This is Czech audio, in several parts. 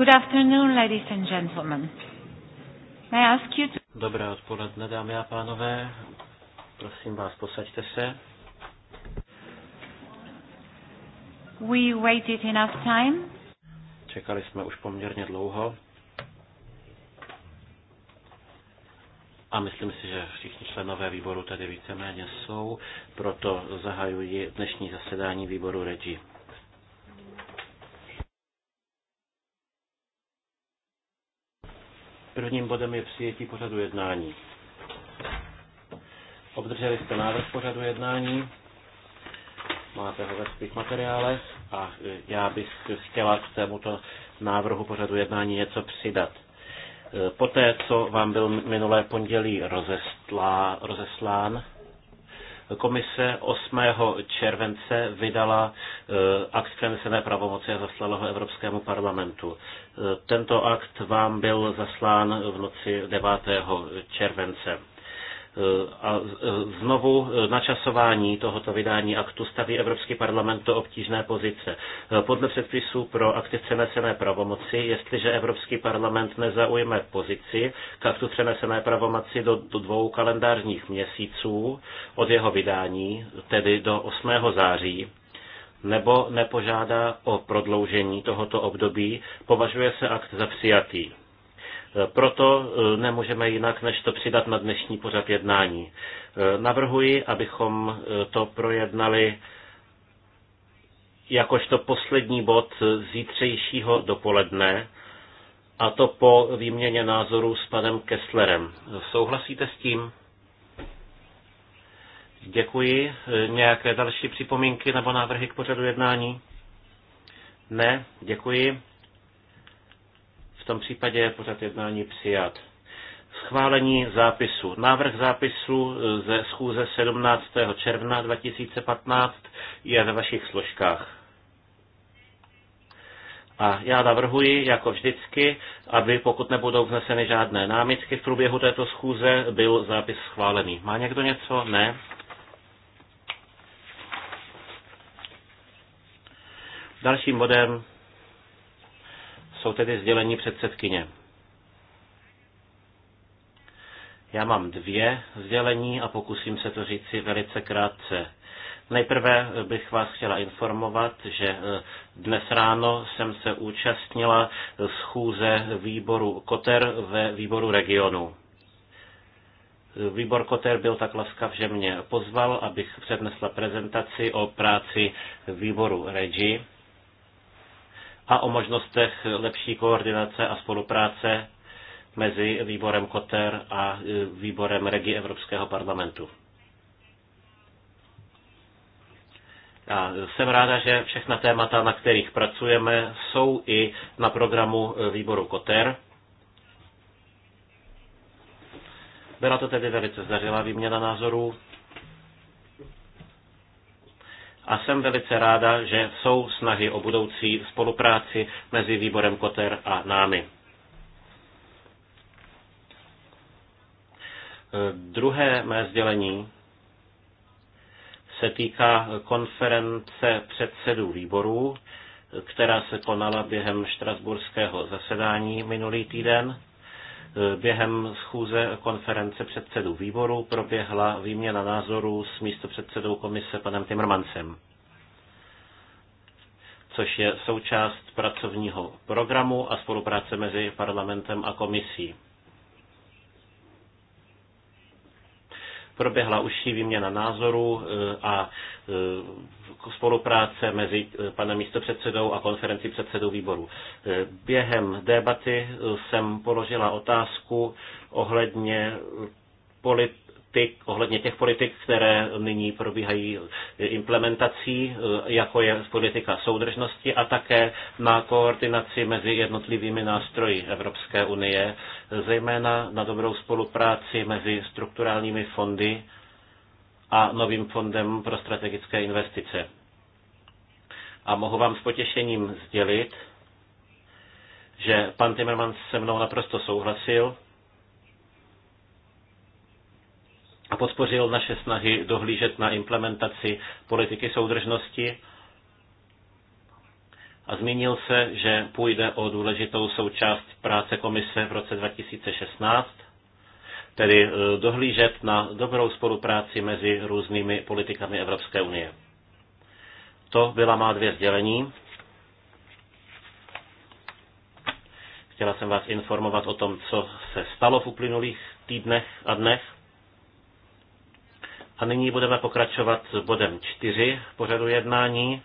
Good afternoon, ladies and gentlemen. May I ask you to... Dobré odpoledne, dámy a pánové. Prosím vás, posaďte se. We waited enough time. Čekali jsme už poměrně dlouho. A myslím si, že všichni členové výboru tady víceméně jsou, proto zahajuji dnešní zasedání výboru REGI. Prvním bodem je přijetí pořadu jednání. Obdrželi jste návrh pořadu jednání, máte ho ve svých materiálech a e, já bych chtěla k tomuto návrhu pořadu jednání něco přidat. E, poté, co vám byl minulé pondělí rozeslán, Komise 8. července vydala eh, akt přenesené pravomoci a zaslala ho Evropskému parlamentu. Eh, tento akt vám byl zaslán v noci 9. července. Eh, a eh, znovu eh, načasování tohoto vydání aktu staví Evropský parlament do obtížné pozice. Podle předpisů pro akty přenesené pravomoci, jestliže Evropský parlament nezaujme pozici k aktu přenesené pravomoci do, do dvou kalendářních měsíců od jeho vydání, tedy do 8. září, nebo nepožádá o prodloužení tohoto období, považuje se akt za přijatý. Proto e, nemůžeme jinak, než to přidat na dnešní pořad jednání. E, navrhuji, abychom e, to projednali jakožto poslední bod zítřejšího dopoledne, a to po výměně názorů s panem Kesslerem. Souhlasíte s tím? Děkuji. Nějaké další připomínky nebo návrhy k pořadu jednání? Ne, děkuji tom případě je pořad jednání přijat. Schválení zápisu. Návrh zápisu eh, ze schůze 17. června 2015 je ve vašich složkách. A já navrhuji, jako vždycky, aby pokud nebudou vzneseny žádné námitky v průběhu této schůze, byl zápis schválený. Má někdo něco? Ne. Dalším bodem jsou tedy sdělení předsedkyně. Já mám dvě sdělení a pokusím se to říci velice krátce. Nejprve bych vás chtěla informovat, že eh, dnes ráno jsem se účastnila schůze výboru Koter ve výboru regionu. Výbor Koter byl tak laskav, že mě pozval, abych přednesla prezentaci o práci výboru Regi a o možnostech lepší koordinace a spolupráce mezi výborem Koter a e, výborem Regi Evropského parlamentu. A jsem ráda, že všechna témata, na kterých pracujeme, jsou i na programu e, výboru Koter. Byla to tedy velice zdařilá výměna názorů a jsem velice ráda, že jsou snahy o budoucí spolupráci mezi výborem Koter a námi. Druhé mé sdělení se týká konference předsedů výborů, která se konala během štrasburského zasedání minulý týden. Během schůze konference předsedů výboru proběhla výměna názorů s místopředsedou komise panem Timmermansem, což je součást pracovního programu a spolupráce mezi parlamentem a komisí. proběhla užší výměna názorů eh, a eh, spolupráce mezi eh, panem místopředsedou a konferenci předsedů výboru. Během debaty jsem položila otázku ohledně polit, ty, ohledně těch politik, které nyní probíhají implementací, eh, jako je politika soudržnosti a také na koordinaci mezi jednotlivými nástroji Evropské unie, zejména na dobrou spolupráci mezi strukturálními fondy a novým fondem pro strategické investice. A mohu vám s potěšením sdělit, že pan Timmermans se mnou naprosto souhlasil, podpořil naše snahy dohlížet na implementaci politiky soudržnosti a zmínil se, že půjde o důležitou součást práce komise v roce 2016, tedy eh, dohlížet na dobrou spolupráci mezi různými politikami Evropské unie. To byla má dvě sdělení. Chtěla jsem vás informovat o tom, co se stalo v uplynulých týdnech a dnech. A nyní budeme pokračovat bodem 4 pořadu jednání,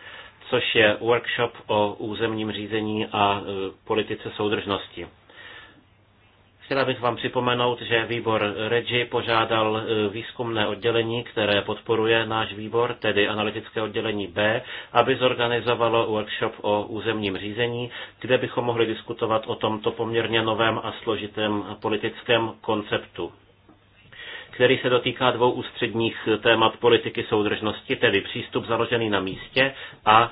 což je workshop o územním řízení a e, politice soudržnosti. Chtěla bych vám připomenout, že výbor REGI požádal e, výzkumné oddělení, které podporuje náš výbor, tedy analytické oddělení B, aby zorganizovalo workshop o územním řízení, kde bychom mohli diskutovat o tomto poměrně novém a složitém politickém konceptu který se dotýká dvou ústředních témat politiky soudržnosti, tedy přístup založený na místě a e,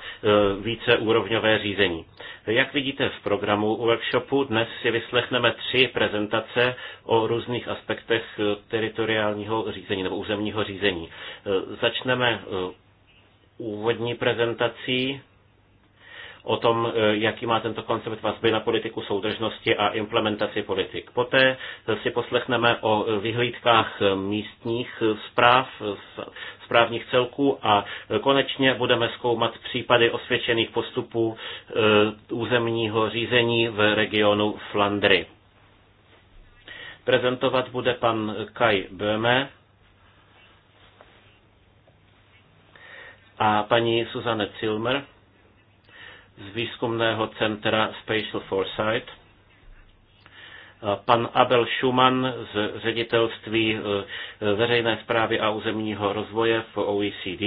víceúrovňové řízení. Jak vidíte v programu workshopu, dnes si vyslechneme tři prezentace o různých aspektech e, teritoriálního řízení nebo územního řízení. E, začneme úvodní prezentací o tom, e, jaký má tento koncept vazby na politiku soudržnosti a implementaci politik. Poté si poslechneme o vyhlídkách místních zpráv, správních celků a konečně budeme zkoumat případy osvědčených postupů e, územního řízení v regionu Flandry. Prezentovat bude pan Kai Böhme a paní Suzanne Zilmer z výzkumného centra Spatial Foresight, pan Abel Schumann z ředitelství e, e, veřejné zprávy a územního rozvoje v OECD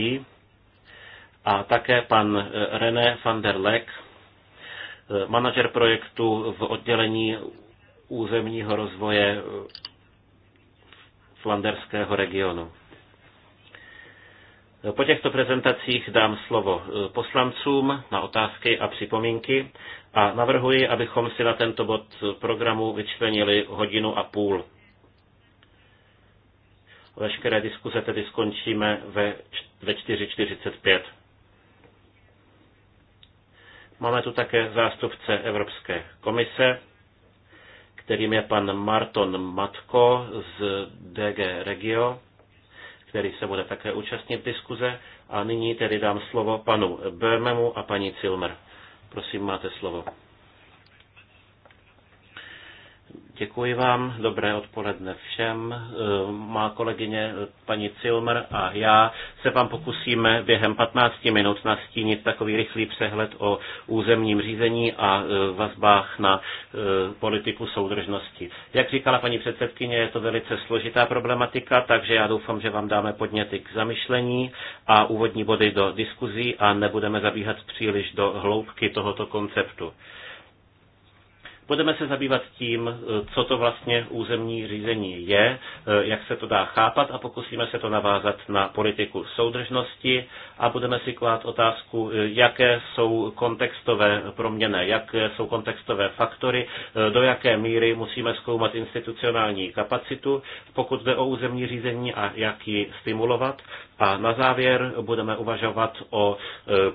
a také pan e, René van der Leck, manažer projektu v oddělení územního rozvoje Flanderského regionu. Po těchto prezentacích dám slovo eh, poslancům na otázky a připomínky a navrhuji, abychom si na tento bod programu vyčlenili hodinu a půl. Veškeré diskuze tedy skončíme ve, 4.45. Máme tu také zástupce Evropské komise, kterým je pan Marton Matko z DG Regio který se bude také účastnit diskuze. A nyní tedy dám slovo panu Bermemu a paní Cilmer. Prosím, máte slovo. Děkuji vám, dobré odpoledne všem. Eh, má kolegyně eh, paní Cilmer a já se vám pokusíme během 15 minut nastínit takový rychlý přehled o územním řízení a eh, vazbách na politiku soudržnosti. Jak říkala paní předsedkyně, je to velice složitá problematika, takže já doufám, že vám dáme podněty k zamyšlení a úvodní body do diskuzí a nebudeme zabíhat příliš do hloubky tohoto konceptu. Budeme se zabývat tím, eh, co to vlastně územní řízení je, eh, jak se to dá chápat a pokusíme se to navázat na politiku soudržnosti a budeme si klát otázku, eh, jaké jsou kontextové proměny, jaké jsou kontextové faktory, do jaké míry musíme zkoumat institucionální kapacitu, pokud jde o územní řízení a jak ji stimulovat. A na závěr budeme uvažovat o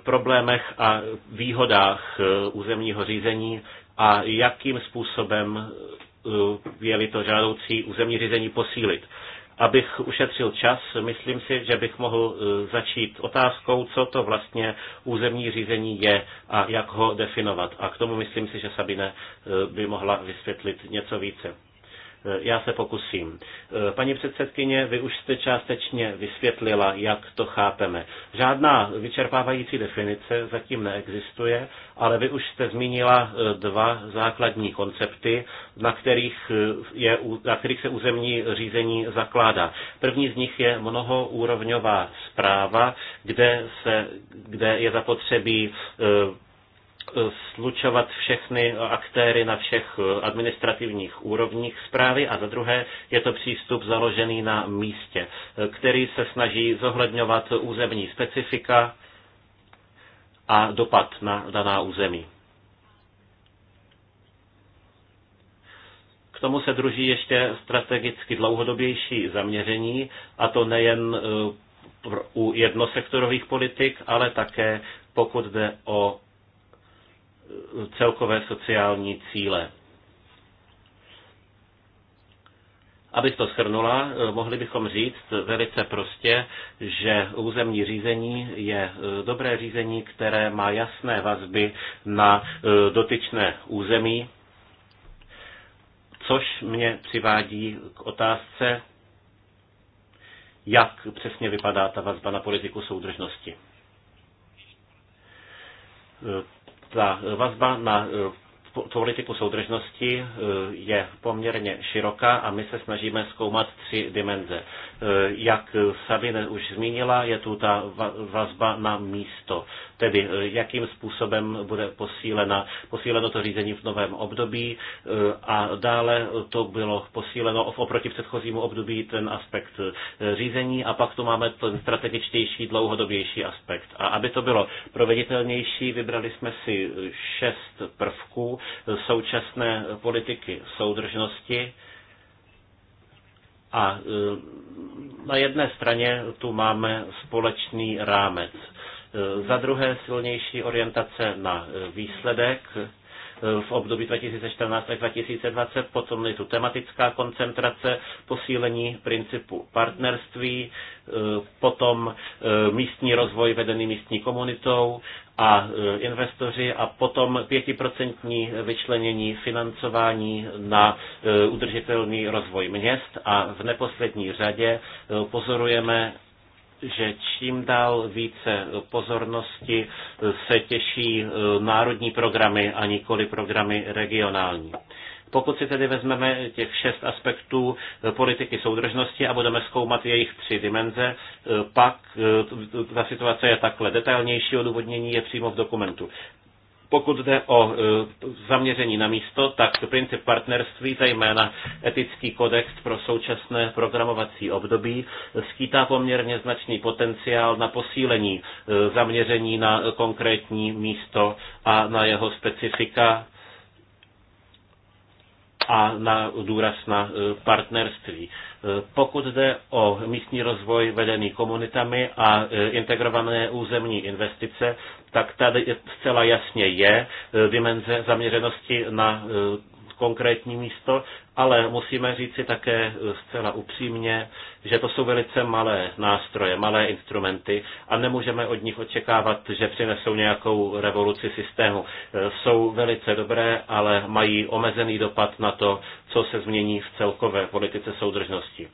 problémech a výhodách územního řízení, a jakým způsobem eh, je-li to žádoucí územní řízení posílit. Abych ušetřil čas, myslím si, že bych mohl eh, začít otázkou, co to vlastně územní řízení je a jak ho definovat. A k tomu myslím si, že Sabine eh, by mohla vysvětlit něco více. Eh, já se pokusím. Eh, paní předsedkyně, vy už jste částečně vysvětlila, jak to chápeme. Žádná vyčerpávající definice zatím neexistuje, ale vy už jste zmínila eh, dva základní koncepty, na kterých, je, na kterých se územní řízení zakládá. První z nich je mnohoúrovňová zpráva, kde, se, kde je zapotřebí slučovat všechny aktéry na všech eh, administrativních úrovních zprávy a za druhé je to přístup založený na místě, eh, který se snaží zohledňovat územní specifika a dopad na daná území. K tomu se druží ještě strategicky dlouhodobější zaměření, a to nejen eh, u jednosektorových politik, ale také pokud jde o celkové sociální cíle. Abych to shrnula, mohli bychom říct velice prostě, že územní řízení je e, dobré řízení, které má jasné vazby na e, dotyčné území, což mě přivádí k otázce, jak přesně vypadá ta vazba na politiku soudržnosti ta vazba na eh, politiku soudržnosti eh, je poměrně široká a my se snažíme zkoumat tři dimenze. Eh, jak Sabine už zmínila, je tu ta vazba na místo, tedy eh, jakým způsobem bude posílena, posíleno to řízení v novém období a dále to bylo posíleno oproti předchozímu období ten aspekt řízení a pak tu máme ten strategičtější, dlouhodobější aspekt. A aby to bylo proveditelnější, vybrali jsme si šest prvků, současné politiky soudržnosti. A e, na jedné straně tu máme společný rámec. E, za druhé silnější orientace na e, výsledek v období 2014 až 2020, potom je tu tematická koncentrace, posílení principu partnerství, e, potom e, místní rozvoj vedený místní komunitou a e, investoři a potom pětiprocentní vyčlenění financování na udržitelný rozvoj měst a v neposlední řadě pozorujeme že čím dál více pozornosti se těší e, národní programy a nikoli programy regionální. Pokud si tedy vezmeme těch šest aspektů e, politiky soudržnosti a budeme zkoumat jejich tři dimenze, e, pak ta situace je takhle. Detailnější odůvodnění je přímo v dokumentu. Pokud jde o e, zaměření na místo, tak princip partnerství, zejména etický kodex pro současné programovací období, skýtá poměrně značný potenciál na posílení e, zaměření na konkrétní místo a na jeho specifika a na důraz na e, partnerství. E, pokud jde o místní rozvoj vedený komunitami a e, integrované územní investice, tak tady zcela jasně je dimenze zaměřenosti na konkrétní místo, ale musíme říci také eh, zcela upřímně, že to jsou velice malé nástroje, malé instrumenty a nemůžeme od nich očekávat, že přinesou nějakou revoluci systému. Eh, jsou velice dobré, ale mají omezený dopad na to, co se změní v celkové politice soudržnosti.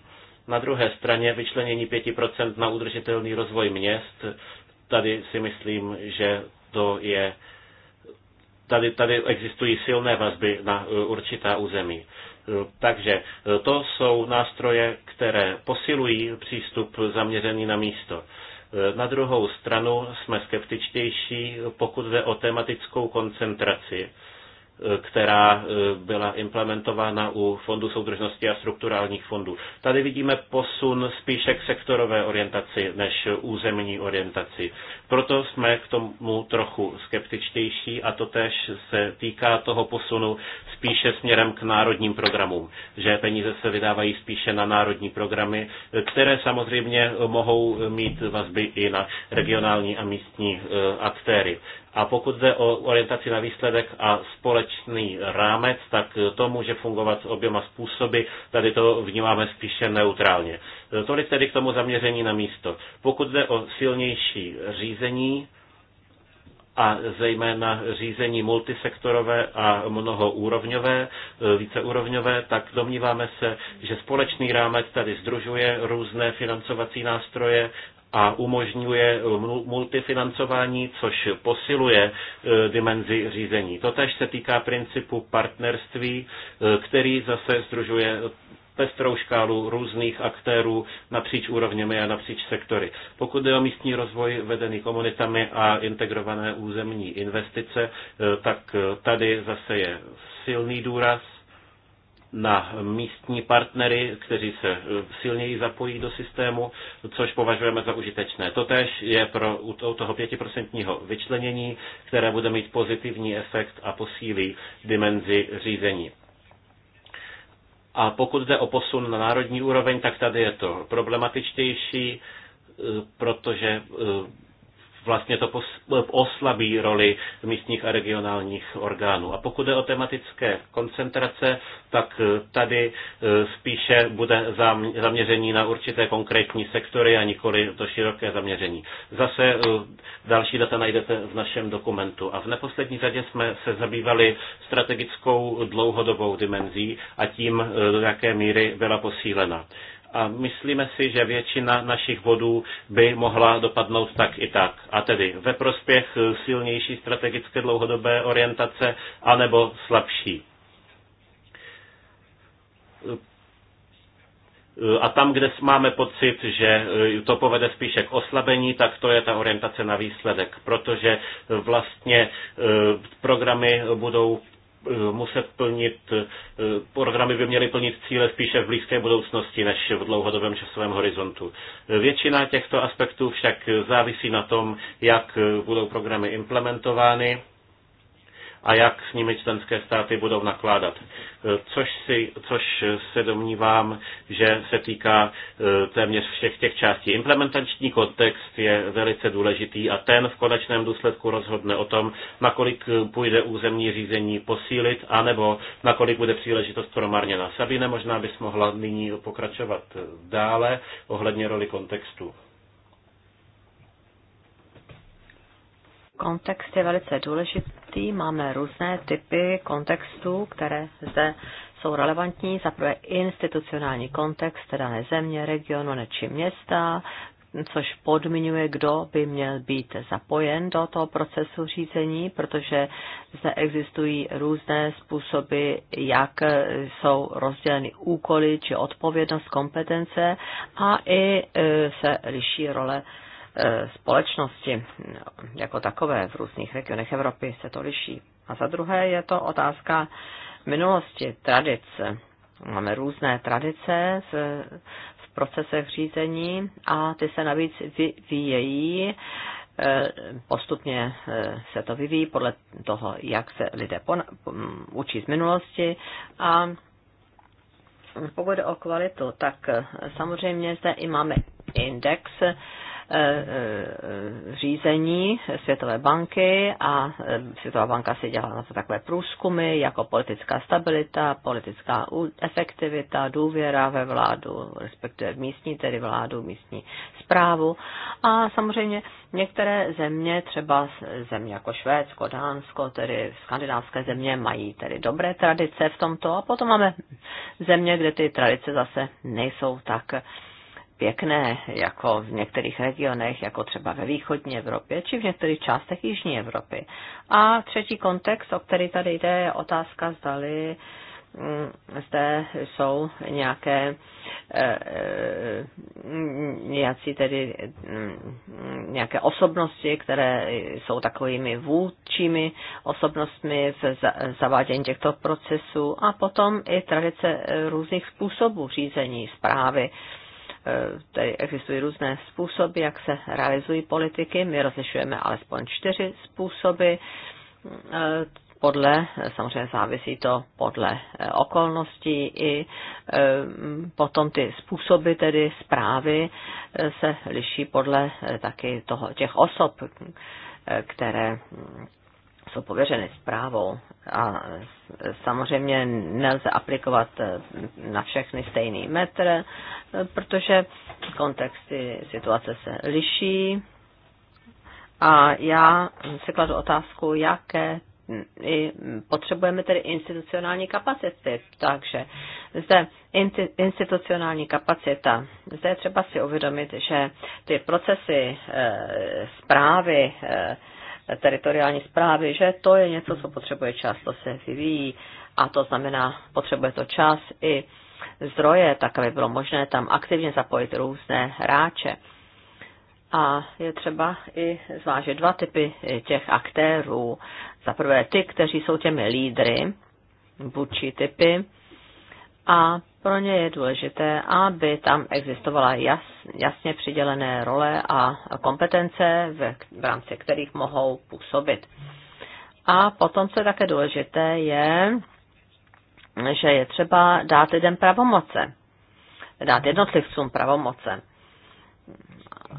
Na druhé straně vyčlenění 5% na udržitelný rozvoj měst, tady si myslím, že to je tady, tady existují silné vazby na e, určitá území. E, takže e, to jsou nástroje, které posilují přístup zaměřený na místo. Na druhou stranu jsme skeptičtější, pokud jde o tematickou koncentraci která e, byla implementována u Fondu soudržnosti a strukturálních fondů. Tady vidíme posun spíše k sektorové orientaci než územní orientaci. Proto jsme k tomu trochu skeptičtější a to tež se týká toho posunu spíše směrem k národním programům, že peníze se vydávají spíše na národní programy, které samozřejmě mohou mít vazby i na regionální a místní e, aktéry. A pokud jde o orientaci na výsledek a společný rámec, tak to může fungovat s oběma způsoby. Tady to vnímáme spíše neutrálně. Tolik tedy k tomu zaměření na místo. Pokud jde o silnější řízení, a zejména řízení multisektorové a mnohoúrovňové, víceúrovňové, tak domníváme se, že společný rámec tady združuje různé financovací nástroje a umožňuje multifinancování, což posiluje e, dimenzi řízení. Totež se týká principu partnerství, e, který zase združuje pestrou škálu různých aktérů napříč úrovněmi a napříč sektory. Pokud je o místní rozvoj vedený komunitami a integrované územní investice, e, tak tady zase je silný důraz na místní partnery, kteří se eh, silněji zapojí do systému, což považujeme za užitečné. Totež je pro u toho pětiprocentního vyčlenění, které bude mít pozitivní efekt a posílí dimenzi řízení. A pokud jde o posun na národní úroveň, tak tady je to problematičtější, eh, protože eh, vlastně to oslabí roli místních a regionálních orgánů. A pokud je o tematické koncentrace, tak eh, tady eh, spíše bude zaměření na určité konkrétní sektory a nikoli to široké zaměření. Zase eh, další data najdete v našem dokumentu. A v neposlední řadě jsme se zabývali strategickou dlouhodobou dimenzí a tím, do jaké míry byla posílena a myslíme si, že většina našich bodů by mohla dopadnout tak i tak. A tedy ve prospěch silnější strategické dlouhodobé orientace anebo slabší. A tam, kde máme pocit, že to povede spíše k oslabení, tak to je ta orientace na výsledek, protože vlastně programy budou Eh, muset plnit, eh, programy by měly plnit cíle spíše v blízké budoucnosti než v dlouhodobém časovém horizontu. Eh, většina těchto aspektů však závisí na tom, jak budou programy implementovány a jak s nimi členské státy budou nakládat. E, což, si, což se domnívám, že se týká e, téměř všech těch částí. Implementační kontext je velice důležitý a ten v konečném důsledku rozhodne o tom, nakolik půjde územní řízení posílit, anebo nakolik bude příležitost promarněna. Sabine, možná bys mohla nyní pokračovat dále ohledně roli kontextu. Kontext je velice důležitý pátý máme různé typy kontextů, které zde jsou relevantní. Za prvé institucionální kontext, teda ne země, regionu ne či města, což podmiňuje, kdo by měl být zapojen do toho procesu řízení, protože zde existují různé způsoby, jak jsou rozděleny úkoly či odpovědnost kompetence a i e, se liší role E, společnosti jako takové v různých regionech Evropy se to liší. A za druhé je to otázka minulosti, tradic. Máme různé tradice v procesech řízení a ty se navíc vyvíjejí e, postupně e, se to vyvíjí podle toho, jak se lidé učí z minulosti a pokud jde o kvalitu, tak samozřejmě zde i máme index Eh, eh, řízení Světové banky a eh, Světová banka si dělá na to takové průzkumy jako politická stabilita, politická efektivita, důvěra ve vládu, respektive v místní, tedy vládu, místní zprávu. A samozřejmě některé země, třeba země jako Švédsko, Dánsko, tedy skandinávské země, mají tedy dobré tradice v tomto a potom máme země, kde ty tradice zase nejsou tak pěkné, jako v některých regionech, jako třeba ve východní Evropě, či v některých částech jižní Evropy. A třetí kontext, o který tady jde, je otázka, zdali mm, zde jsou nějaké e, e, nějací tedy mm, nějaké osobnosti, které jsou takovými vůdčími osobnostmi v zavádění těchto procesů a potom i tradice různých způsobů řízení zprávy. Eh, tady existují různé způsoby, jak se realizují politiky. My rozlišujeme alespoň čtyři způsoby. Eh, podle, samozřejmě závisí to podle eh, okolností i potom ty způsoby tedy zprávy se liší podle taky toho, těch osob, které jsou pověřeny zprávou a samozřejmě nelze aplikovat eh, na všechny stejný metr, eh, protože kontexty situace se liší. A já si kladu otázku, jaké hm, i potřebujeme tedy institucionální kapacity. Takže zde institucionální kapacita. Zde je třeba si uvědomit, že ty procesy e, zprávy e, teritoriální zprávy, že to je něco, co potřebuje čas, to se vyvíjí a to znamená, potřebuje to čas i zdroje, tak aby bylo možné tam aktivně zapojit různé hráče. A je třeba i zvážit dva typy těch aktérů. Za prvé ty, kteří jsou těmi lídry, vůči typy, a pro ně je důležité, aby tam existovala jas, jasně přidělené role a kompetence, v, v rámci kterých mohou působit. A potom, co je také důležité, je, že je třeba dát lidem pravomoce, dát jednotlivcům pravomoce,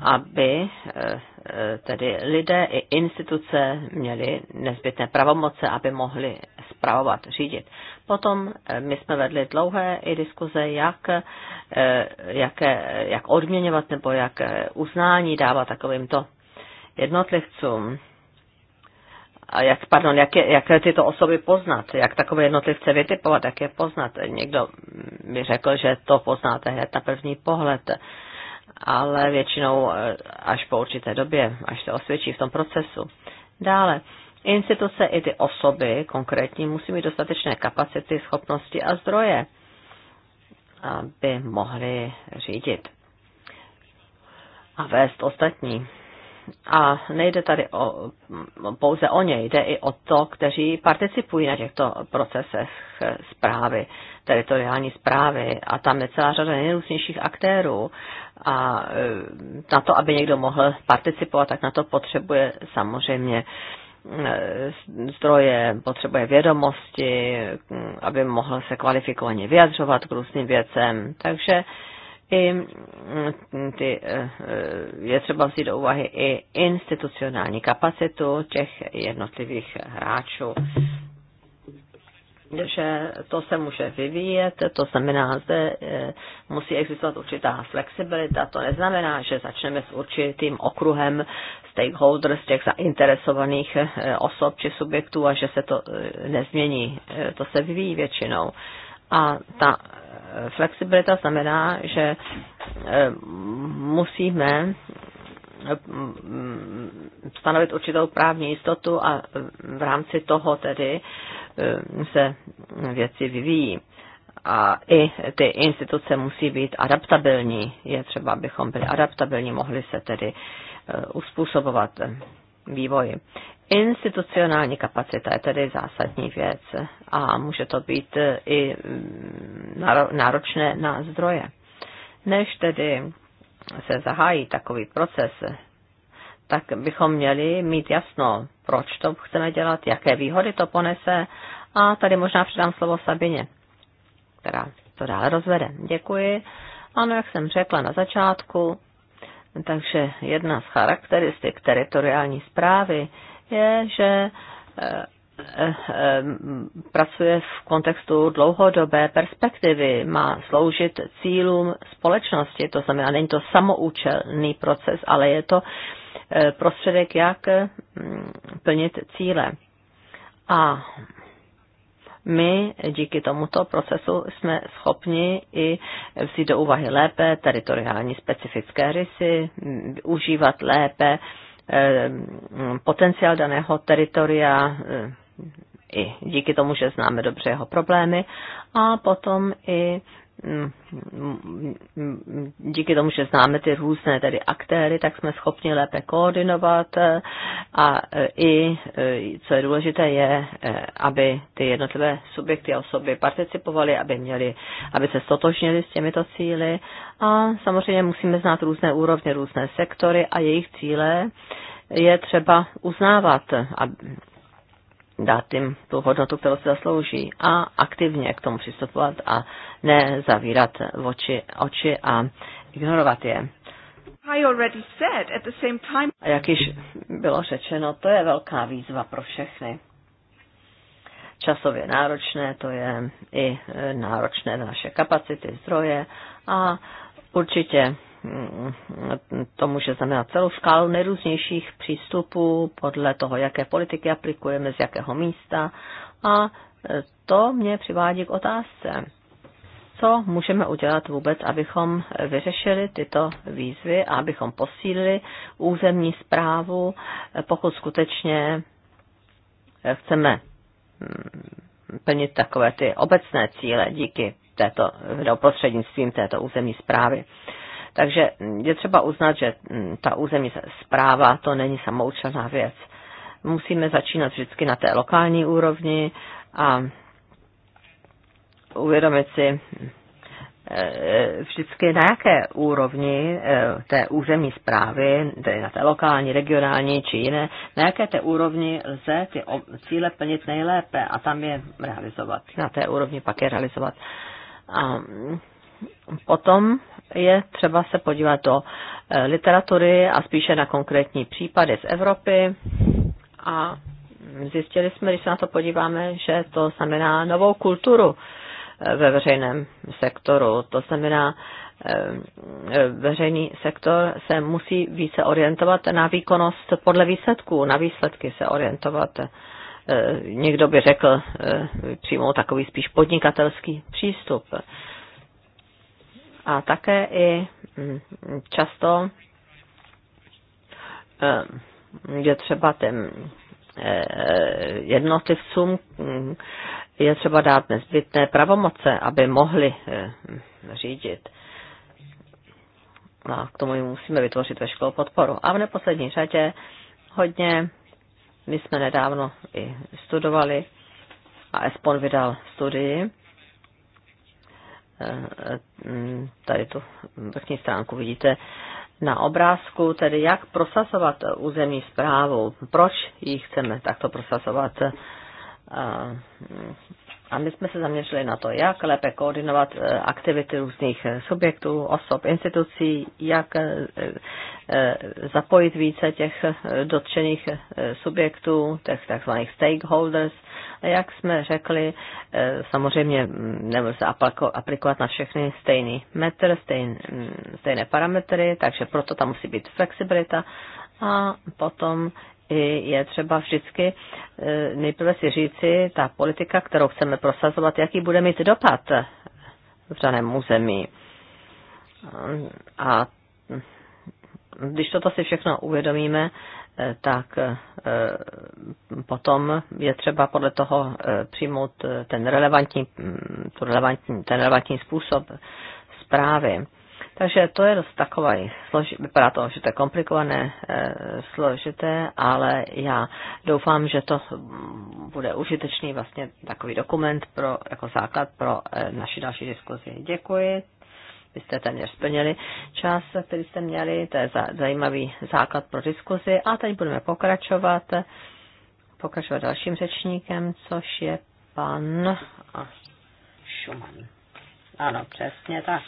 aby eh, eh, tedy lidé i instituce měli nezbytné pravomoce, aby mohli zpravovat, řídit. Potom eh, my jsme vedli dlouhé i diskuze, jak, eh, jak, jak odměňovat nebo jak eh, uznání dávat takovýmto jednotlivcům. A jak, pardon, jak, je, jak tyto osoby poznat, jak takové jednotlivce vytipovat, jak je poznat. Někdo mi řekl, že to poznáte hned na první pohled, ale většinou až po určité době, až se osvědčí v tom procesu. Dále, instituce i ty osoby konkrétní musí mít dostatečné kapacity, schopnosti a zdroje, aby mohly řídit a vést ostatní. A nejde tady o, pouze o ně, jde i o to, kteří participují na těchto procesech zprávy, teritoriální zprávy. A tam je celá řada nejrůznějších aktérů. A e, na to, aby někdo mohl participovat, tak na to potřebuje samozřejmě Eh, zdroje, potřebuje vědomosti, aby mohl se kvalifikovaně vyjadřovat k různým věcem. Takže i mm, ty, eh, je třeba vzít do úvahy i institucionální kapacitu těch jednotlivých hráčů že to se může vyvíjet, to znamená, že eh, musí existovat určitá flexibilita, to neznamená, že začneme s určitým okruhem stakeholders, těch zainteresovaných eh, osob či subjektů a že se to eh, nezmění. Eh, to se vyvíjí většinou. A ta flexibilita znamená, že musíme mm, stanovit určitou právní jistotu a v rámci toho tedy se věci vyvíjí. A i ty instituce musí být adaptabilní. Je třeba, abychom byli adaptabilní, mohli se tedy uh, Eh, uspůsobovat vývoji. Institucionální kapacita je tedy zásadní věc a může to být i mm, náročné na zdroje. Než tedy se zahájí takový proces, tak bychom měli mít jasno, proč to chceme dělat, jaké výhody to ponese a tady možná předám slovo Sabině, která to dále rozvede. Děkuji. Ano, jak jsem řekla na začátku, takže jedna z charakteristik teritoriální zprávy je, že eh, eh, pracuje v kontextu dlouhodobé perspektivy, má sloužit cílům společnosti, to znamená, není to samoučelný proces, ale je to eh, prostředek, jak mm, plnit cíle. A my díky tomuto procesu jsme schopni i vzít do úvahy lépe teritoriální specifické rysy, užívat lépe eh, potenciál daného teritoria, eh, i díky tomu, že známe dobře jeho problémy, a potom i díky tomu, že známe ty různé tedy aktéry, tak jsme schopni lépe koordinovat eh, a eh, i, eh, co je důležité, je, aby ty jednotlivé subjekty a osoby participovaly, aby, měli, aby se stotožnili s těmito cíly a samozřejmě musíme znát různé úrovně, různé sektory a jejich cíle je třeba uznávat, dát jim tu hodnotu, kterou se zaslouží a aktivně k tomu přistupovat a ne zavírat oči, oči a ignorovat je. A jak již bylo řečeno, to je velká výzva pro všechny. Časově náročné, to je i náročné na naše kapacity, zdroje a určitě to může znamenat celou škálu nejrůznějších přístupů podle toho, jaké politiky aplikujeme, z jakého místa. A to mě přivádí k otázce, co můžeme udělat vůbec, abychom vyřešili tyto výzvy a abychom posílili územní zprávu, pokud skutečně chceme mm, plnit takové ty obecné cíle díky této, prostřednictvím této územní zprávy. Takže je třeba uznat, že ta územní zpráva to není samoučelná věc. Musíme začínat vždycky na té lokální úrovni a uvědomit si eh, eh, vždycky na jaké úrovni eh, té územní zprávy, tedy na té lokální, regionální či jiné, na jaké té úrovni lze ty cíle plnit nejlépe a tam je realizovat. Na té úrovni pak je realizovat. A potom je třeba se podívat do eh, literatury a spíše na konkrétní případy z Evropy. A zjistili jsme, když se na to podíváme, že to znamená novou kulturu eh, ve veřejném sektoru. To znamená, eh, veřejný sektor se musí více orientovat na výkonnost podle výsledků, na výsledky se orientovat. Někdo by řekl, přímo takový spíš podnikatelský přístup. A také i mm, často eh, je třeba ten eh, jednotlivcům mm, je třeba dát nezbytné pravomoce, aby mohli eh, řídit. No a k tomu jim musíme vytvořit veškerou podporu. A v neposlední řadě hodně, my jsme nedávno i studovali a Espon vydal studii tady tu vrchní stránku vidíte na obrázku, tedy jak prosazovat územní zprávu, proč ji chceme takto prosazovat a my jsme se zaměřili na to, jak lépe koordinovat eh, aktivity různých eh, subjektů, osob, institucí, jak eh, zapojit více těch dotčených subjektů, těch tzv. stakeholders. A jak jsme řekli, samozřejmě mm, nemůže aplikovat na všechny stejný metr, mm, stejné parametry, takže proto tam musí být flexibilita. A potom je třeba vždycky e, nejprve si říci, ta politika, kterou chceme prosazovat, jaký bude mít dopad v daném území. A když toto si všechno uvědomíme, e, tak e, potom je třeba podle toho přijmout ten relevantní, ten relevantní, relevantní způsob zprávy. Takže to je dost takové, vypadá to, že to je komplikované, eh, složité, ale já doufám, že to bude užitečný vlastně takový dokument pro, jako základ pro eh, naši další diskuzi. Děkuji. Vy jste téměř splnili čas, který jste měli, to je zajímavý základ pro diskuzi a teď budeme pokračovat. Pokračovat dalším řečníkem, což je pan Schumann. Ah, ano, přesně tak.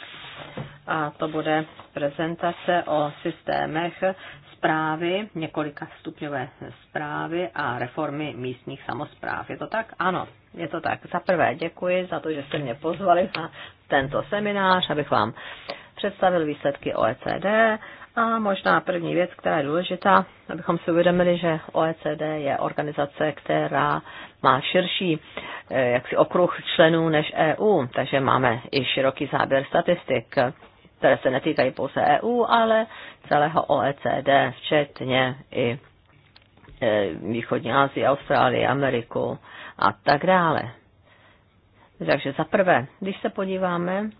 A to bude prezentace o systémech zprávy, několika stupňové zprávy a reformy místních samozpráv. Je to tak? Ano, je to tak. Za prvé děkuji za to, že jste mě pozvali na tento seminář, abych vám představil výsledky OECD a možná první věc, která je důležitá, abychom si uvědomili, že OECD je organizace, která má širší eh, jaksi okruh členů než EU, takže máme i široký záběr statistik, které se netýkají pouze EU, ale celého OECD, včetně i eh, východní Asii, Austrálii, Ameriku a tak dále. Takže za prvé, když se podíváme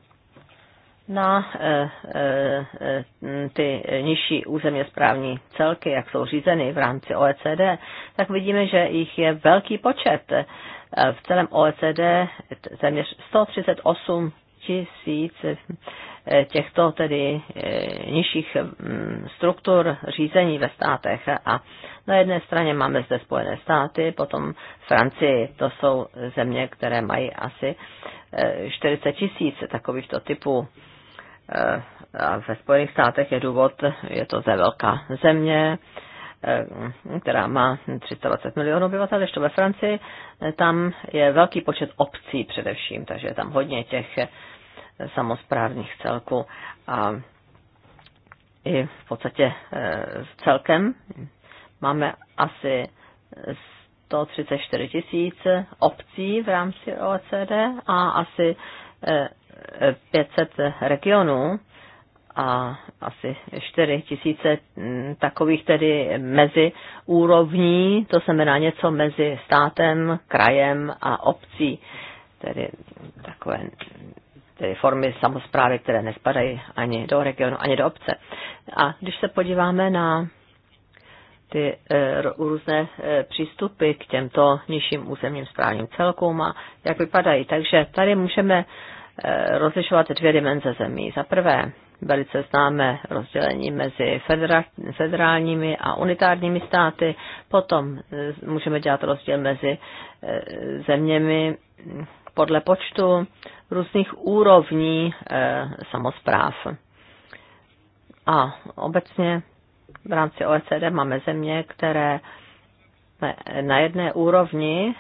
na eh, eh, eh, ty nižší územně správní celky, jak jsou řízeny v rámci OECD, tak vidíme, že jich je velký počet. V celém OECD téměř 138 tisíc těchto tedy nižších mm, struktur řízení ve státech. A na jedné straně máme zde Spojené státy, potom Francii, to jsou země, které mají asi 40 tisíc takovýchto typů Eh, ve Spojených státech je důvod, je to ze velká země, eh, která má 320 milionů obyvatel, ještě ve Francii, eh, tam je velký počet obcí především, takže je tam hodně těch samozprávních celků a i v podstatě celkem máme asi 134 tisíc obcí v rámci OECD a asi 500 regionů a asi 4 tisíce mm, takových tedy mezi úrovní, to znamená něco mezi státem, krajem a obcí, tedy takové tedy formy samozprávy, které nespadají ani do regionu, ani do obce. A když se podíváme na ty e, různé e, přístupy k těmto nižším územním správním celkům a jak vypadají. Takže tady můžeme Eh, rozlišovat dvě dimenze zemí. Za prvé, velice známe rozdělení mezi federálními a unitárními státy, potom eh, můžeme dělat rozdíl mezi eh, zeměmi podle počtu různých úrovní samozpráv. A obecně v rámci OECD máme země, které na jedné úrovni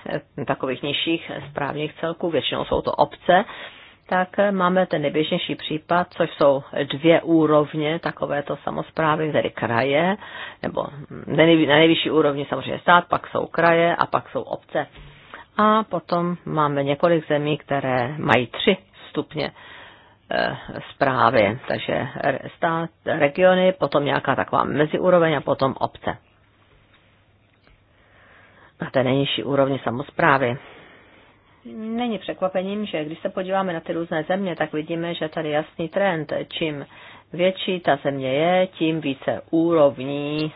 takových nižších správních celků, většinou jsou to obce, tak máme ten nejběžnější případ, což jsou dvě úrovně takovéto samozprávy, tedy kraje, nebo na nejvyšší úrovni samozřejmě stát, pak jsou kraje a pak jsou obce. A potom máme několik zemí, které mají tři stupně zprávy, eh, takže stát, regiony, potom nějaká taková meziúroveň a potom obce. Na té nejnižší úrovni samozprávy není překvapením, že když se podíváme na ty různé země, tak vidíme, že tady jasný trend. Čím větší ta země je, tím více úrovní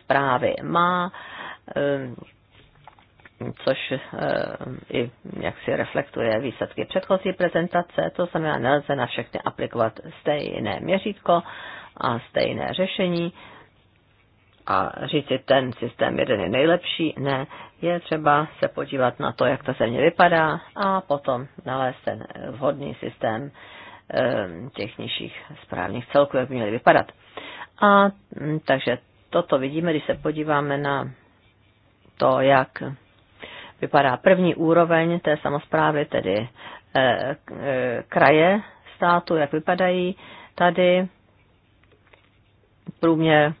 zprávy má, ehm, což ehm, i jak si reflektuje výsledky předchozí prezentace, to znamená, nelze na všechny aplikovat stejné měřítko a stejné řešení a říci, ten systém jeden je nejlepší. Ne, je třeba se podívat na to, jak ta země vypadá a potom nalézt ten vhodný systém ehm, těch nižších správných celků, jak by měly vypadat. A hm, takže toto vidíme, když se podíváme na to, jak vypadá první úroveň té samozprávy, tedy eh, eh, kraje státu, jak vypadají tady průměr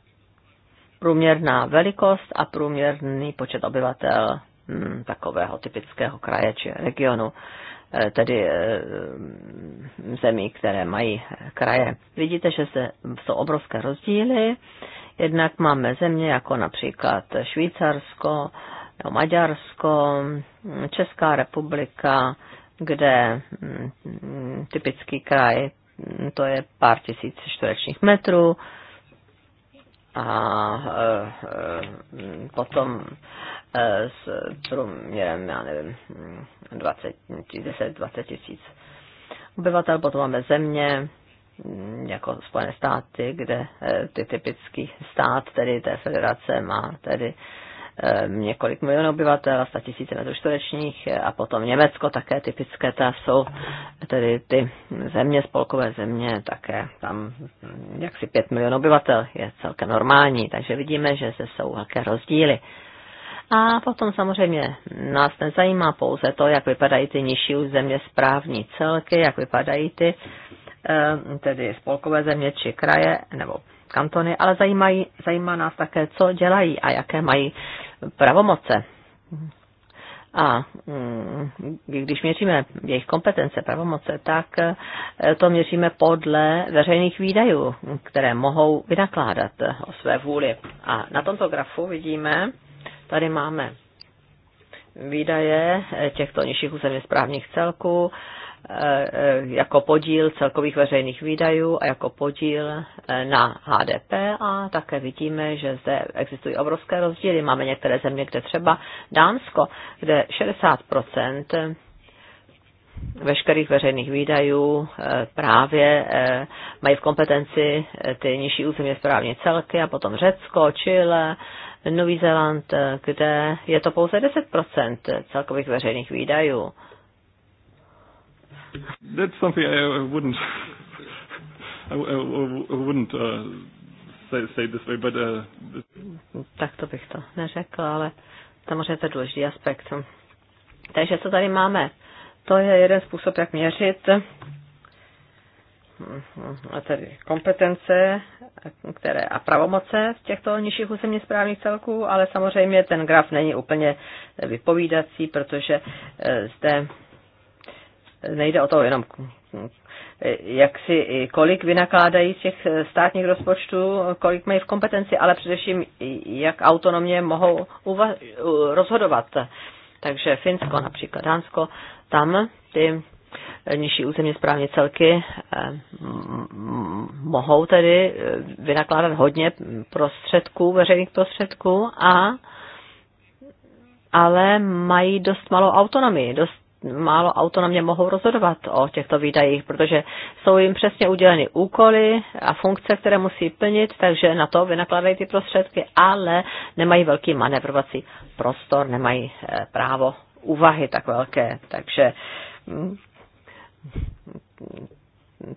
průměrná velikost a průměrný počet obyvatel hmm, takového typického kraje či regionu, eh, tedy eh, hm, zemí, které mají eh, kraje. Vidíte, že se, jsou obrovské rozdíly. Jednak máme země jako například Švýcarsko, no, Maďarsko, hm, Česká republika, kde hm, typický kraj to je pár tisíc čtverečních metrů, a eh, eh, potom eh, s průměrem, já nevím, 20, 20 tisíc obyvatel. Potom máme země, mm, jako Spojené státy, kde ty typický stát, tedy té federace, má tedy Ehm, několik milionů obyvatel a 100 tisíce metrů čtverečních eh, a potom Německo také typické, ta jsou tedy ty země, spolkové země, také tam hm, jaksi 5 milionů obyvatel je celkem normální, takže vidíme, že se jsou velké rozdíly. A potom samozřejmě nás nezajímá pouze to, jak vypadají ty nižší země správní celky, jak vypadají ty ehm, tedy spolkové země či kraje, nebo kantony, ale zajímají, zajímá nás také, co dělají a jaké mají pravomoce. A mm, když měříme jejich kompetence, pravomoce, tak eh, to měříme podle veřejných výdajů, které mohou vynakládat eh, o své vůli. A na tomto grafu vidíme, tady máme výdaje eh, těchto nižších územně správních celků Eh, jako podíl celkových veřejných výdajů a jako podíl eh, na HDP a také vidíme, že zde existují obrovské rozdíly. Máme některé země, kde třeba Dánsko, kde 60 veškerých veřejných výdajů eh, právě mají v kompetenci ty nižší územně správní celky a potom Řecko, Chile, Nový Zéland, kde je to pouze 10 celkových veřejných výdajů. That's something I wouldn't, I wouldn't uh, say, say this way, but... Uh, no, tak to bych to neřekl, ale samozřejmě to je důležitý aspekt. Takže co tady máme? To je jeden způsob, jak měřit a tedy kompetence které, a pravomoce v těchto nižších územně správních celků, ale samozřejmě ten graf není úplně vypovídací, protože eh, zde nejde o to jenom, jak si, kolik vynakládají z těch státních rozpočtů, kolik mají v kompetenci, ale především, jak autonomně mohou uva- rozhodovat. Takže Finsko, například Dánsko, tam ty nižší územně správní celky eh, mohou tedy eh, vynakládat hodně prostředků, veřejných prostředků, a, ale mají dost malou autonomii, dost málo autonomně mohou rozhodovat o těchto výdajích, protože jsou jim přesně uděleny úkoly a funkce, které musí plnit, takže na to vynakladají ty prostředky, ale nemají velký manevrovací prostor, nemají eh, právo úvahy tak velké. Takže mm,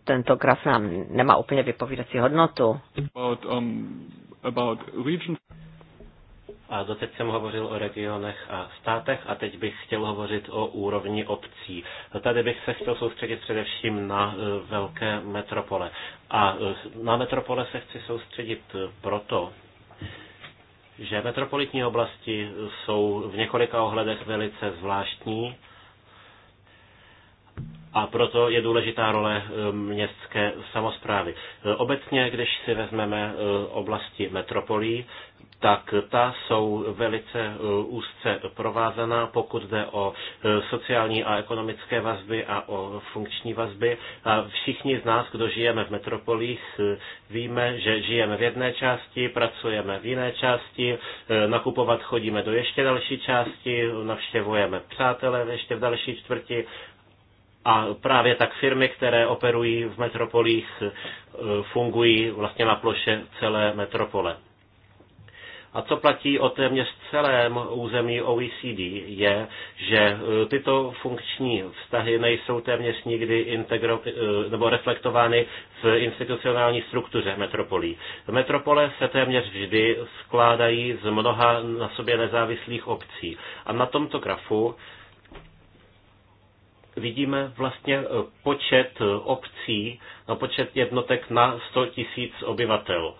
tento graf nám nemá úplně vypovídací hodnotu. About, um, about region... A doteď jsem hovořil o regionech a státech a teď bych chtěl hovořit o úrovni obcí. Tady bych se chtěl soustředit především na eh, velké metropole. A eh, na metropole se chci soustředit eh, proto, že metropolitní oblasti jsou v několika ohledech velice zvláštní a proto je důležitá role městské samozprávy. Obecně, když si vezmeme oblasti metropolí, tak ta jsou velice eh, úzce provázaná, pokud jde o eh, sociální a ekonomické vazby a o funkční vazby. A všichni z nás, kdo žijeme v metropolích, eh, víme, že žijeme v jedné části, pracujeme v jiné části, nakupovat chodíme do ještě další části, navštěvujeme přátelé ještě v další čtvrti a právě tak firmy, které operují v metropolích, fungují vlastně na ploše celé metropole. A co platí o téměř celém území OECD je, že e, tyto funkční vztahy nejsou téměř nikdy integro, e, nebo reflektovány v institucionální struktuře metropolí. Metropole se téměř vždy skládají z mnoha na sobě nezávislých obcí. A na tomto grafu vidíme vlastně e, počet obcí, no, počet jednotek na 100 tisíc obyvatel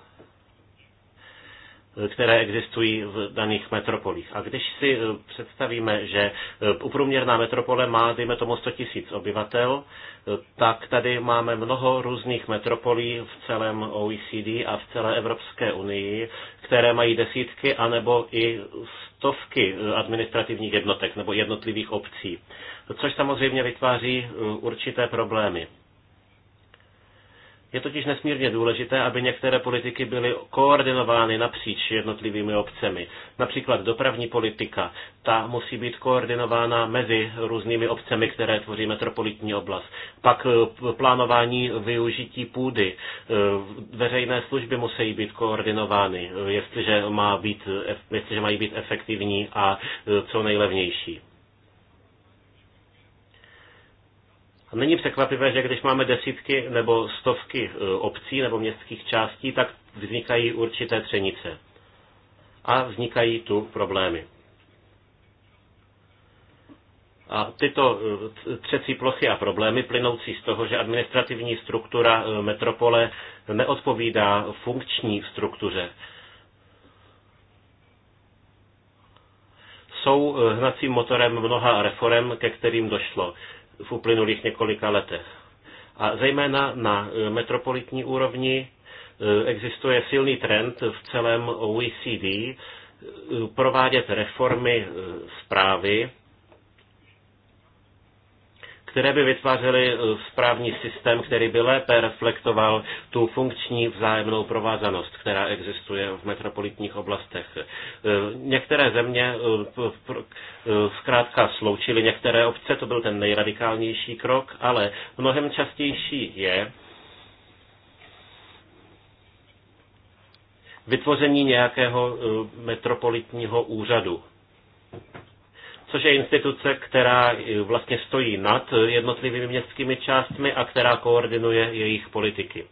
které existují v daných metropolích. A když si eh, představíme, že eh, uprůměrná metropole má, dejme tomu, 100 tisíc obyvatel, eh, tak tady máme mnoho různých metropolí v celém OECD a v celé Evropské unii, které mají desítky anebo i stovky administrativních jednotek nebo jednotlivých obcí, což samozřejmě vytváří určité problémy. Je totiž nesmírně důležité, aby některé politiky byly koordinovány napříč jednotlivými obcemi. Například dopravní politika, ta musí být koordinována mezi různými obcemi, které tvoří metropolitní oblast. Pak eh, plánování využití půdy, eh, veřejné služby musí být koordinovány, eh, jestliže, má být, jestliže mají být efektivní a co nejlevnější. Není překvapivé, že když máme desítky nebo stovky e, obcí nebo městských částí, tak vznikají určité třenice. A vznikají tu problémy. A tyto e, třecí plochy a problémy plynoucí z toho, že administrativní struktura e, metropole neodpovídá funkční struktuře, jsou hnacím motorem mnoha reform, ke kterým došlo v uplynulých několika letech. A zejména na e, metropolitní úrovni e, existuje silný trend v celém OECD e, provádět reformy zprávy které by vytvářely eh, správní systém, který by lépe reflektoval tu funkční vzájemnou provázanost, která existuje v metropolitních oblastech. Eh, některé země eh, zkrátka sloučily některé obce, to byl ten nejradikálnější krok, ale mnohem častější je, vytvoření nějakého metropolitního úřadu což je instituce, která vlastně stojí nad jednotlivými městskými částmi a která koordinuje jejich politiky.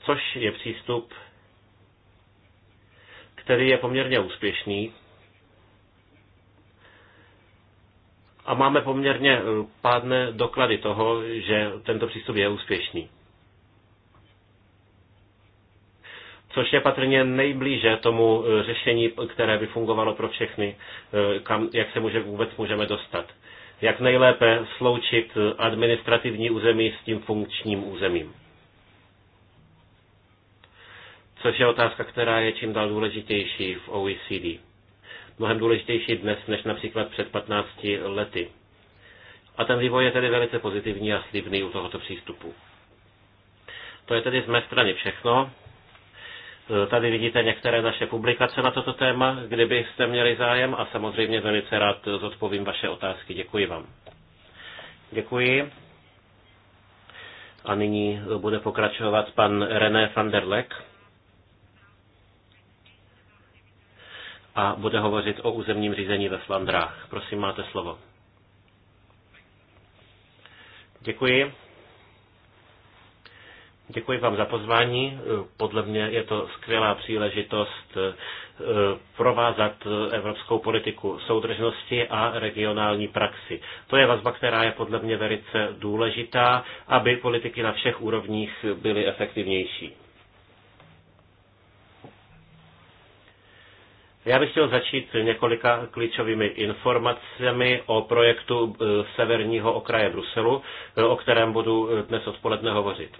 Což je přístup, který je poměrně úspěšný, a máme poměrně eh, pádné doklady toho, že tento přístup je úspěšný. což je patrně nejblíže tomu eh, řešení, které by fungovalo pro všechny, eh, kam, jak se může, vůbec můžeme dostat. Jak nejlépe sloučit eh, administrativní území s tím funkčním územím. Což je otázka, která je čím dál důležitější v OECD. Mnohem důležitější dnes než například před 15 lety. A ten vývoj je tedy velice pozitivní a slibný u tohoto přístupu. To je tedy z mé strany všechno. Eh, tady vidíte některé naše publikace na toto téma, kdybyste měli zájem a samozřejmě velice rád zodpovím vaše otázky. Děkuji vám. Děkuji. A nyní bude pokračovat pan René van der Leck. A bude hovořit o územním řízení ve Flandrách. Prosím, máte slovo. Děkuji. Děkuji vám za pozvání. Podle mě je to skvělá příležitost eh, provázat eh, evropskou politiku soudržnosti a regionální praxi. To je vazba, která je podle mě velice důležitá, aby politiky na všech úrovních byly efektivnější. Já bych chtěl začít několika klíčovými informacemi o projektu eh, severního okraje Bruselu, o kterém budu dnes odpoledne hovořit.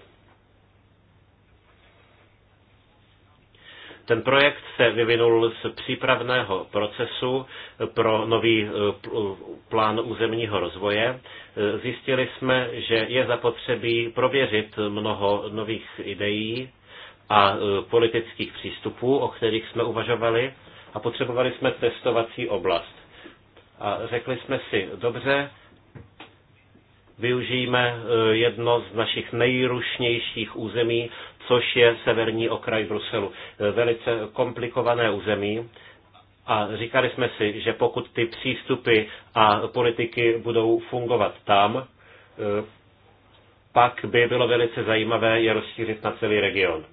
Ten projekt se vyvinul z přípravného procesu pro nový eh, eh, plán územního rozvoje. Eh, zjistili jsme, že je zapotřebí prověřit mnoho nových ideí a politických přístupů, o kterých jsme uvažovali, a potřebovali jsme testovací oblast. A řekli jsme si, dobře, využijeme eh, jedno z našich nejrušnějších území, což je severní okraj Bruselu. Eh, velice komplikované území. A říkali jsme si, že pokud ty přístupy a politiky budou fungovat tam, eh, pak by bylo velice zajímavé je rozšířit na celý region.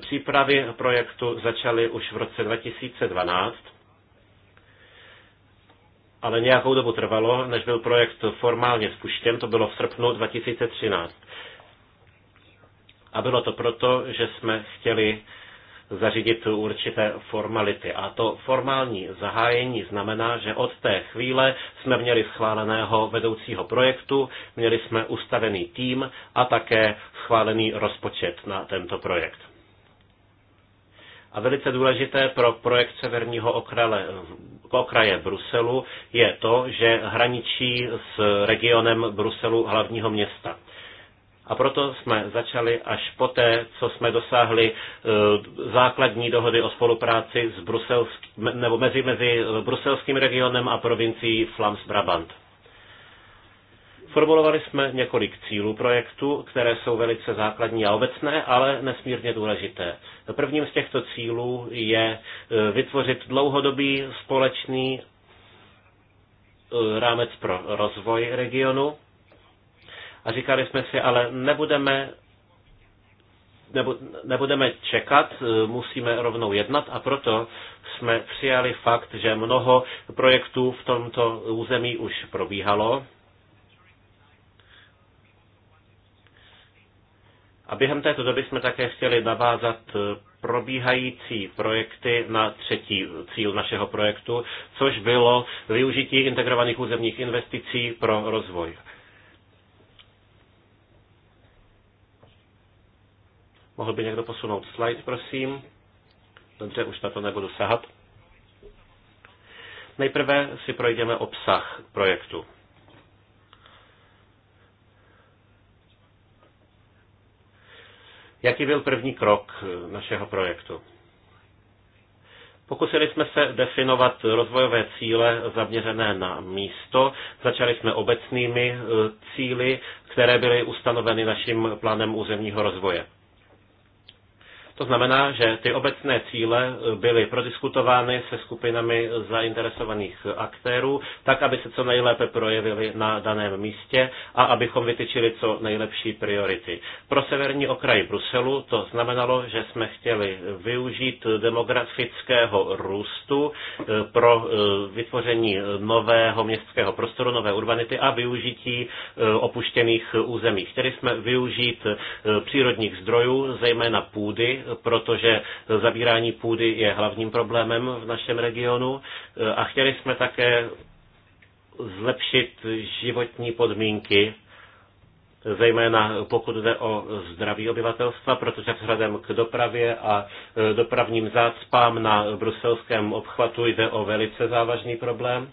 Přípravy projektu začaly už v roce 2012 ale nějakou dobu trvalo, než byl projekt formálně spuštěn, to bylo v srpnu 2013. A bylo to proto, že jsme chtěli zařídit určité formality. A to formální zahájení znamená, že od té chvíle jsme měli schváleného vedoucího projektu, měli jsme ustavený tým a také schválený rozpočet na tento projekt a velice důležité pro projekt severního okrale, eh, okraje Bruselu je to, že hraničí s regionem Bruselu hlavního města. A proto jsme začali až poté, co jsme dosáhli eh, základní dohody o spolupráci s Bruselsk, nebo mezi, mezi eh, bruselským regionem a provincií Flams Brabant. Formulovali jsme několik cílů projektu, které jsou velice základní a obecné, ale nesmírně důležité. Prvním z těchto cílů je e, vytvořit dlouhodobý společný e, rámec pro rozvoj regionu. A říkali jsme si, ale nebudeme, nebu, nebudeme čekat, e, musíme rovnou jednat a proto jsme přijali fakt, že mnoho projektů v tomto území už probíhalo A během této doby jsme také chtěli navázat eh, probíhající projekty na třetí cíl našeho projektu, což bylo využití integrovaných územních investicí pro rozvoj. Mohl by někdo posunout slide, prosím? Dobře, už na to nebudu sahat. Nejprve si projdeme obsah projektu. Jaký byl první krok eh, našeho projektu? Pokusili jsme se definovat rozvojové cíle zaměřené na místo. Začali jsme obecnými eh, cíly, které byly ustanoveny naším plánem územního rozvoje. To znamená, že ty obecné cíle eh, byly prodiskutovány se skupinami zainteresovaných aktérů, tak, aby se co nejlépe projevily na daném místě a abychom vytyčili co nejlepší priority. Pro severní okraj Bruselu to znamenalo, že jsme chtěli využít demografického růstu eh, pro eh, vytvoření nového městského prostoru, nové urbanity a využití opuštěných území. Chtěli jsme využít přírodních zdrojů, zejména půdy, protože zabírání půdy je hlavním problémem v našem regionu a chtěli jsme také zlepšit životní podmínky zejména pokud jde o zdraví obyvatelstva, protože vzhledem k dopravě a e, dopravním zácpám na bruselském obchvatu jde o velice závažný problém.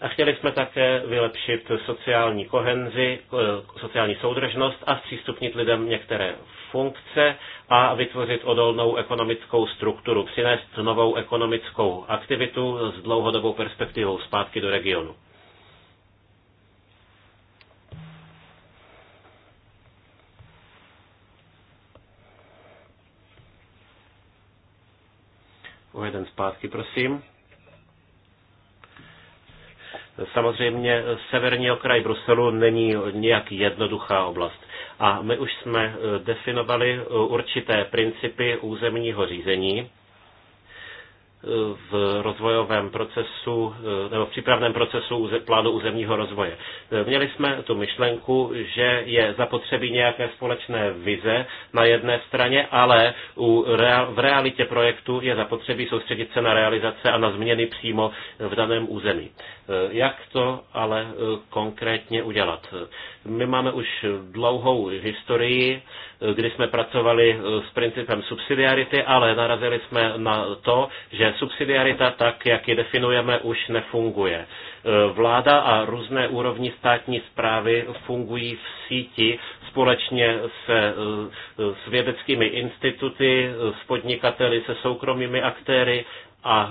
A chtěli jsme také vylepšit sociální kohenzi, e, sociální soudržnost a zpřístupnit lidem některé funkce a vytvořit odolnou ekonomickou strukturu, přinést novou ekonomickou aktivitu s dlouhodobou perspektivou zpátky do regionu. O jeden zpátky, prosím. Samozřejmě severní okraj Bruselu není nějak jednoduchá oblast. A my už jsme eh, definovali eh, určité principy územního řízení eh, v rozvojovém procesu nebo v přípravném procesu plánu územního rozvoje. Měli jsme tu myšlenku, že je zapotřebí nějaké společné vize na jedné straně, ale u, v realitě projektu je zapotřebí soustředit se na realizace a na změny přímo v daném území. Eh, jak to ale eh, konkrétně udělat? My máme už dlouhou historii, eh, kdy jsme pracovali s principem subsidiarity, ale narazili jsme na to, že subsidiarita tak, jak ji definujeme, už nefunguje. Vláda a různé úrovni státní zprávy fungují v síti společně se, s vědeckými instituty, s podnikateli, se soukromými aktéry a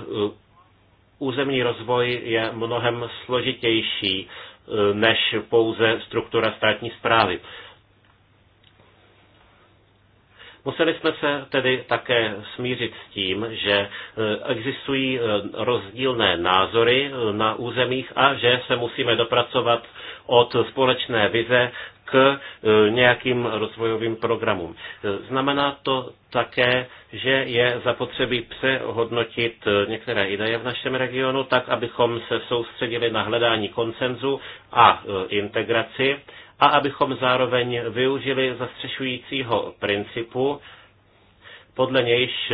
územní rozvoj je mnohem složitější eh, než pouze struktura státní zprávy. Museli jsme se tedy také smířit s tím, že e, existují e, rozdílné názory e, na územích a že se musíme dopracovat od společné vize k nějakým rozvojovým programům. Znamená to také, že je zapotřebí přehodnotit některé ideje v našem regionu, tak abychom se soustředili na hledání koncenzu a integraci a abychom zároveň využili zastřešujícího principu, podle nějž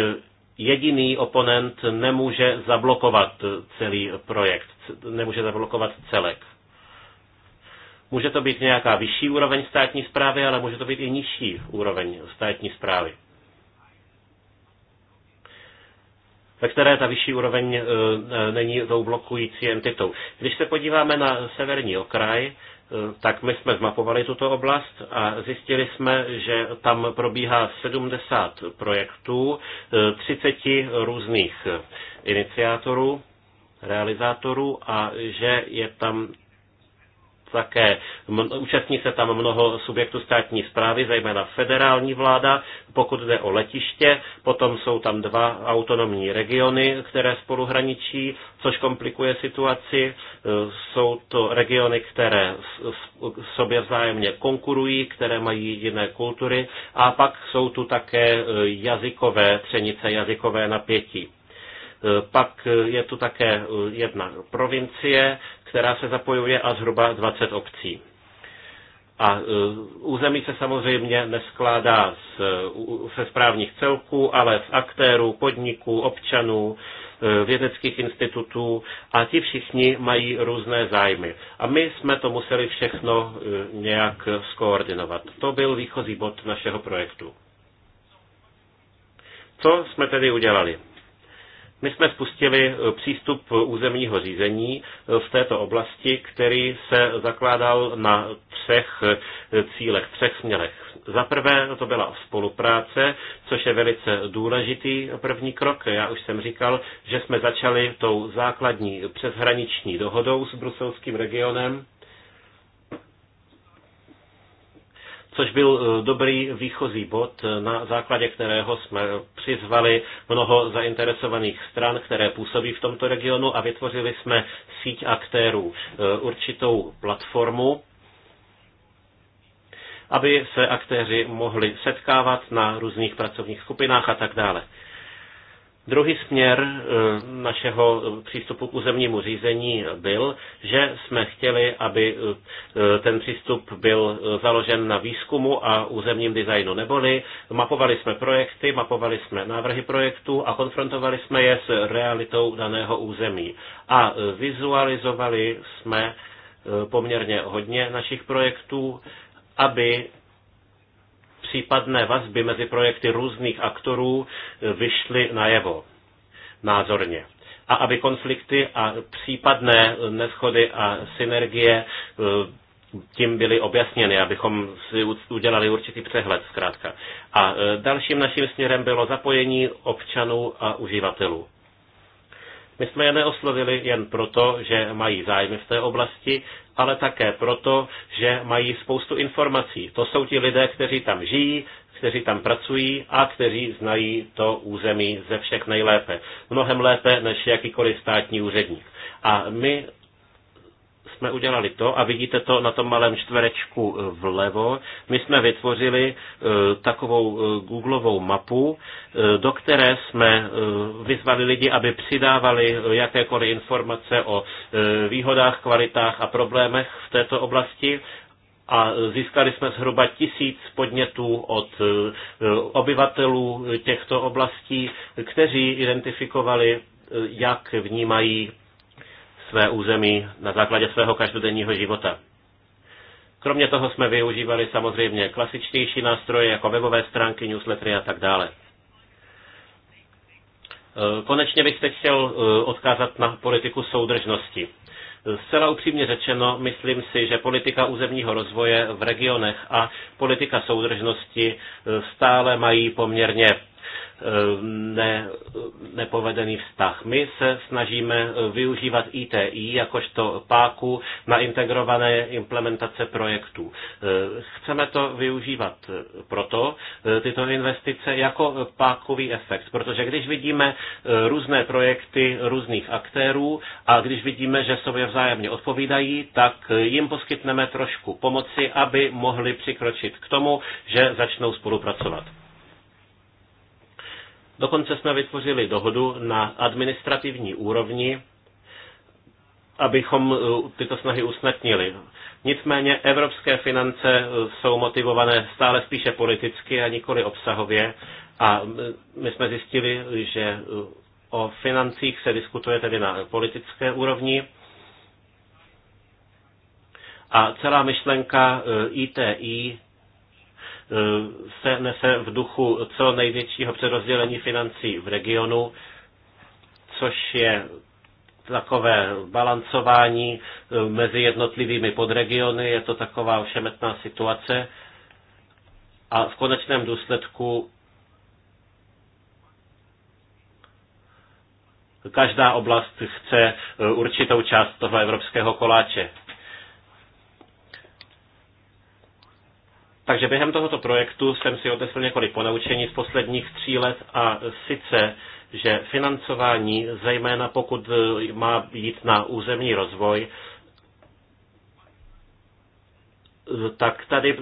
jediný oponent nemůže zablokovat celý projekt, nemůže zablokovat celek. Může to být nějaká vyšší úroveň státní zprávy, ale může to být i nižší úroveň státní zprávy. ve které ta vyšší úroveň e, e, není tou blokující entitou. Když se podíváme na severní okraj, tak my jsme zmapovali tuto oblast a zjistili jsme, že tam probíhá 70 projektů, 30 e, různých iniciátorů, realizátorů a že je tam také účastní se tam mnoho subjektů státní zprávy, zejména federální vláda, pokud jde o letiště, potom jsou tam dva autonomní regiony, které spolu hraničí, což komplikuje situaci. E, jsou to regiony, které sobě vzájemně konkurují, které mají jiné kultury a pak jsou tu také e, jazykové třenice, jazykové napětí. E, pak je tu také jedna provincie, která se zapojuje a zhruba 20 obcí. A e, území se samozřejmě neskládá z, se správních celků, ale z aktérů, podniků, občanů, e, vědeckých institutů a ti všichni mají různé zájmy. A my jsme to museli všechno e, nějak skoordinovat. To byl výchozí bod našeho projektu. Co jsme tedy udělali? My jsme spustili eh, přístup územního řízení eh, v této oblasti, který se zakládal na třech eh, cílech, třech směrech. Za prvé to byla spolupráce, což je velice důležitý první krok. Já už jsem říkal, že jsme začali tou základní přeshraniční dohodou s bruselským regionem což byl eh, dobrý výchozí bod, eh, na základě kterého jsme přizvali mnoho zainteresovaných stran, které působí v tomto regionu a vytvořili jsme síť aktérů, eh, určitou platformu, aby se aktéři mohli setkávat na různých pracovních skupinách a tak dále. Druhý směr eh, našeho přístupu k územnímu řízení byl, že jsme chtěli, aby eh, ten přístup byl eh, založen na výzkumu a územním designu. Neboli mapovali jsme projekty, mapovali jsme návrhy projektů a konfrontovali jsme je s realitou daného území. A vizualizovali jsme poměrně hodně našich projektů, aby případné vazby mezi projekty různých aktorů e, vyšly najevo názorně a aby konflikty a případné e, neschody a synergie e, tím byly objasněny, abychom si udělali určitý přehled zkrátka. A dalším naším směrem bylo zapojení občanů a uživatelů. My jsme je neoslovili jen proto, že mají zájmy v té oblasti, ale také proto, že mají spoustu informací. To jsou ti lidé, kteří tam žijí, kteří tam pracují a kteří znají to území ze všech nejlépe. Mnohem lépe než jakýkoliv státní úředník. A my jsme udělali to, a vidíte to na tom malém čtverečku eh, vlevo, my jsme vytvořili eh, takovou eh, Googleovou mapu, do které jsme vyzvali lidi, aby přidávali jakékoliv informace o výhodách, kvalitách a problémech v této oblasti a získali jsme zhruba tisíc podnětů od obyvatelů těchto oblastí, kteří identifikovali, jak vnímají své území na základě svého každodenního života. Kromě toho jsme využívali samozřejmě klasičtější nástroje jako webové stránky, newslettery a tak dále. E, konečně bych teď chtěl e, odkázat na politiku soudržnosti. Zcela upřímně řečeno, myslím si, že politika územního rozvoje v regionech a politika soudržnosti e, stále mají poměrně Eh, ne, nepovedený vztah. My se snažíme eh, využívat ITI jakožto páku na integrované implementace projektů. Eh, chceme to využívat proto, tyto investice, jako pákový efekt, protože když vidíme různé projekty různých aktérů a když vidíme, že sobě vzájemně odpovídají, tak jim poskytneme trošku pomoci, aby mohli přikročit k tomu, že začnou spolupracovat. Dokonce jsme vytvořili dohodu na administrativní úrovni, abychom uh, tyto snahy usnadnili. Nicméně evropské finance uh, jsou motivované stále spíše politicky a nikoli obsahově a my jsme zjistili, že uh, o financích se diskutuje tedy na politické úrovni a celá myšlenka ITI Eh, se nese v duchu co největšího přerozdělení financí v regionu, což je takové balancování eh, mezi jednotlivými podregiony, je to taková všemetná situace a v konečném důsledku každá oblast chce eh, určitou část toho evropského koláče. Takže během tohoto projektu jsem si odnesl několik ponaučení z posledních tří let a sice, že financování, zejména pokud e, má jít na územní rozvoj, e, tak tady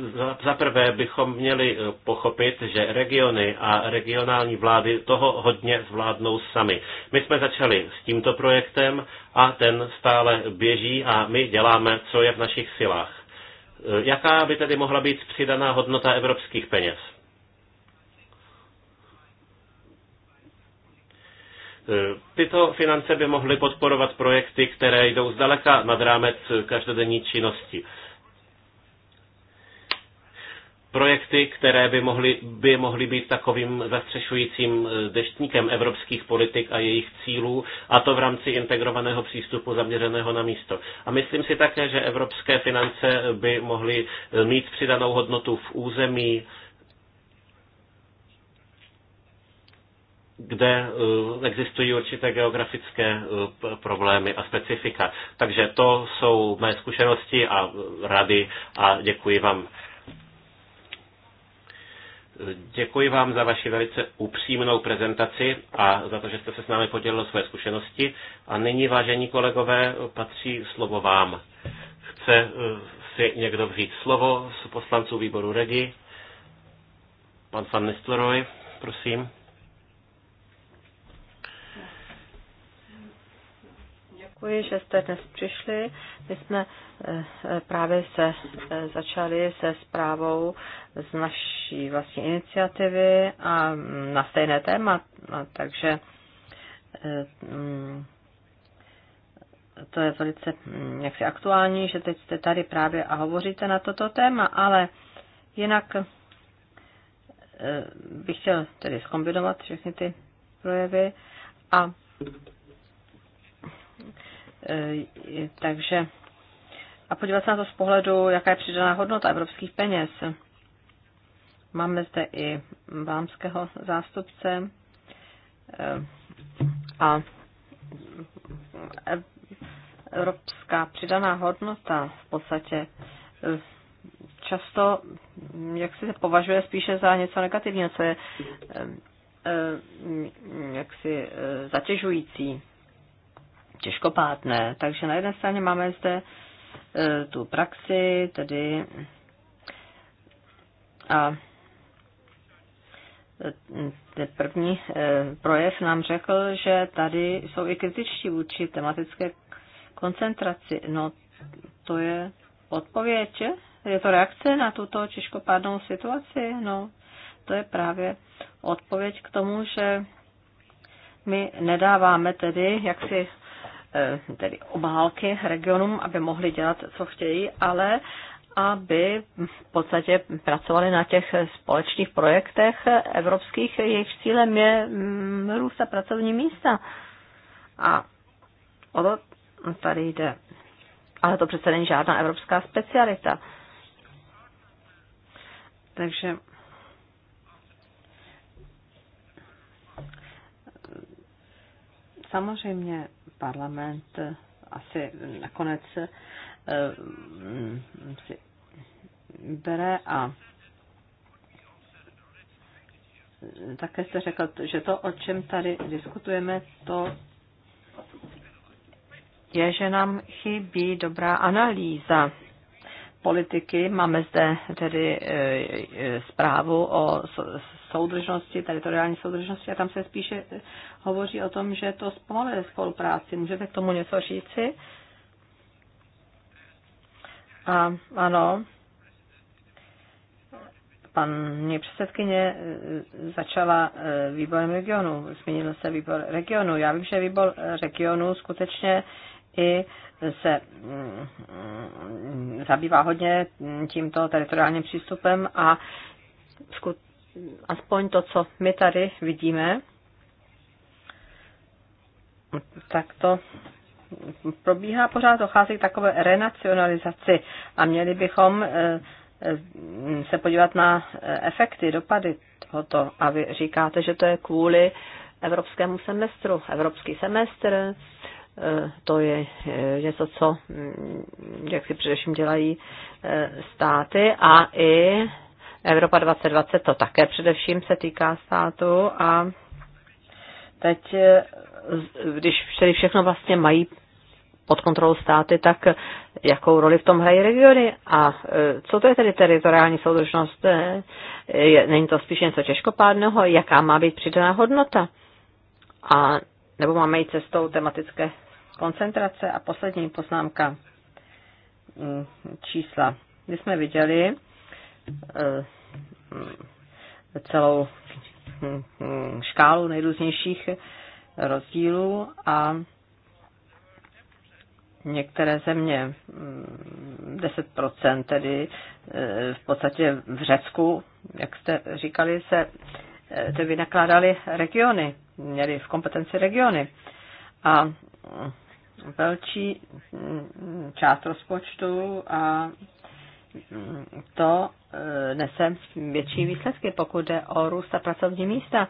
zaprvé bychom měli e, pochopit, že regiony a regionální vlády toho hodně zvládnou sami. My jsme začali s tímto projektem a ten stále běží a my děláme, co je v našich silách. Eh, jaká by tedy mohla být přidaná hodnota evropských peněz? Eh, tyto finance by mohly podporovat projekty, které jdou zdaleka nad rámec eh, každodenní činnosti projekty, které by mohly, by mohly být takovým zastřešujícím eh, deštníkem evropských politik a jejich cílů, a to v rámci integrovaného přístupu zaměřeného na místo. A myslím si také, že evropské finance by mohly eh, mít přidanou hodnotu v území, kde eh, existují určité geografické problémy a specifika. Takže to jsou mé zkušenosti a rady a děkuji vám. Děkuji vám za vaši velice upřímnou prezentaci a za to, že jste se s námi podělil své zkušenosti. A nyní, vážení kolegové, patří slovo vám. Chce eh, si někdo vzít slovo z poslanců výboru Regi? Pan Van Nistelrooy, prosím. děkuji, že jste dnes přišli. My jsme eh, eh, právě se eh, začali se zprávou z naší vlastní iniciativy a mm, na stejné téma, takže mm, to je velice mm, jaksi aktuální, že teď jste tady právě a hovoříte na toto téma, ale jinak bych chtěl tedy zkombinovat všechny ty projevy a Eh, takže a podívat se na to z pohledu, jaká je přidaná hodnota evropských peněz. Máme zde i vámského zástupce eh, a evropská přidaná hodnota v podstatě eh, často jak si se považuje spíše za něco negativního, co je jak si zatěžující těžkopádné. Takže na jedné straně máme zde e, tu praxi, tedy a e, ten první e, projev nám řekl, že tady jsou i kritičtí vůči tematické koncentraci. No, to je odpověď, je to reakce na tuto těžkopádnou situaci. No, to je právě odpověď k tomu, že my nedáváme tedy jaksi Eh, tedy obálky regionům, aby mohli dělat, co chtějí, ale aby v podstatě pracovali na těch společných projektech evropských, jejich cílem je mm, růst a pracovní místa. A o to tady jde. Ale to přece není žádná evropská specialita. Takže samozřejmě parlament eh, asi nakonec eh, mm, si bere a také jste řekl, že to, o čem tady diskutujeme, to je, že nám chybí dobrá analýza politiky. Máme zde tedy eh, zprávu o soudržnosti, teritoriální soudržnosti a tam se spíše eh, hovoří o tom, že to zpomaluje spolupráci. Můžete k tomu něco říci? A ano, paní předsedkyně eh, začala eh, výborem regionu, změnil se výbor regionu. Já vím, že výbor regionu skutečně i se mm, mm, zabývá hodně tímto teritoriálním přístupem a skutečně aspoň to, co my tady vidíme, tak to probíhá pořád, dochází k takové renacionalizaci a měli bychom eh, eh, se podívat na eh, efekty, dopady tohoto. A vy říkáte, že to je kvůli evropskému semestru. Evropský semestr, to je něco, co mm, jak si především dělají státy a i Evropa 2020 to také především se týká státu a teď, eh, když tedy všechno vlastně mají pod kontrolou státy, tak jakou roli v tom hrají regiony a eh, co to je tedy teritoriální soudržnost? Eh, je, není to spíš něco těžkopádného? Jaká má být přidaná hodnota? A nebo máme jít cestou tematické koncentrace? A poslední poznámka mm, čísla. My jsme viděli, Eh, celou hm, hm, škálu nejrůznějších rozdílů a některé země 10%, hm, tedy eh, v podstatě v Řecku, jak jste říkali, se eh, to vynakládaly regiony, měly v kompetenci regiony. A velčí část rozpočtu a to eh, nese větší výsledky, pokud jde o růst a pracovní místa.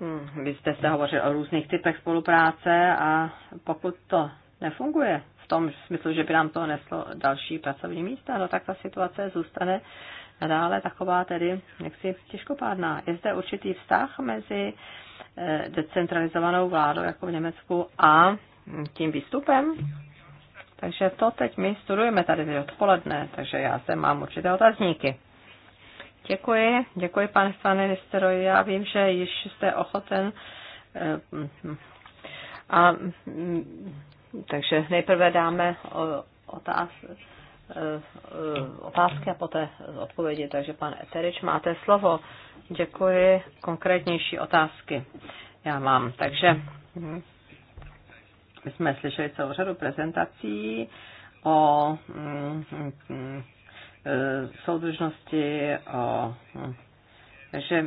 Hmm, vy jste se hovořil o různých typech spolupráce a pokud to nefunguje v tom smyslu, že by nám to neslo další pracovní místa, no tak ta situace zůstane nadále taková tedy jaksi těžkopádná. Je zde určitý vztah mezi eh, decentralizovanou vládou jako v Německu a tím výstupem takže to teď my studujeme tady teď odpoledne, takže já se mám určité otazníky. Děkuji, děkuji pane ministro. Já vím, že již jste ochoten eh, a mm, takže nejprve dáme eh, eh, otázky a poté odpovědi. Takže pan Eterič, máte slovo. Děkuji. Konkrétnější otázky já mám. Takže mm, my jsme slyšeli celou řadu prezentací o mm, mm, mm, soudržnosti, o, že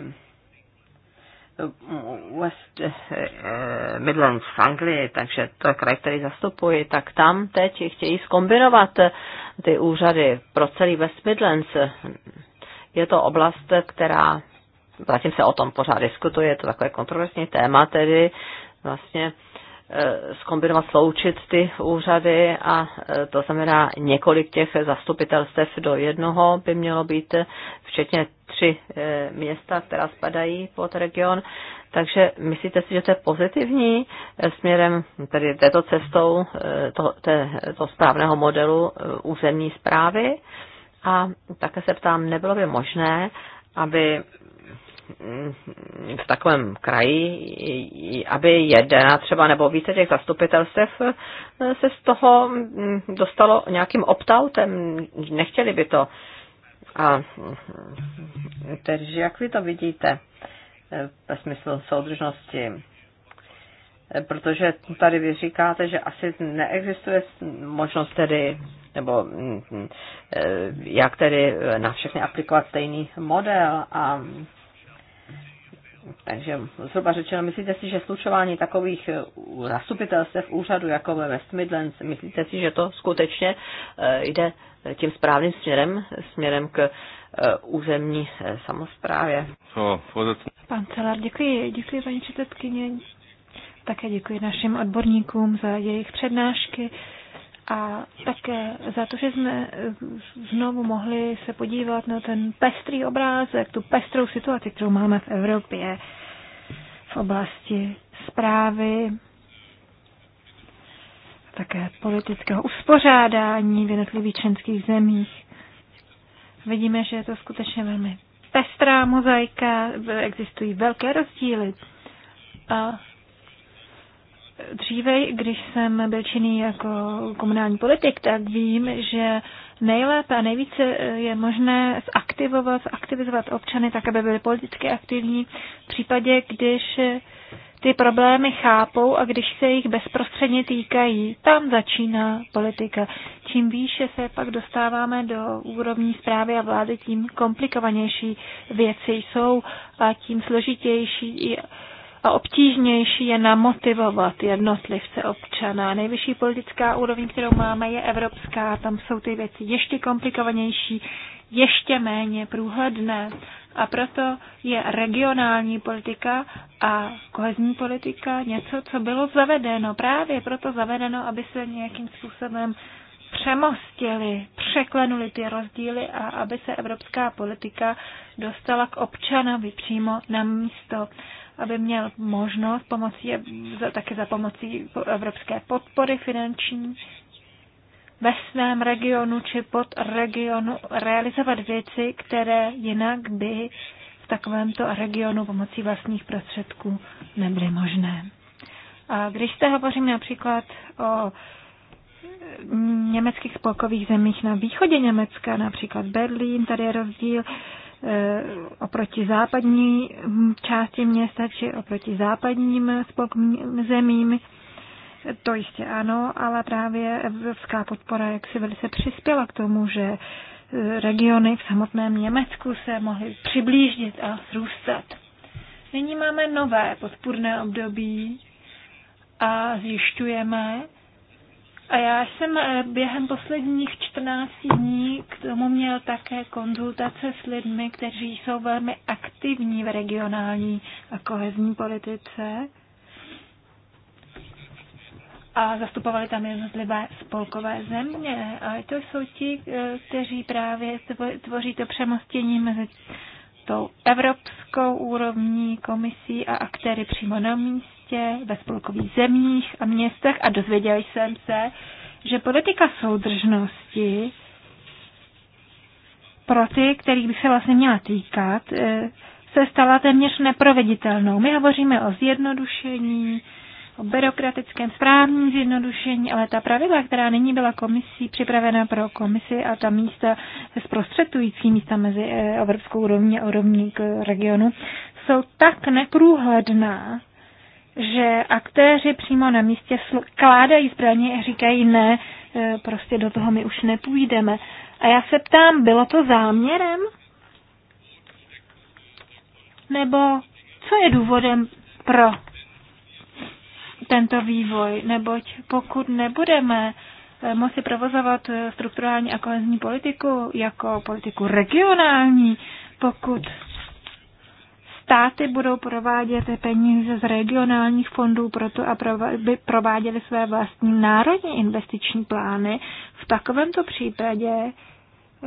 West eh, Midlands v Anglii, takže to je kraj, který zastupuji, tak tam teď chtějí skombinovat ty úřady pro celý West Midlands. Je to oblast, která, zatím se o tom pořád diskutuje, je to takové kontroverzní téma, tedy vlastně Eh, zkombinovat, sloučit ty úřady a eh, to znamená několik těch zastupitelstev do jednoho by mělo být, eh, včetně tři města, která spadají pod region. Takže myslíte si, že to je pozitivní směrem tedy této cestou to, to, to správného modelu územní zprávy? A také se ptám, nebylo by možné, aby Mm, v takovém kraji, aby jedna třeba nebo více těch zastupitelstv eh, se z toho mm, dostalo nějakým optautem, nechtěli by to. A mm, takže jak vy to vidíte eh, ve smyslu soudržnosti? Eh, protože tady vy říkáte, že asi neexistuje možnost tedy, nebo jak tedy na všechny aplikovat stejný model a takže zhruba řečeno, myslíte si, že slučování takových eh, zastupitelstev úřadu jako ve West Midlands, myslíte si, že to skutečně eh, jde tím správným směrem, směrem k eh, územní samozprávě? Pan Celar, děkuji, děkuji paní předsedkyně. Také děkuji našim odborníkům za jejich přednášky a také za to, že jsme znovu mohli se podívat na ten pestrý obrázek, tu pestrou situaci, kterou máme v Evropě v oblasti zprávy, také politického uspořádání v jednotlivých členských zemích. Vidíme, že je to skutečně velmi pestrá mozaika, existují velké rozdíly. A Dříve, když jsem byl činný jako komunální politik, tak vím, že nejlépe a nejvíce je možné zaktivovat, zaktivizovat občany tak, aby byli politicky aktivní v případě, když ty problémy chápou a když se jich bezprostředně týkají, tam začíná politika. Čím výše se pak dostáváme do úrovní zprávy a vlády, tím komplikovanější věci jsou a tím složitější a obtížnější je namotivovat jednotlivce občana. Nejvyšší politická úroveň, kterou máme, je evropská, tam jsou ty věci ještě komplikovanější, ještě méně průhledné. A proto je regionální politika a kohezní politika něco, co bylo zavedeno, právě proto zavedeno, aby se nějakým způsobem přemostili, překlenuli ty rozdíly a aby se evropská politika dostala k občanovi přímo na místo aby měl možnost pomocí, také za pomocí evropské podpory finanční ve svém regionu či pod regionu realizovat věci, které jinak by v takovémto regionu pomocí vlastních prostředků nebyly možné. A když se hovořím například o německých spolkových zemích na východě Německa, například Berlín, tady je rozdíl Eh, oproti západní části města či oproti západním zemím. To jistě ano, ale právě evropská podpora jak si velice přispěla k tomu, že eh, regiony v samotném Německu se mohly přiblížit a zrůstat. Nyní máme nové podpůrné období a zjišťujeme, a já jsem eh, během posledních 14 dní k tomu měl také konzultace s lidmi, kteří jsou velmi aktivní v regionální a kohezní politice. A zastupovali tam jednotlivé spolkové země. A to jsou ti, eh, kteří právě tvoří to přemostění mezi tou evropskou úrovní komisí a aktéry přímo na místě světě, ve spolkových zemích a městech a dozvěděl jsem se, že politika soudržnosti pro ty, kterých by se vlastně měla týkat, eh, se stala téměř neproveditelnou. My hovoříme o zjednodušení, o byrokratickém správním zjednodušení, ale ta pravidla, která nyní byla komisí připravena pro komisi a ta místa zprostředující místa mezi eh, evropskou úrovní a úrovní k regionu, jsou tak neprůhledná, že aktéři přímo na místě kládají zbraně a říkají ne, e, prostě do toho my už nepůjdeme. A já se ptám, bylo to záměrem? Nebo co je důvodem pro tento vývoj? Neboť pokud nebudeme e, moci provozovat e, strukturální a kohezní politiku jako politiku regionální, pokud státy budou provádět peníze z regionálních fondů proto, aby prováděly své vlastní národní investiční plány. V takovémto případě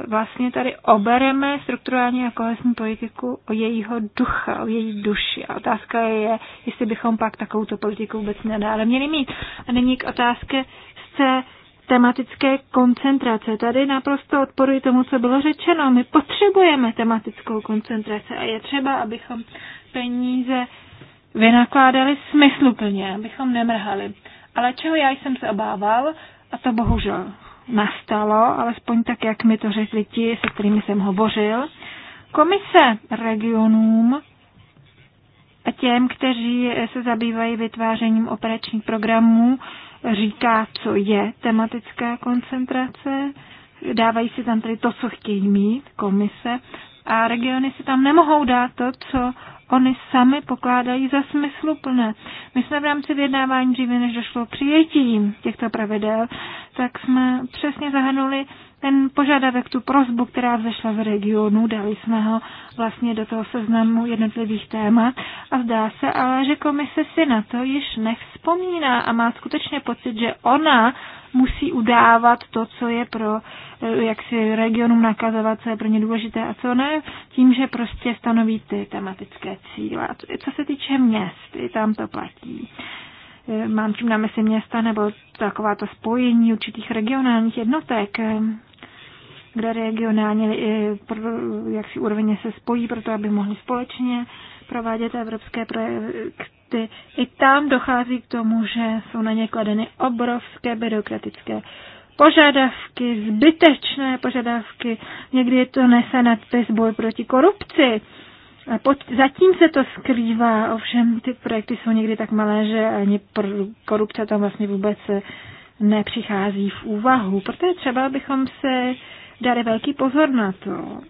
vlastně tady obereme strukturální a kohesní politiku o jejího ducha, o její duši. A otázka je, jestli bychom pak takovouto politiku vůbec nedále měli mít. A nyní k otázce, se tematické koncentrace. Tady naprosto odporuji tomu, co bylo řečeno. My potřebujeme tematickou koncentraci a je třeba, abychom peníze vynakládali smysluplně, abychom nemrhali. Ale čeho já jsem se obával, a to bohužel nastalo, alespoň tak, jak mi to řekli ti, se kterými jsem hovořil, komise regionům a těm, kteří se zabývají vytvářením operačních programů, říká, co je tematická koncentrace, dávají si tam tedy to, co chtějí mít, komise, a regiony si tam nemohou dát to, co oni sami pokládají za smysluplné. My jsme v rámci vyjednávání dříve, než došlo přijetím, těchto pravidel, tak jsme přesně zahrnuli ten požadavek, tu prozbu, která vzešla z regionu, dali jsme ho vlastně do toho seznamu jednotlivých témat a zdá se ale, že komise si na to již nevzpomíná a má skutečně pocit, že ona musí udávat to, co je pro eh, jak si regionům nakazovat, co je pro ně důležité a co ne, tím, že prostě stanoví ty tematické cíle. Co se týče měst, i tam to platí eh, mám tím na mysli města nebo takováto spojení určitých regionálních jednotek. Eh, kde regionálně eh, jak si úrovně se spojí, proto aby mohli společně provádět evropské projekty. I tam dochází k tomu, že jsou na ně kladeny obrovské byrokratické požadavky, zbytečné požadavky. Někdy je to nese nadpis boj proti korupci. Pod, zatím se to skrývá, ovšem ty projekty jsou někdy tak malé, že ani korupce tam vlastně vůbec nepřichází v úvahu. Proto je třeba, abychom se dali velký pozor na to,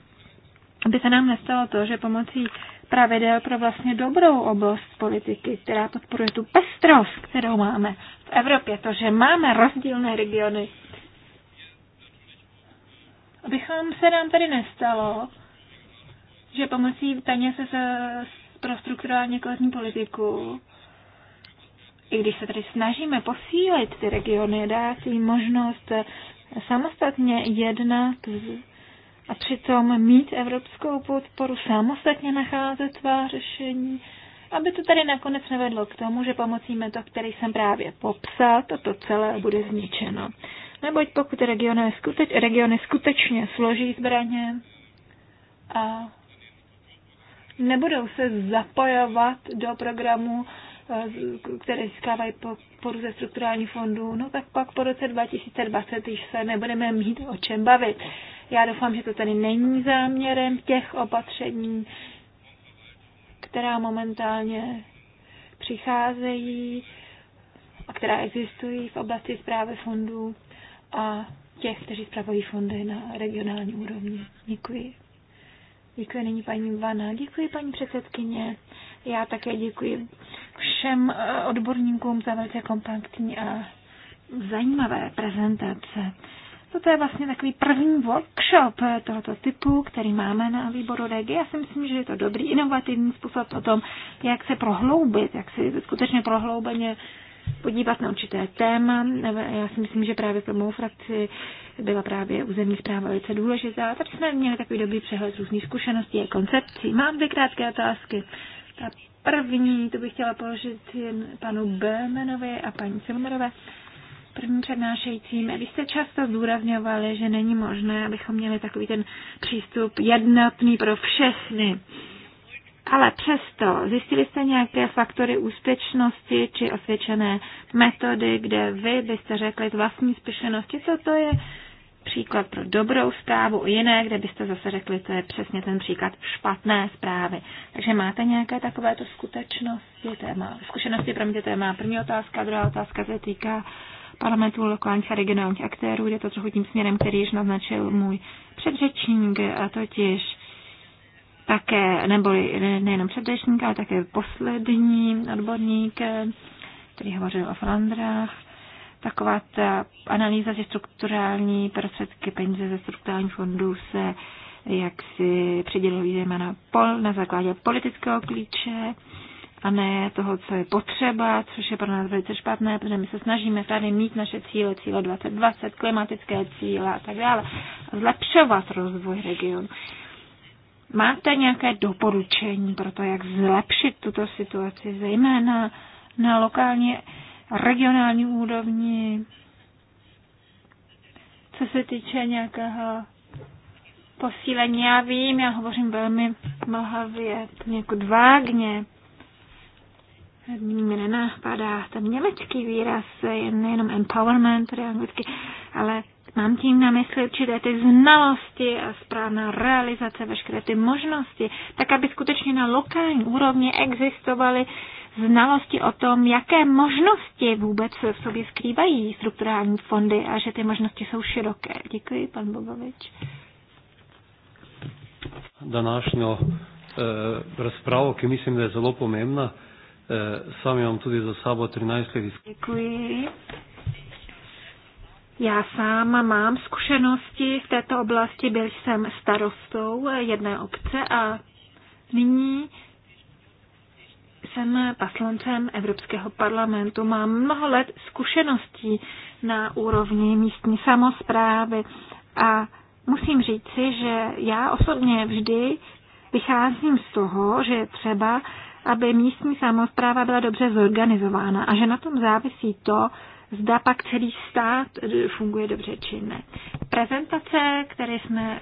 aby se nám nestalo to, že pomocí pravidel pro vlastně dobrou oblast politiky, která podporuje tu pestrost, kterou máme v Evropě, to, že máme rozdílné regiony, abychom se nám tady nestalo, že pomocí peněz se pro strukturální kohezní politiku, i když se tady snažíme posílit ty regiony, dát jim možnost samostatně jednat a přitom mít evropskou podporu, samostatně nacházet svá řešení, aby to tady nakonec nevedlo k tomu, že pomocí metod, který jsem právě popsal, toto celé bude zničeno. Neboť pokud regiony, skuteč, regiony skutečně složí zbraně a nebudou se zapojovat do programu Eh, které získávají podporu ze strukturální fondů, no tak pak po roce 2020 již se nebudeme mít o čem bavit. Já doufám, že to tady není záměrem těch opatření, která momentálně přicházejí a která existují v oblasti zprávy fondů a těch, kteří zpravují fondy na regionální úrovni. Děkuji. Děkuji nyní paní Vana. Děkuji paní předsedkyně. Já také děkuji všem eh, odborníkům za velice kompaktní a zajímavé prezentace. Toto je vlastně takový první workshop tohoto typu, který máme na výboru REGI. Já si myslím, že je to dobrý inovativní způsob o tom, jak se prohloubit, jak si skutečně prohloubeně podívat na určité téma. Já si myslím, že právě pro mou frakci byla právě územní zpráva velice důležitá. Tak jsme měli takový dobrý přehled různých zkušeností a koncepcí. Mám dvě krátké otázky. Ta první, to bych chtěla položit jen panu Belmenovi a paní Silmerové, první přednášejícím. Vy jste často zdůrazňovali, že není možné, abychom měli takový ten přístup jednotný pro všechny. Ale přesto zjistili jste nějaké faktory úspěšnosti či osvědčené metody, kde vy byste řekli z vlastní zkušenosti, co to je příklad pro dobrou zprávu, jiné, kde byste zase řekli, to je přesně ten příklad špatné zprávy. Takže máte nějaké takovéto skutečnosti, téma, zkušenosti, promiňte, to je má první otázka, druhá otázka se týká parlamentu lokálních a regionálních aktérů, je to trochu tím směrem, který již naznačil můj předřečník, a totiž také, nebo nejenom předřečník, ale také poslední odborník, který hovořil o Flandrách, taková ta analýza, že strukturální prostředky, peníze ze strukturálních fondů se jak si přidělují zejména pol na základě politického klíče a ne toho, co je potřeba, což je pro nás velice špatné, protože my se snažíme tady mít naše cíle, cíle 2020, klimatické cíle a tak dále, zlepšovat rozvoj regionu. Máte nějaké doporučení pro to, jak zlepšit tuto situaci, zejména na lokálně? regionální úrovni, co se týče nějakého posílení. Já vím, já hovořím velmi mlhavě, někud vágně. Mi nenápadá ten německý výraz, je nejenom empowerment, tedy anglicky, ale mám tím na mysli určité ty znalosti a správná realizace, veškeré ty možnosti, tak aby skutečně na lokální úrovni existovaly znalosti o tom, jaké možnosti vůbec v sobě skrývají strukturální fondy a že ty možnosti jsou široké. Děkuji, pan Bogovič. Današnjo eh, razpravo, ki mislim, da je zelo pomembna. Eh, sam imam tudi za sabo 13 let. Děkuji. Já sám mám zkušenosti v této oblasti, byl jsem starostou jedné obce a nyní jsem paslancem Evropského parlamentu, mám mnoho let zkušeností na úrovni místní samozprávy a musím říci, že já osobně vždy vycházím z toho, že je třeba, aby místní samozpráva byla dobře zorganizována a že na tom závisí to, zda pak celý stát funguje dobře či ne. Prezentace, které jsme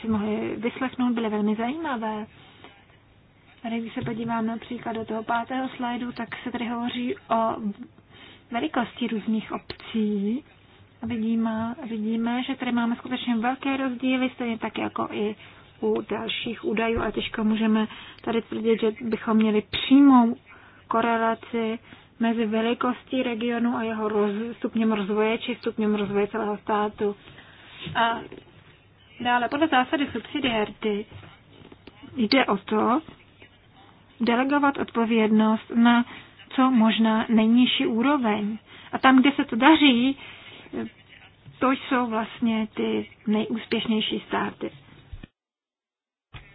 si mohli vyslechnout, byly velmi zajímavé. Tady, když se podíváme například do toho pátého slajdu, tak se tady hovoří o velikosti různých obcí. A vidíme, vidíme, že tady máme skutečně velké rozdíly, stejně tak jako i u dalších údajů a těžko můžeme tady tvrdit, že bychom měli přímou korelaci mezi velikostí regionu a jeho roz, stupněm rozvoje či stupněm rozvoje celého státu. A dále podle zásady subsidiarity jde o to, delegovat odpovědnost na co možná nejnižší úroveň. A tam, kde se to daří, to jsou vlastně ty nejúspěšnější státy.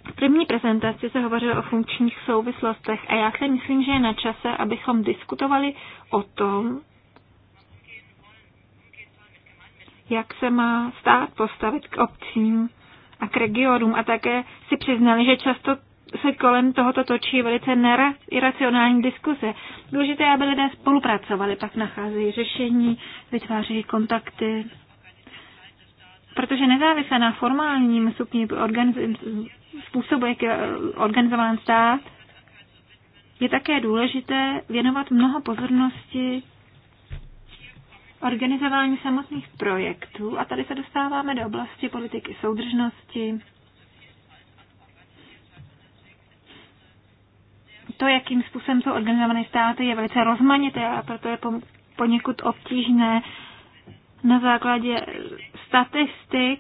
V první prezentaci se hovořilo o funkčních souvislostech a já si myslím, že je na čase, abychom diskutovali o tom, jak se má stát postavit k obcím a k regionům a také si přiznali, že často se kolem tohoto točí velice iracionální diskuse. Důležité je, aby lidé spolupracovali, pak nacházejí řešení, vytvářejí kontakty. Protože nezávisle na formálním stupni způsobu, jak je organizován stát, je také důležité věnovat mnoho pozornosti organizování samotných projektů. A tady se dostáváme do oblasti politiky soudržnosti, to, jakým způsobem jsou organizované státy, je velice rozmanité a proto je poněkud obtížné na základě statistik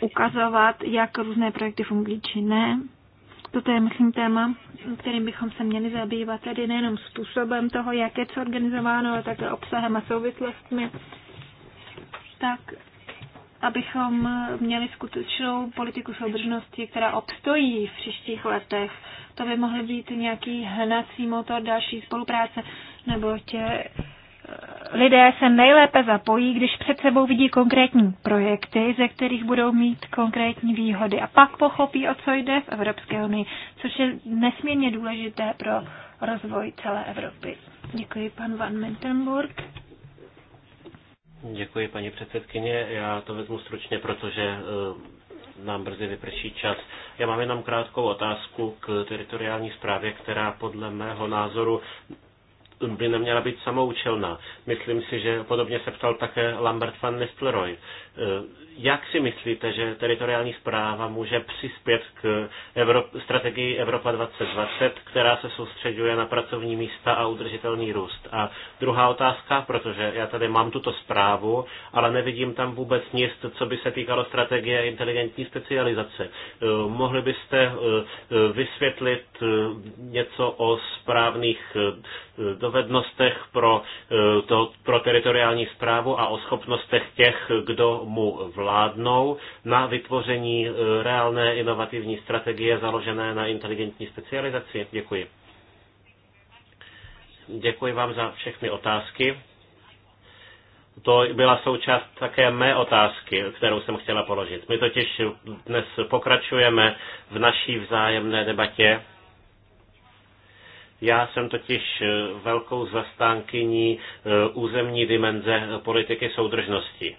ukazovat, jak různé projekty fungují či ne. Toto je, myslím, téma, kterým bychom se měli zabývat tedy nejenom způsobem toho, jak je co organizováno, ale také obsahem a souvislostmi. Tak abychom měli skutečnou politiku soudržnosti, která obstojí v příštích letech. To by mohl být nějaký hnací motor další spolupráce, nebo tě eh, lidé se nejlépe zapojí, když před sebou vidí konkrétní projekty, ze kterých budou mít konkrétní výhody a pak pochopí, o co jde v Evropské unii, což je nesmírně důležité pro rozvoj celé Evropy. Děkuji, pan Van Mentenburg. Děkuji, paní předsedkyně. Já to vezmu stručně, protože eh, nám brzy vyprší čas. Já mám jenom krátkou otázku k teritoriální zprávě, která podle mého názoru by neměla být samoučelná. Myslím si, že podobně se ptal také Lambert van Nistelrooy. Eh, jak si myslíte, že teritoriální zpráva může přispět k Evrop- strategii Evropa 2020, která se soustředuje na pracovní místa a udržitelný růst? A druhá otázka, protože já tady mám tuto zprávu, ale nevidím tam vůbec nic, co by se týkalo strategie inteligentní specializace. Eh, mohli byste eh, eh, vysvětlit něco o správných dovednostech pro, to, pro teritoriální zprávu a o schopnostech těch, kdo mu vládí? vládnou na vytvoření e, reálné inovativní strategie založené na inteligentní specializaci? Děkuji. Děkuji vám za všechny otázky. To byla součást také mé otázky, kterou jsem chtěla položit. My totiž dnes pokračujeme v naší vzájemné debatě. Já jsem totiž e, velkou zastánkyní e, územní dimenze politiky soudržnosti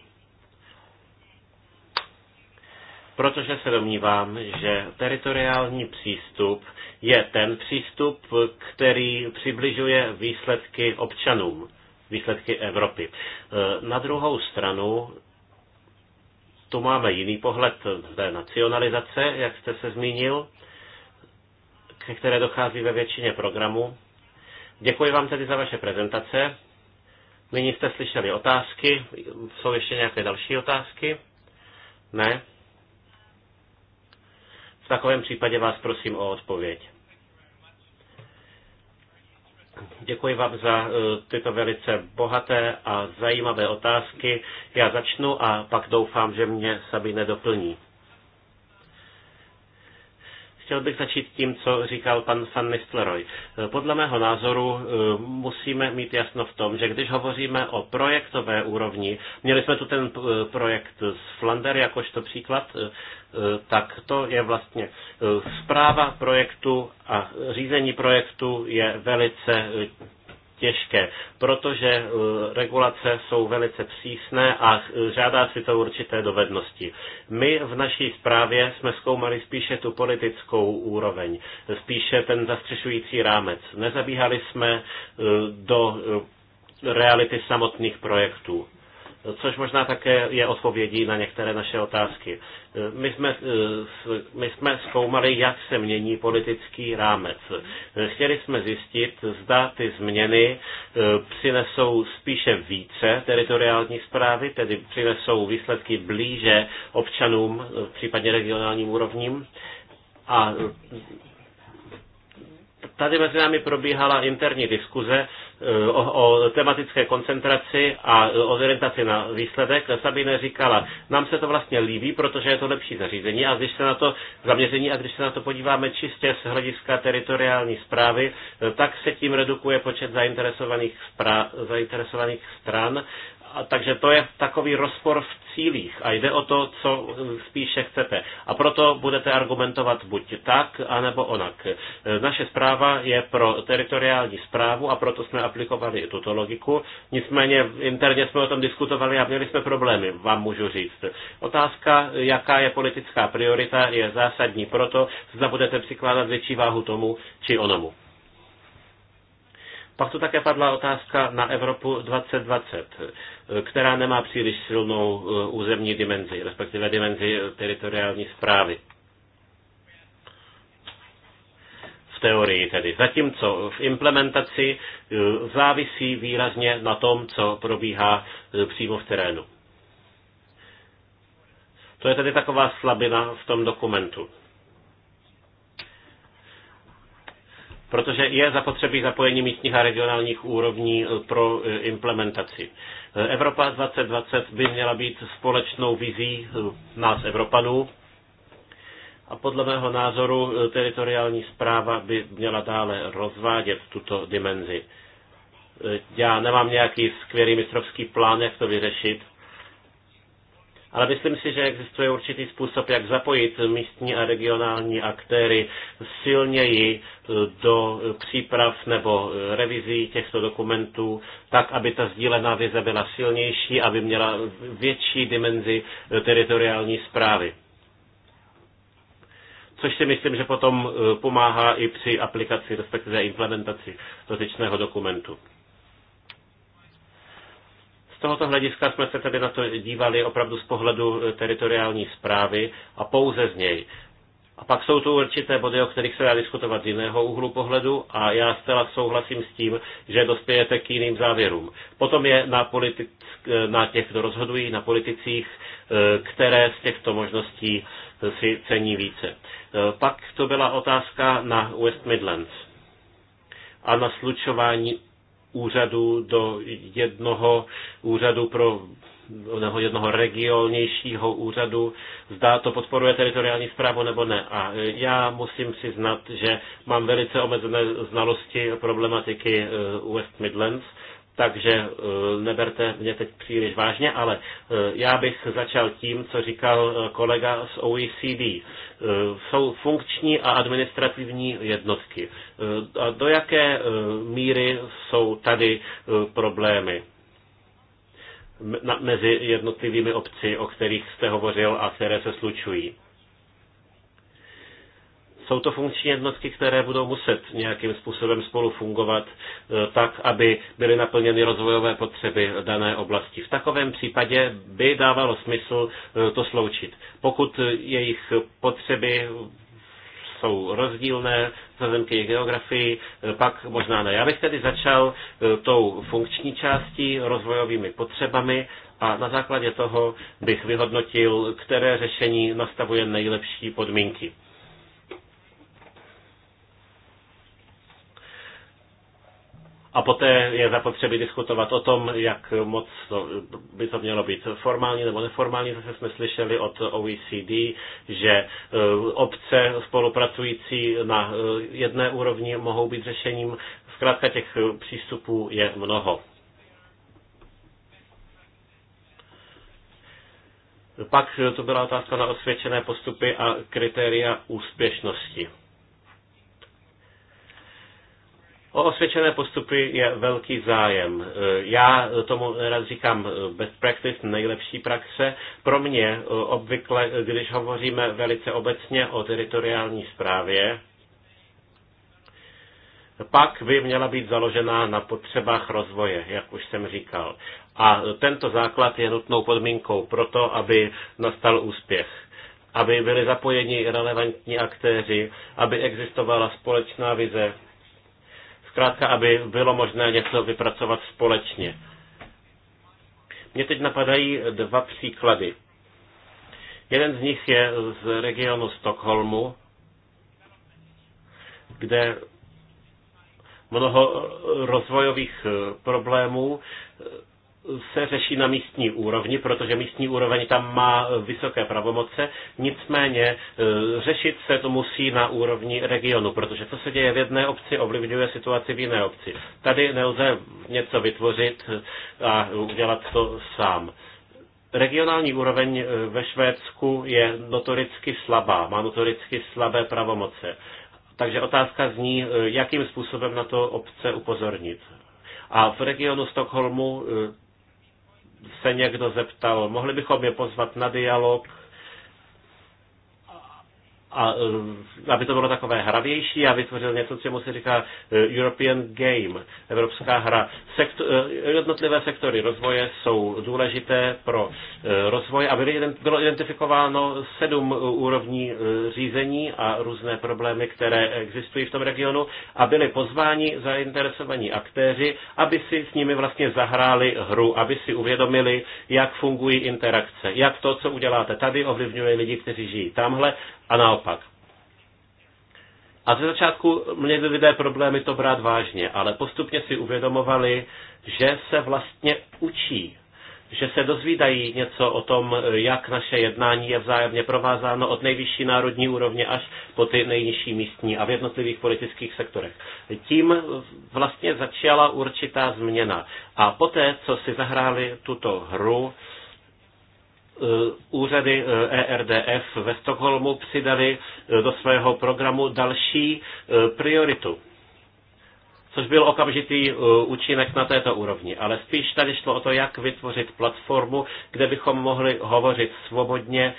protože se domnívám, že teritoriální přístup je ten přístup, který přibližuje výsledky občanům, výsledky Evropy. E, na druhou stranu tu máme jiný pohled té nacionalizace, jak jste se zmínil, ke které dochází ve většině programů. Děkuji vám tedy za vaše prezentace. Nyní jste slyšeli otázky. Jsou ještě nějaké další otázky? Ne? V takovém případě vás prosím o odpověď. Děkuji vám za e, tyto velice bohaté a zajímavé otázky. Já začnu a pak doufám, že mě sami nedoplní. Chtěl bych začít tím, co říkal pan Van Nistelrooy. Eh, podle mého názoru eh, musíme mít jasno v tom, že když hovoříme o projektové úrovni, měli jsme tu ten eh, projekt z Flander jakožto příklad, tak to je vlastně zpráva projektu a řízení projektu je velice těžké, protože eh, regulace jsou velice přísné a žádá eh, si to určité dovednosti. My v naší zprávě jsme zkoumali spíše tu politickou úroveň, spíše ten zastřešující rámec. Nezabíhali jsme eh, do reality samotných projektů což možná také je odpovědí na některé naše otázky. Eh, my jsme, eh, my jsme zkoumali, jak se mění politický rámec. Eh, chtěli jsme zjistit, zda ty změny přinesou spíše více teritoriální zprávy, tedy přinesou výsledky blíže občanům, případně regionálním úrovním. A tady mezi námi probíhala interní diskuze e, o, o tematické koncentraci a o orientaci na výsledek. Sabine říkala, nám se to vlastně líbí, protože je to lepší zařízení a když se na to zaměření a když se na to podíváme čistě z hlediska teritoriální zprávy, e, tak se tím redukuje počet zainteresovaných, zainteresovaných stran a takže to je takový rozpor v cílích a jde o to, co spíše chcete. A proto budete argumentovat buď tak, anebo onak. Naše zpráva je pro teritoriální zprávu a proto jsme aplikovali i tuto logiku. Nicméně interně jsme o tom diskutovali a měli jsme problémy, vám můžu říct. Otázka, jaká je politická priorita, je zásadní proto, zda budete přikládat větší váhu tomu či onomu. Pak tu také padla otázka na Evropu 2020, která nemá příliš silnou eh, územní dimenzi, respektive dimenzi eh, teritoriální zprávy. V teorii tedy. Zatímco v implementaci eh, závisí výrazně na tom, co probíhá přímo v terénu. To je tedy taková slabina v tom dokumentu. protože je zapotřebí zapojení místních a regionálních úrovní eh, pro eh, implementaci. Eh, Evropa 2020 by měla být společnou vizí nás Evropanů a podle mého názoru teritoriální zpráva by měla dále rozvádět tuto dimenzi. Já nemám nějaký skvělý mistrovský plán, jak to vyřešit, ale myslím si, že existuje určitý způsob, jak zapojit místní a regionální aktéry silněji e, do příprav nebo e, revizí těchto dokumentů, tak, aby ta sdílená vize byla silnější, aby měla větší dimenzi e, teritoriální zprávy což si myslím, že potom pomáhá i při aplikaci, respektive implementaci dotyčného dokumentu tohoto hlediska jsme se tedy na to dívali opravdu z pohledu eh, teritoriální zprávy a pouze z něj. A pak jsou tu určité body, o kterých se dá diskutovat z jiného úhlu pohledu a já zcela souhlasím s tím, že dospějete k jiným závěrům. Potom je na, eh, na těch, kdo rozhodují, na politicích, eh, které z těchto možností si cení více. Pak to byla otázka na West Midlands a na slučování úřadu do jednoho úřadu pro nebo jednoho regionějšího úřadu, zda to podporuje teritoriální zprávu nebo ne. A já musím přiznat, že mám velice omezené znalosti problematiky eh, West Midlands takže eh, neberte mě teď příliš vážně, ale eh, já bych začal tím, co říkal eh, kolega z OECD. Jsou funkční a administrativní jednotky. A do jaké míry jsou tady problémy? mezi jednotlivými obci, o kterých jste hovořil a které se slučují. Jsou to funkční jednotky, které budou muset nějakým způsobem spolu fungovat e, tak, aby byly naplněny rozvojové potřeby dané oblasti. V takovém případě by dávalo smysl e, to sloučit. Pokud jejich potřeby jsou rozdílné vzhledem k jejich geografii, e, pak možná ne. Já bych tedy začal tou funkční částí, rozvojovými potřebami a na základě toho bych vyhodnotil, které řešení nastavuje nejlepší podmínky. A poté je zapotřebí diskutovat o tom, jak moc to by to mělo být formální nebo neformální. Zase jsme slyšeli od OECD, že e, obce spolupracující na e, jedné úrovni mohou být řešením. Zkrátka těch přístupů je mnoho. Pak to byla otázka na osvědčené postupy a kritéria úspěšnosti. O osvědčené postupy je velký zájem. E, já tomu rád říkám e, best practice, nejlepší praxe. Pro mě e, obvykle, když hovoříme velice obecně o teritoriální správě, pak by měla být založena na potřebách rozvoje, jak už jsem říkal. A tento základ je nutnou podmínkou pro to, aby nastal úspěch aby byli zapojeni relevantní aktéři, aby existovala společná vize zkrátka, aby bylo možné něco vypracovat společně. Mně teď napadají dva příklady. Jeden z nich je z regionu Stockholmu, kde mnoho rozvojových eh, problémů eh, se řeší na místní úrovni, protože místní úroveň tam má e, vysoké pravomoce, nicméně e, řešit se to musí na úrovni regionu, protože co se děje v jedné obci, ovlivňuje situaci v jiné obci. Tady nelze něco vytvořit e, a udělat to sám. Regionální úroveň ve Švédsku je notoricky slabá, má notoricky slabé pravomoce. Takže otázka zní, jakým způsobem na to obce upozornit. A v regionu Stockholmu se někdo zeptal, mohli bychom je pozvat na dialog a e, aby to bylo takové hravější a vytvořil něco, čemu se říká e, European Game, evropská hra. Sektor, e, jednotlivé sektory rozvoje jsou důležité pro rozvoj a bylo identifikováno sedm úrovní řízení a různé problémy, které existují v tom regionu a byli pozváni zainteresovaní aktéři, aby si s nimi vlastně zahráli hru, aby si uvědomili, jak fungují interakce, jak to, co uděláte tady, ovlivňuje lidi, kteří žijí tamhle a naopak. A ze začátku měli lidé problémy to brát vážně, ale postupně si uvědomovali, že se vlastně učí, že se dozvídají něco o tom, jak naše jednání je vzájemně provázáno od nejvyšší národní úrovně až po ty nejnižší místní a v jednotlivých politických sektorech. Tím vlastně začala určitá změna. A poté, co si zahráli tuto hru, Eh, úřady ERDF eh, e ve Stockholmu přidali eh, do svého programu další prioritu což byl okamžitý účinek na této úrovni. Ale spíš tady šlo o to, jak vytvořit platformu, kde bychom mohli hovořit svobodně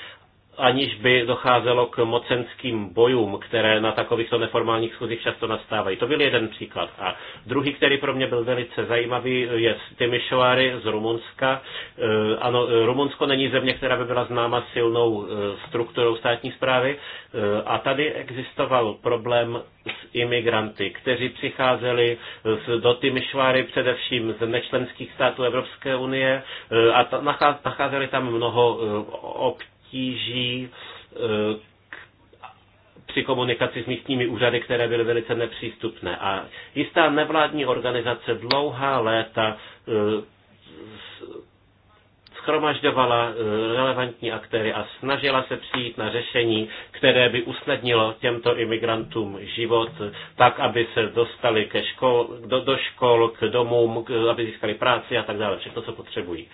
aniž by docházelo k mocenským bojům, které na takovýchto neformálních schůzích často nastávají. To byl jeden příklad. A druhý, který pro mě byl velice zajímavý, je Timišoary z Rumunska. E, ano, e, Rumunsko není země, která by byla známa silnou e, strukturou státní zprávy. A tady existoval problém s imigranty, kteří přicházeli do Timišoary především z nečlenských států Evropské unie a nacházeli tam mnoho občanů, obtíží eh, při komunikaci s místními úřady, které byly velice nepřístupné. A jistá nevládní organizace dlouhá léta eh, schromažďovala eh, relevantní aktéry a snažila se přijít na řešení, které by usnadnilo těmto imigrantům život tak, aby se dostali ke škol, do, do škol, k domům, k, aby získali práci a tak dále, všechno, co potřebují.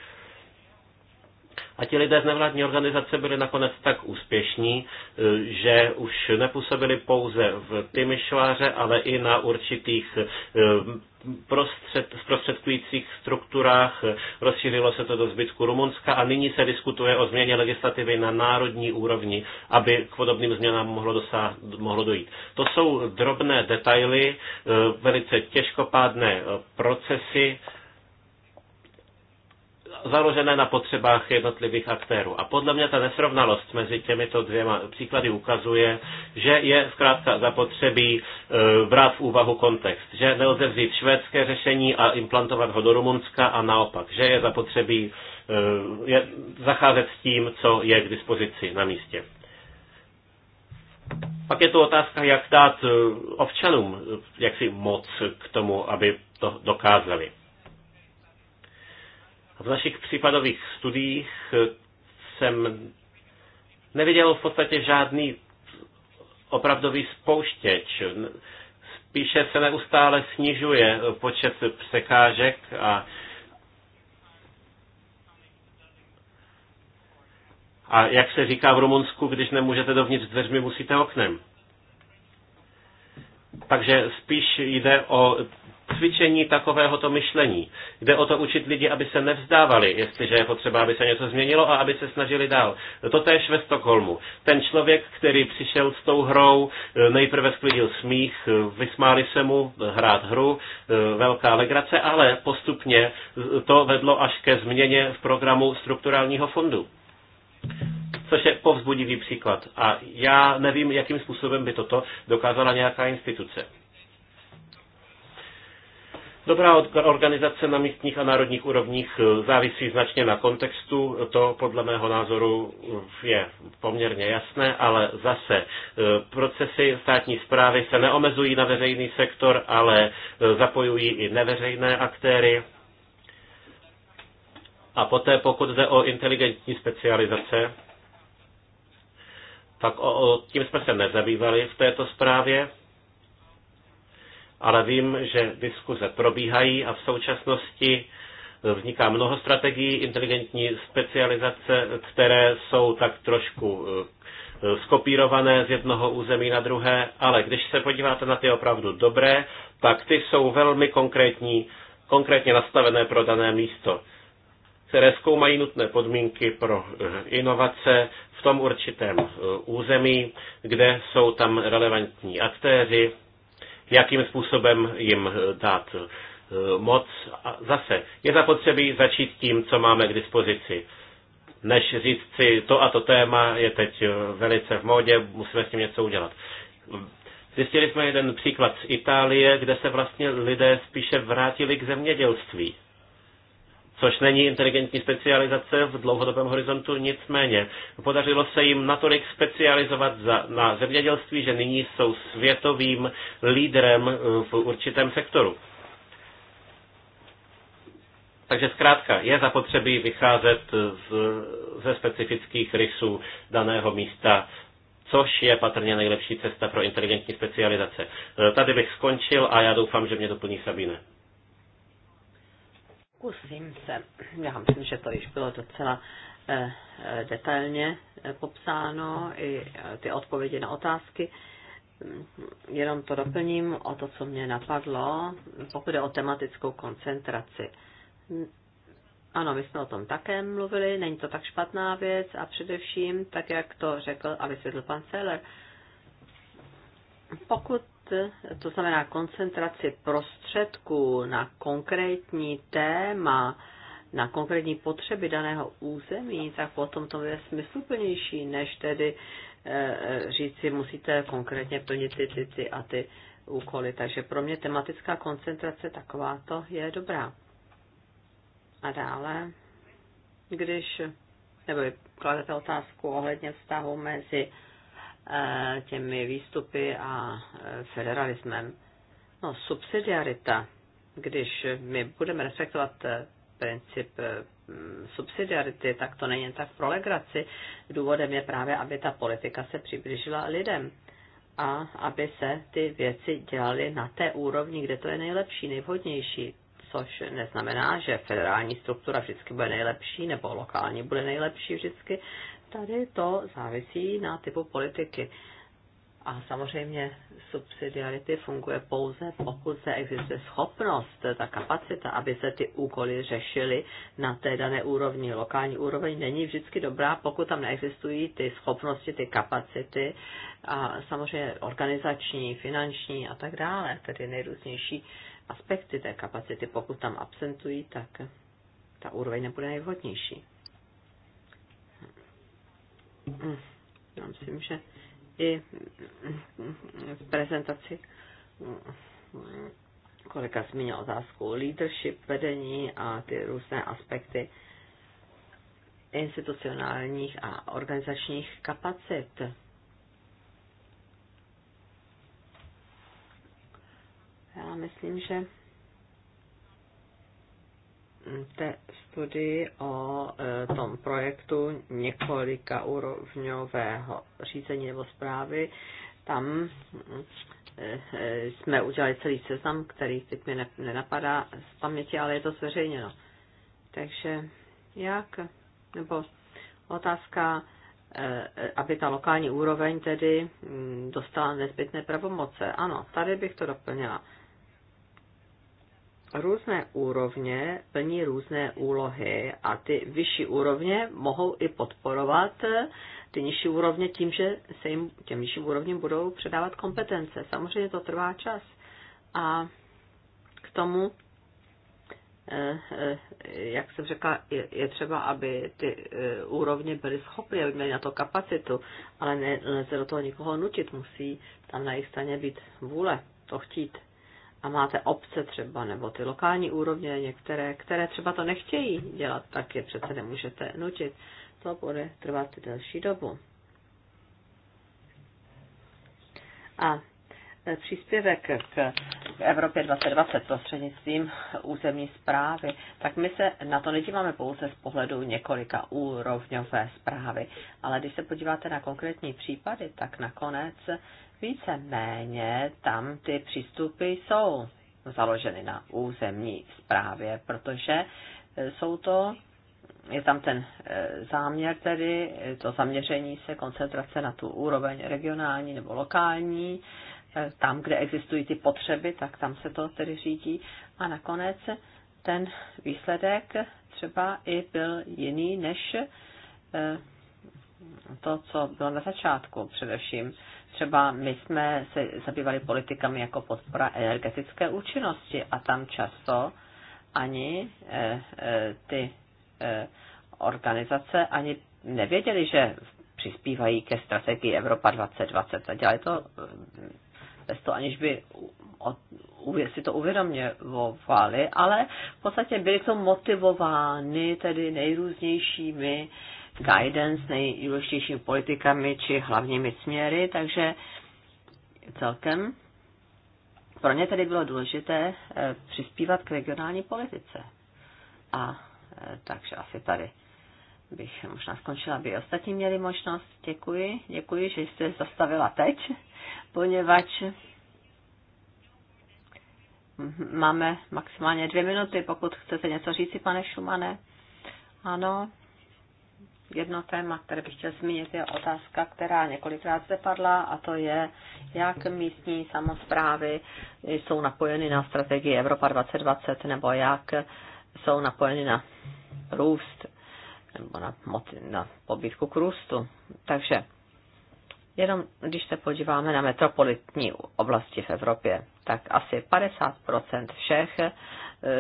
A ti lidé z nevládní organizace byli nakonec tak úspěšní, e, že už nepůsobili pouze v Timišváře, ale i na určitých e, prostřed, zprostředkujících strukturách, rozšířilo se to do zbytku Rumunska a nyní se diskutuje o změně legislativy na národní úrovni, aby k podobným změnám mohlo, dosáh, mohlo dojít. To jsou drobné detaily, e, velice těžkopádné procesy, založené na potřebách jednotlivých aktérů. A podle mě ta nesrovnalost mezi těmito dvěma příklady ukazuje, že je zkrátka zapotřebí e, brát v úvahu kontext, že nelze vzít švédské řešení a implantovat ho do Rumunska a naopak, že je zapotřebí e, je, zacházet s tím, co je k dispozici na místě. Pak je tu otázka, jak dát e, občanům jaksi moc k tomu, aby to dokázali. V našich případových studiích eh, jsem neviděl v podstatě žádný opravdový spouštěč. Spíše se neustále snižuje počet překážek a A jak se říká v Rumunsku, když nemůžete dovnitř dveřmi, musíte oknem. Takže spíš jde o cvičení takovéhoto myšlení. Jde o to učit lidi, aby se nevzdávali, jestliže je potřeba, aby se něco změnilo a aby se snažili dál. To též ve Stockholmu. Ten člověk, který přišel s tou hrou, eh, nejprve sklidil smích, eh, vysmáli se mu eh, hrát hru, velká legrace, ale postupně to vedlo až ke změně v programu strukturálního fondu což je povzbudivý příklad. A já nevím, jakým způsobem by toto dokázala nějaká instituce. Dobrá organizace na místních a národních úrovních eh, závisí značně na kontextu, to podle mého názoru eh, je poměrně jasné, ale zase eh, procesy státní zprávy se neomezují na veřejný sektor, ale zapojují i neveřejné aktéry. A poté, pokud jde o inteligentní specializace, tak o, o, tím jsme se nezabývali v této zprávě ale vím, že diskuze probíhají a v současnosti vzniká mnoho strategií inteligentní specializace, které jsou tak trošku eh, skopírované z jednoho území na druhé, ale když se podíváte na ty opravdu dobré, tak ty jsou velmi konkrétní, konkrétně nastavené pro dané místo, které zkoumají nutné podmínky pro eh, inovace v tom určitém eh, území, kde jsou tam relevantní aktéři, jakým způsobem jim eh, dát eh, moc. A zase je zapotřebí začít tím, co máme k dispozici. Než říct si, to a to téma je teď eh, velice v módě, musíme s tím něco udělat. Zjistili jsme jeden příklad z Itálie, kde se vlastně lidé spíše vrátili k zemědělství což není inteligentní specializace v dlouhodobém horizontu, nicméně podařilo se jim natolik specializovat za, na zemědělství, že nyní jsou světovým lídrem eh, v určitém sektoru. Takže zkrátka je zapotřebí vycházet eh, z, ze specifických rysů daného místa, což je patrně nejlepší cesta pro inteligentní specializace. Eh, tady bych skončil a já doufám, že mě doplní Sabine. Pokusím se. Já myslím, že to již bylo docela eh, eh, detailně eh, popsáno, i ty odpovědi na otázky. Mm, jenom to doplním o to, co mě napadlo, pokud je o tematickou koncentraci. Mm, ano, my jsme o tom také mluvili, není to tak špatná věc a především, tak jak to řekl a vysvětlil pan Seller, pokud to znamená koncentraci prostředků na konkrétní téma, na konkrétní potřeby daného území, tak potom to je smysluplnější, než tedy eh, eh, říci, musíte konkrétně plnit ty, ty, ty a ty úkoly. Takže pro mě tematická koncentrace takováto je dobrá. A dále, když, nebo kladete otázku ohledně vztahu mezi Eh, těmi výstupy a eh, federalismem. No, subsidiarita. Když my budeme respektovat eh, princip subsidiarity, tak to není tak pro legraci. Důvodem je právě, aby ta politika se přiblížila lidem a aby se ty věci dělaly na té úrovni, kde to je nejlepší, nejvhodnější. Což neznamená, že federální struktura vždycky bude nejlepší nebo lokální bude nejlepší vždycky tady to závisí na typu politiky. A samozřejmě subsidiarity funguje pouze, pokud se existuje schopnost, ta kapacita, aby se ty úkoly řešily na té dané úrovni. Lokální úroveň není vždycky dobrá, pokud tam neexistují ty schopnosti, ty kapacity a samozřejmě organizační, finanční a tak dále, tedy nejrůznější aspekty té kapacity. Pokud tam absentují, tak ta úroveň nebude nejvhodnější. Já myslím, že i v prezentaci kolega zmínil otázku leadership, vedení a ty různé aspekty institucionálních a organizačních kapacit. Já myslím, že té studii o e, tom projektu několika úrovňového řízení nebo zprávy. Tam e, e, jsme udělali celý seznam, který teď mi nenapadá z paměti, ale je to zveřejněno. Takže jak? Nebo otázka, aby ta lokální úroveň tedy dostala nezbytné pravomoce. Ano, tady bych to doplnila různé úrovně plní různé úlohy a ty vyšší úrovně mohou i podporovat ty nižší úrovně tím, že se jim těm nižším úrovním budou předávat kompetence. Samozřejmě to trvá čas. A k tomu, eh, eh, jak jsem řekla, je třeba, aby ty eh, úrovně byly schopny, aby měly na to kapacitu, ale nelze do toho nikoho nutit, musí tam na jejich straně být vůle to chtít a máte obce třeba, nebo ty lokální úrovně některé, které třeba to nechtějí dělat, tak je přece nemůžete nutit. To bude trvat delší dobu. A e, příspěvek k Evropě 2020 prostřednictvím územní zprávy, tak my se na to nedíváme pouze z pohledu několika úrovňové zprávy, ale když se podíváte na konkrétní případy, tak nakonec více méně tam ty přístupy jsou založeny na územní správě, protože e, jsou to, je tam ten e, záměr tedy, e, to zaměření se, koncentrace na tu úroveň regionální nebo lokální, tam, kde existují ty potřeby, tak tam se to tedy řídí. A nakonec ten výsledek třeba i byl jiný než to, co bylo na začátku především Třeba my jsme se zabývali politikami jako podpora energetické účinnosti a tam často ani eh, eh, ty eh, organizace ani nevěděli, že přispívají ke strategii Evropa 2020 a dělají to bez toho, aniž by si to uvědomovali, ale v podstatě byli to motivovány tedy nejrůznějšími guidance nejdůležitějšími politikami či hlavními směry, takže celkem pro ně tedy bylo důležité eh, přispívat k regionální politice. A eh, takže asi tady bych možná skončila, aby ostatní měli možnost. Děkuji, děkuji, že jste zastavila teď, poněvadž máme maximálně dvě minuty, pokud chcete něco říci, pane Šumane. Ano, jedno téma, které bych chtěl zmínit, je otázka, která několikrát zde padla, a to je, jak místní samozprávy jsou napojeny na strategii Evropa 2020, nebo jak jsou napojeny na růst, nebo na, na pobytku k růstu. Takže jenom když se podíváme na metropolitní oblasti v Evropě, tak asi 50% všech e,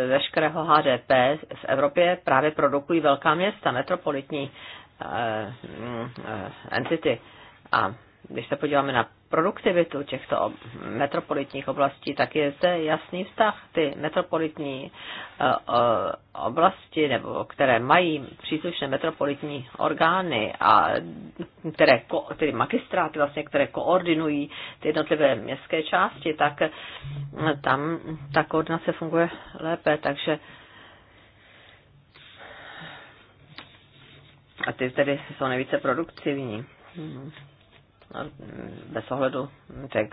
veškerého HDP v Evropě právě produkují velká města, metropolitní Eh, entity. A když se podíváme na produktivitu těchto metropolitních oblastí, tak je zde jasný vztah. Ty metropolitní eh, eh, oblasti, nebo které mají příslušné metropolitní orgány a které, tedy magistráty vlastně, které koordinují ty jednotlivé městské části, tak tam ta koordinace funguje lépe, takže a ty tedy jsou nejvíce produktivní. Bez ohledu, tak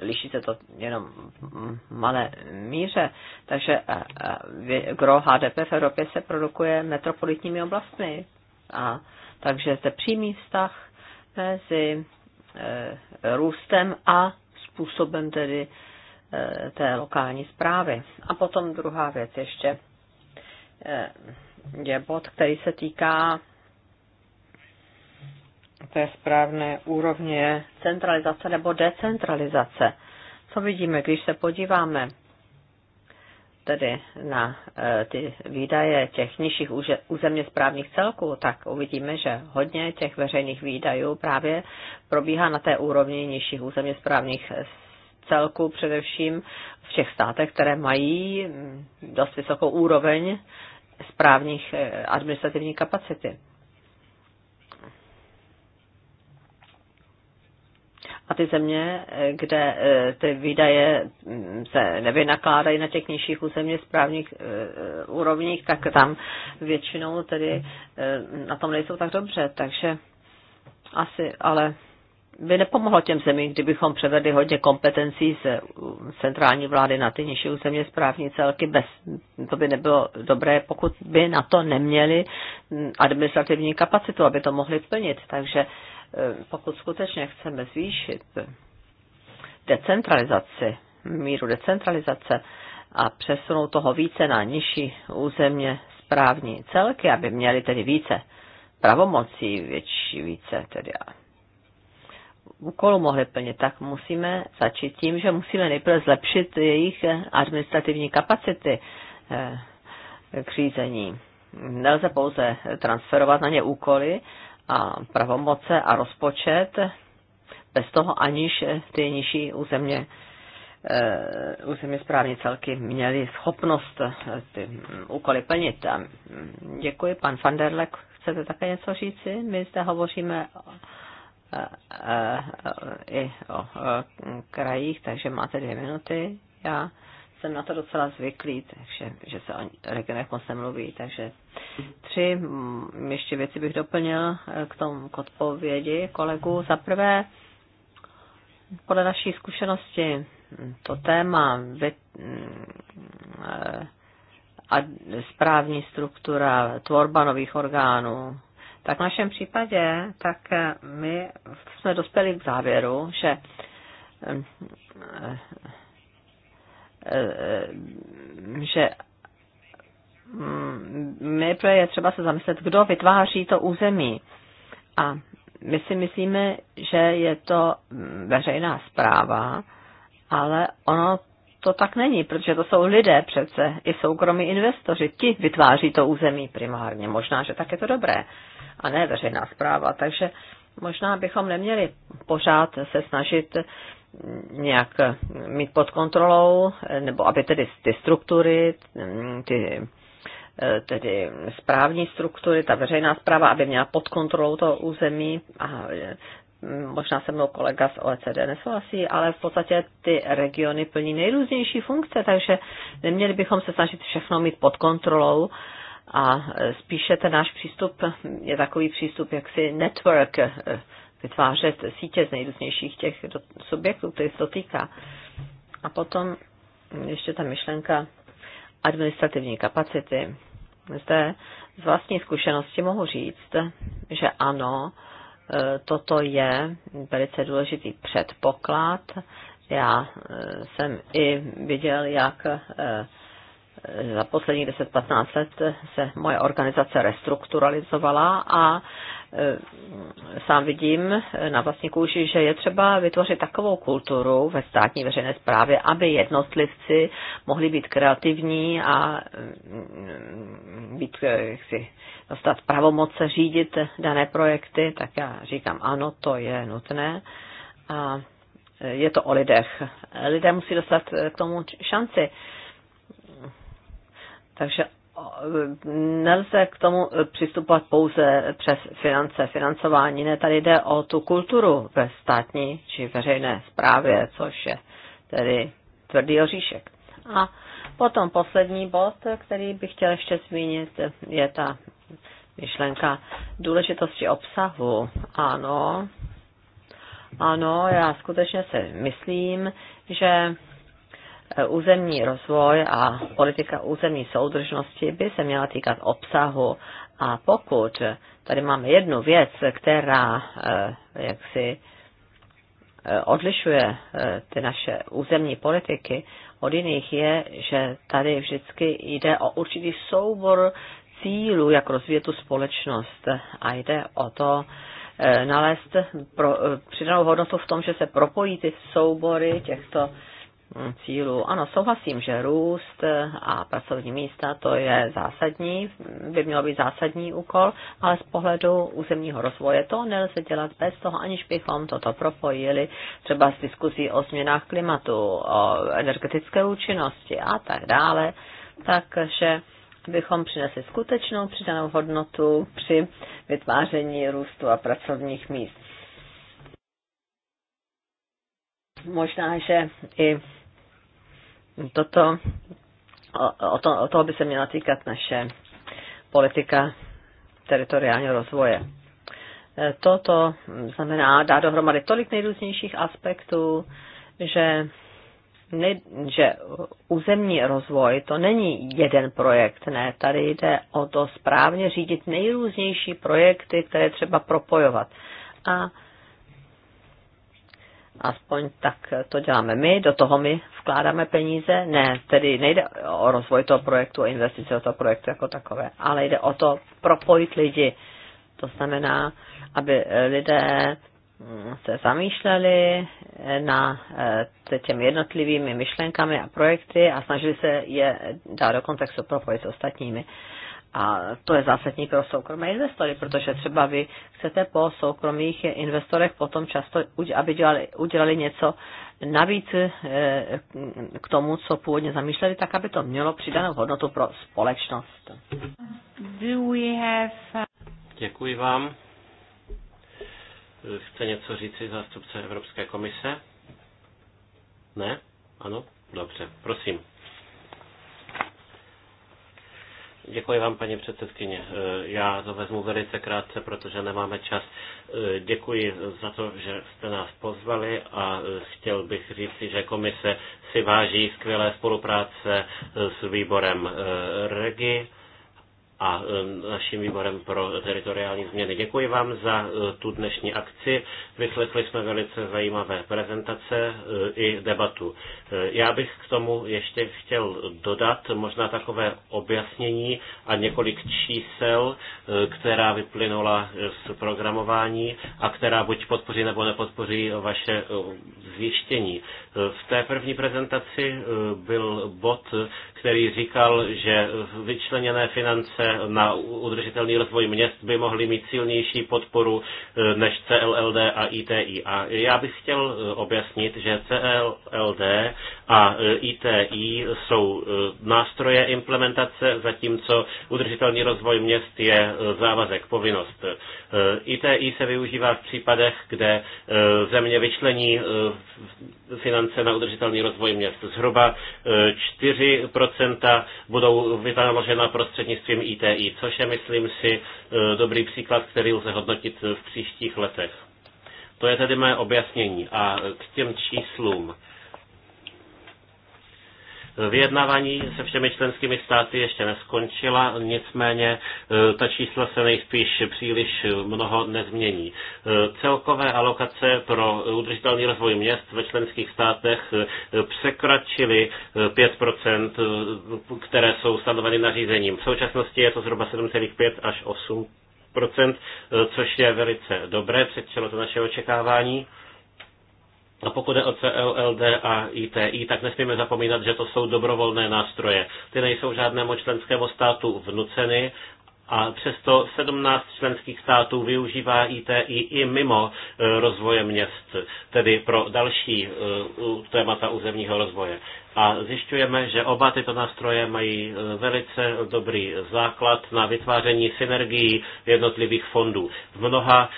liší se to jenom malé míře, takže gro HDP v Evropě se produkuje metropolitními oblastmi. A takže zde přímý vztah mezi e, růstem a způsobem tedy e, té lokální zprávy. A potom druhá věc ještě e, je bod, který se týká té správné úrovně centralizace nebo decentralizace. Co vidíme, když se podíváme tedy na e, ty výdaje těch nižších územně správních celků, tak uvidíme, že hodně těch veřejných výdajů právě probíhá na té úrovni nižších územně správních celků, především v těch státech, které mají mm, dost vysokou úroveň správních eh, administrativní kapacity. A ty země, eh, kde eh, ty výdaje mm, se nevynakládají na těch nižších územně správních úrovních, tak tam většinou tedy na tom nejsou tak dobře. Takže asi, ale by nepomohlo těm zemím, kdybychom převedli hodně kompetencí z centrální vlády na ty nižší územně správní celky. Bez, to by nebylo dobré, pokud by na to neměli administrativní kapacitu, aby to mohli plnit. Takže eh, pokud skutečně chceme zvýšit decentralizaci, míru decentralizace a přesunout toho více na nižší územně správní celky, aby měli tedy více pravomocí, větší, více tedy úkolu mohli plnit, tak musíme začít tím, že musíme nejprve zlepšit jejich administrativní kapacity eh, k řízení. Nelze pouze transferovat na ně úkoly a pravomoce a rozpočet bez toho, aniž ty nižší územně, eh, územně správní celky měly schopnost eh, ty úkoly plnit. děkuji, pan Fanderlek, chcete také něco říci? My zde hovoříme i o e, krajích, takže máte dvě minuty. Já jsem na to docela zvyklý, takže že se o regionech moc nemluví. Takže tři mm, ještě věci bych doplnil e, k tomu k odpovědi kolegů. Za prvé, podle naší zkušenosti to téma vy, mm, e, a správní struktura, tvorba nových orgánů, tak v našem případě, tak eh, my jsme dospěli k závěru, že eh, eh, že mm, nejprve je třeba se zamyslet, kdo vytváří to území. A my si myslíme, že je to veřejná zpráva, ale ono to tak není, protože to jsou lidé přece, i soukromí investoři, ti vytváří to území primárně. Možná, že tak je to dobré a ne veřejná zpráva. Takže možná bychom neměli pořád se snažit nějak mít pod kontrolou, nebo aby tedy ty struktury, ty tedy správní struktury, ta veřejná zpráva, aby měla pod kontrolou to území a Mm, možná se mnou kolega z OECD nesouhlasí, ale v podstatě ty regiony plní nejrůznější funkce, takže neměli bychom se snažit všechno mít pod kontrolou a e, spíše ten náš přístup je takový přístup jak si network, e, vytvářet sítě z nejrůznějších těch subjektů, které se to týká. A potom ještě ta myšlenka administrativní kapacity. Zde z vlastní zkušenosti mohu říct, že ano, E, toto je velice důležitý předpoklad. Já e, jsem i viděl, jak e, za posledních 10-15 let se moje organizace restrukturalizovala a e, sám vidím na vlastní kůži, že je třeba vytvořit takovou kulturu ve státní veřejné správě, aby jednotlivci mohli být kreativní a mm, být, e, jak si, dostat pravomoce řídit dané projekty, tak já říkám ano, to je nutné. A e, je to o lidech. Lidé musí dostat k tomu šanci takže nelze k tomu přistupovat pouze přes finance, financování. Ne, tady jde o tu kulturu ve státní či veřejné správě, což je tedy tvrdý oříšek. A potom poslední bod, který bych chtěl ještě zmínit, je ta myšlenka důležitosti obsahu. Ano, ano, já skutečně se myslím, že územní rozvoj a politika územní soudržnosti by se měla týkat obsahu. A pokud tady máme jednu věc, která eh, jaksi eh, odlišuje eh, ty naše územní politiky od jiných, je, že tady vždycky jde o určitý soubor cílů, jak rozvíjet tu společnost. A jde o to, nalézt pro, přidanou hodnotu v tom, že se propojí ty soubory těchto cílů. Ano, souhlasím, že růst a pracovní místa, to je zásadní, by mělo být zásadní úkol, ale z pohledu územního rozvoje to nelze dělat bez toho, aniž bychom toto propojili třeba s diskuzí o změnách klimatu, o energetické účinnosti a tak dále. Takže abychom přinesli skutečnou přidanou hodnotu při vytváření růstu a pracovních míst. Možná, že i toto, o, to, o toho by se měla týkat naše politika teritoriálního rozvoje. E, toto znamená dá dohromady tolik nejrůznějších aspektů, že, ne, že územní rozvoj to není jeden projekt, ne, tady jde o to správně řídit nejrůznější projekty, které třeba propojovat. A aspoň tak to děláme my, do toho my vkládáme peníze. Ne, tedy nejde o rozvoj toho projektu, o investice do toho projektu jako takové, ale jde o to propojit lidi. To znamená, aby lidé mm, se zamýšleli eh, na eh, těmi jednotlivými myšlenkami a projekty a snažili se je dát do kontextu propojit s ostatními. A to je zásadní pro soukromé investory, protože třeba vy chcete po soukromých investorech potom často, aby dělali, udělali něco navíc eh, k tomu, co původně zamýšleli, tak aby to mělo přidanou hodnotu pro společnost. Uh, Děkuji vám. Chce něco říci zástupce Evropské komise? Ne? Ano? Dobře, prosím. Děkuji vám, paní předsedkyně. Eh, já to vezmu velice krátce, protože nemáme čas. Eh, děkuji za to, že jste nás pozvali a eh, chtěl bych říci, že komise si váží skvělé spolupráce s výborem REGI a e, naším výborem pro teritoriální změny. Děkuji vám za e, tu dnešní akci. Vyslechli jsme velice zajímavé prezentace e, i debatu. Já bych k tomu ještě chtěl dodat možná takové objasnění a několik čísel, která vyplynula z programování a která buď podpoří nebo nepodpoří vaše zjištění. V té první prezentaci byl bod, který říkal, že vyčleněné finance na udržitelný rozvoj měst by mohly mít silnější podporu eh, než CLLD a ITI. A já bych chtěl eh, objasnit, že CLLD a ITI eh, jsou nástroje implementace, zatímco udržitelný rozvoj měst je závazek, povinnost. ITI se využívá v případech, kde země vyčlení finance na udržitelný rozvoj měst. Zhruba 4% budou vynaložena prostřednictvím IT ITI, což je, myslím si, e, dobrý příklad, který lze hodnotit v příštích letech. To je tedy mé objasnění. A k těm číslům. Vyjednávání se všemi členskými státy ještě neskončila, nicméně e, ta čísla se nejspíš příliš mnoho nezmění. E, celkové alokace pro udržitelný rozvoj měst ve členských státech e, překračily 5%, které jsou stanoveny nařízením. V současnosti je to zhruba 7,5 až 8 což je velice dobré, předčelo to naše očekávání. A pokud je o CLLD a ITI, tak nesmíme zapomínat, že to jsou dobrovolné nástroje. Ty nejsou žádnému členskému státu vnuceny, a přesto 17 členských států využívá ITI i mimo e, rozvoje měst, tedy pro další e, témata územního rozvoje. A zjišťujeme, že oba tyto nástroje mají e, velice dobrý základ na vytváření synergií jednotlivých fondů. V mnoha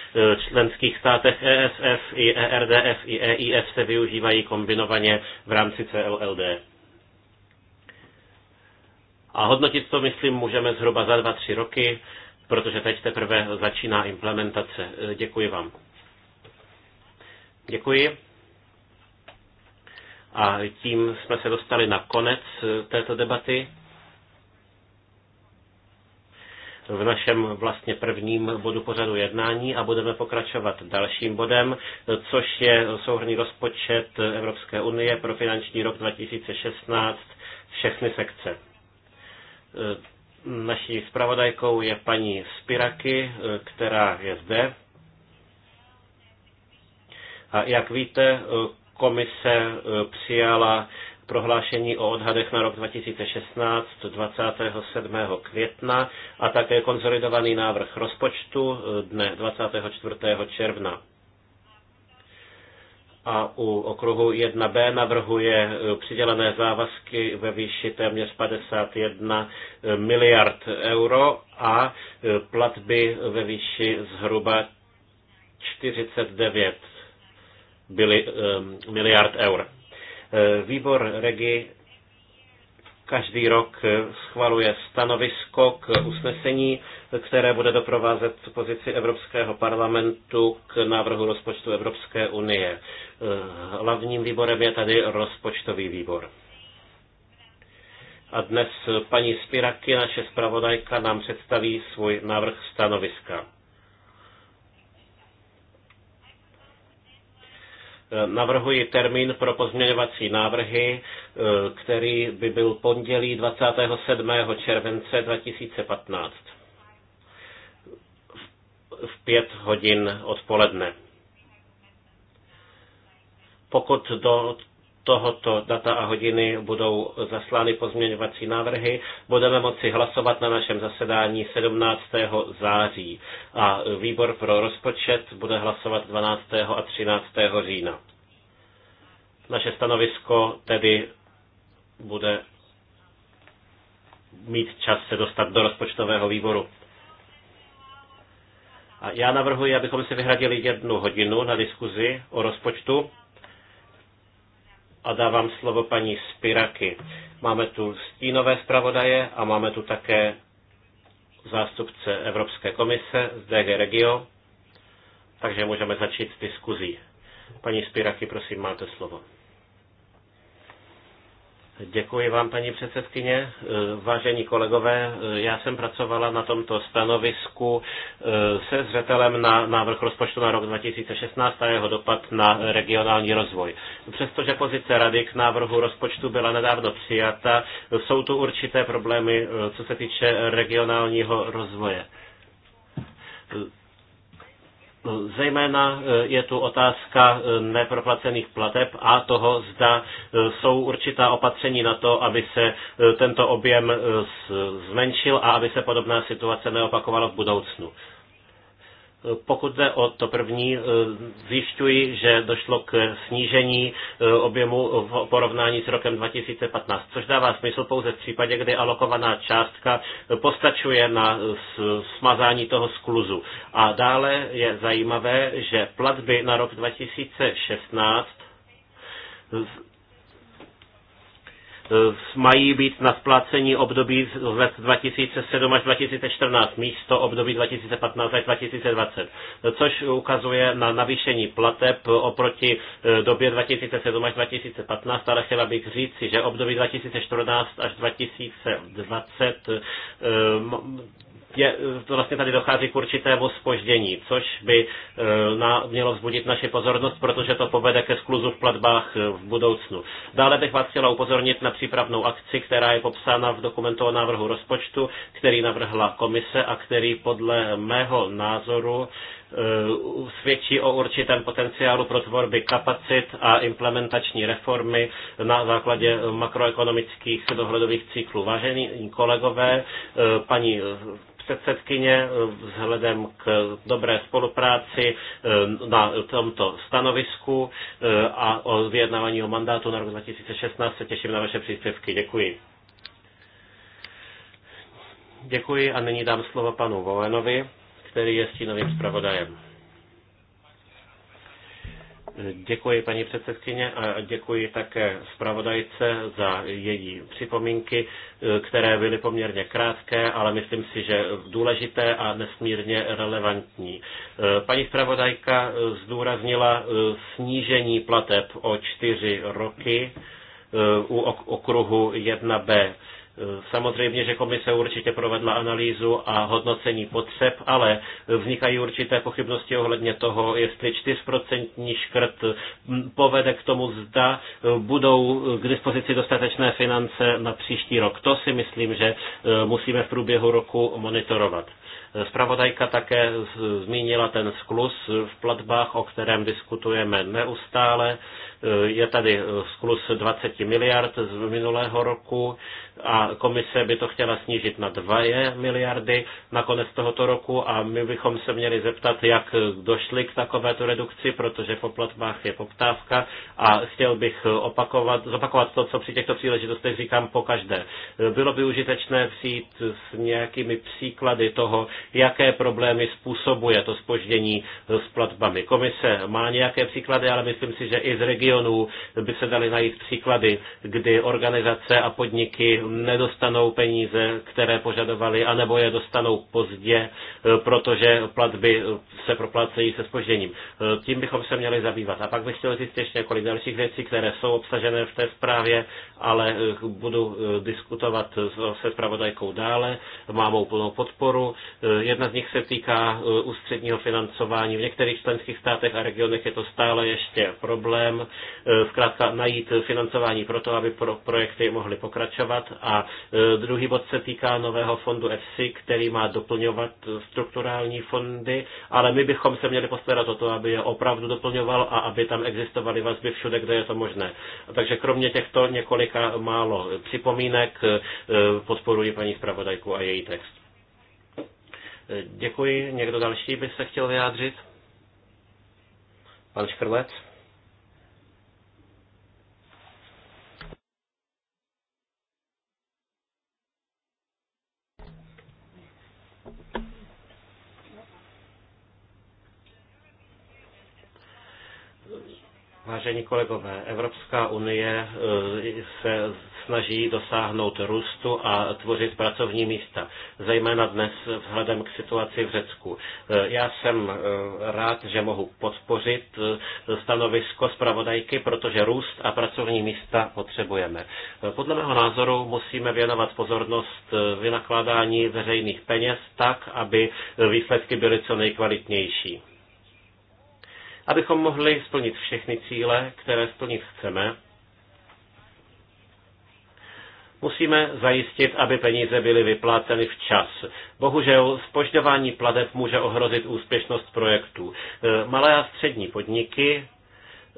členských státech ESF, i ERDF, i EIF se využívají kombinovaně v rámci CLLD. A hodnotit to, myslím, můžeme zhruba za dva, tři roky, protože teď teprve začíná implementace. E, děkuji vám. Děkuji. A tím jsme se dostali na konec e, této debaty. V našem vlastně prvním bodu pořadu jednání a budeme pokračovat dalším bodem, což je souhrný rozpočet Evropské unie pro finanční rok 2016, všechny sekce. Naší zpravodajkou je paní Spiraky, eh, která je zde. A jak víte, eh, komise eh, přijala prohlášení o odhadech na rok 2016 27. května a také konzolidovaný návrh rozpočtu dne 24. června a u okruhu 1b navrhuje e, přidělené závazky ve výši téměř 51 e, miliard euro a e, platby ve výši zhruba 49 byli, miliard eur. Výbor Regi každý rok eh, schvaluje stanovisko k usnesení, které bude doprovázet pozici Evropského parlamentu k návrhu rozpočtu Evropské unie. Eh, hlavním výborem je tady rozpočtový výbor. A dnes paní Spiraky, naše zpravodajka, nám představí svůj návrh stanoviska. Eh, navrhuji termín pro pozměňovací návrhy, eh, který by byl pondělí 27. července 2015 v pět hodin odpoledne. Pokud do tohoto data a hodiny budou zaslány pozměňovací návrhy. Budeme moci hlasovat na našem zasedání 17. září a výbor pro rozpočet bude hlasovat 12. a 13. října. Naše stanovisko tedy bude mít čas se dostat do rozpočtového výboru. A já navrhuji, abychom si vyhradili jednu hodinu na diskuzi o rozpočtu a dávám slovo paní Spiraky. Máme tu stínové zpravodaje a máme tu také zástupce Evropské komise z DG Regio, takže můžeme začít s diskuzí. Paní Spiraky, prosím, máte slovo. Děkuji vám, paní předsedkyně. E, vážení kolegové, e, já jsem pracovala na tomto stanovisku e, se zřetelem na návrh rozpočtu na rok 2016 a jeho dopad na regionální rozvoj. Přestože pozice rady k návrhu rozpočtu byla nedávno přijata, jsou tu určité problémy, co se týče regionálního rozvoje Zejména eh, je tu otázka eh, neproplacených plateb a toho, zda eh, jsou určitá opatření na to, aby se tento objem zmenšil a aby se podobná situace neopakovala v budoucnu. Pokud jde o to první, eh, zjišťuji, že došlo k snížení eh, objemu v porovnání s rokem 2015, což dává smysl pouze v případě, kdy alokovaná částka eh, postačuje na smazání toho skluzu. A dále je zajímavé, že platby na rok 2016 Eh, mají být na splacení období z let 2007 až 2014 místo období 2015 až 2020, eh, což ukazuje na navýšení plateb oproti eh, době 2007 až 2015, ale chtěla bych říct, že období 2014 až 2020 je, vlastně tady dochází k určitému spoždění, což by e, na, mělo vzbudit naši pozornost, protože to povede ke skluzu v platbách e, v budoucnu. Dále bych vás chtěla upozornit na přípravnou akci, která je popsána v dokumentu o návrhu rozpočtu, který navrhla komise a který podle mého názoru Eh, svědčí o určitém potenciálu pro tvorby kapacit a implementační reformy na základě makroekonomických dohledových cyklů. Vážení kolegové, eh, paní eh, předsedkyně vzhledem k dobré spolupráci na tomto stanovisku a o vyjednávání o mandátu na rok 2016 se těším na vaše příspěvky. Děkuji. Děkuji a nyní dám slovo panu Volenovi který je stínovým zpravodajem. Děkuji paní předsedkyně a děkuji také zpravodajce za její připomínky, které byly poměrně krátké, ale myslím si, že důležité a nesmírně relevantní. Paní zpravodajka zdůraznila snížení plateb o čtyři roky eh, u okruhu 1b. Samozřejmě, že komise určitě provedla analýzu a hodnocení potřeb, ale vznikají určité pochybnosti ohledně toho, jestli 4% škrt povede k tomu, zda budou k dispozici dostatečné finance na příští rok. To si myslím, že eh, musíme v průběhu roku monitorovat. Spravodajka také zmínila ten sklus v platbách, o kterém diskutujeme neustále. Eh, je tady eh, sklus 20 miliard z minulého roku a komise by to chtěla snížit na 2 miliardy na konec tohoto roku a my bychom se měli zeptat, jak eh, došli k takovéto redukci, protože po platbách je poptávka a chtěl bych opakovat, zopakovat to, co při těchto příležitostech říkám po každé. Bylo by užitečné přijít s nějakými příklady toho, jaké problémy způsobuje to spoždění s platbami. Komise má nějaké příklady, ale myslím si, že i z regionu regionů by se daly najít příklady, kdy organizace a podniky nedostanou peníze, které požadovali, anebo je dostanou pozdě, protože platby se proplácejí se spožděním. Tím bychom se měli zabývat. A pak bych chtěl říct ještě několik dalších věcí, které jsou obsažené v té zprávě, ale eh, budu eh, diskutovat se zpravodajkou dále. Mám mou plnou podporu. Eh, jedna z nich se týká ústředního financování. V některých členských státech a regionech je to stále ještě problém. Eh, zkrátka najít financování pro to, aby pro projekty mohly pokračovat. A eh, druhý bod se týká nového fondu EFSI, který má doplňovat strukturální fondy, ale my bychom se měli postarat o to, aby je opravdu doplňoval a aby tam existovaly vazby všude, kde je to možné. Takže kromě těchto několika málo připomínek eh, podporuji paní zpravodajku a její text. Děkuji. Někdo další by se chtěl vyjádřit? Pan Škrlec? Vážení kolegové, Evropská unie e, se snaží dosáhnout růstu a tvořit pracovní místa, zejména dnes vzhledem k situaci v Řecku. E, já jsem e, rád, že mohu podpořit stanovisko zpravodajky, protože růst a pracovní místa potřebujeme. Podle mého názoru musíme věnovat pozornost vynakládání veřejných peněz tak, aby výsledky byly co nejkvalitnější abychom mohli splnit všechny cíle, které splnit chceme, musíme zajistit, aby peníze byly vypláceny včas. Bohužel spožďování plateb může ohrozit úspěšnost projektů. E, malé a střední podniky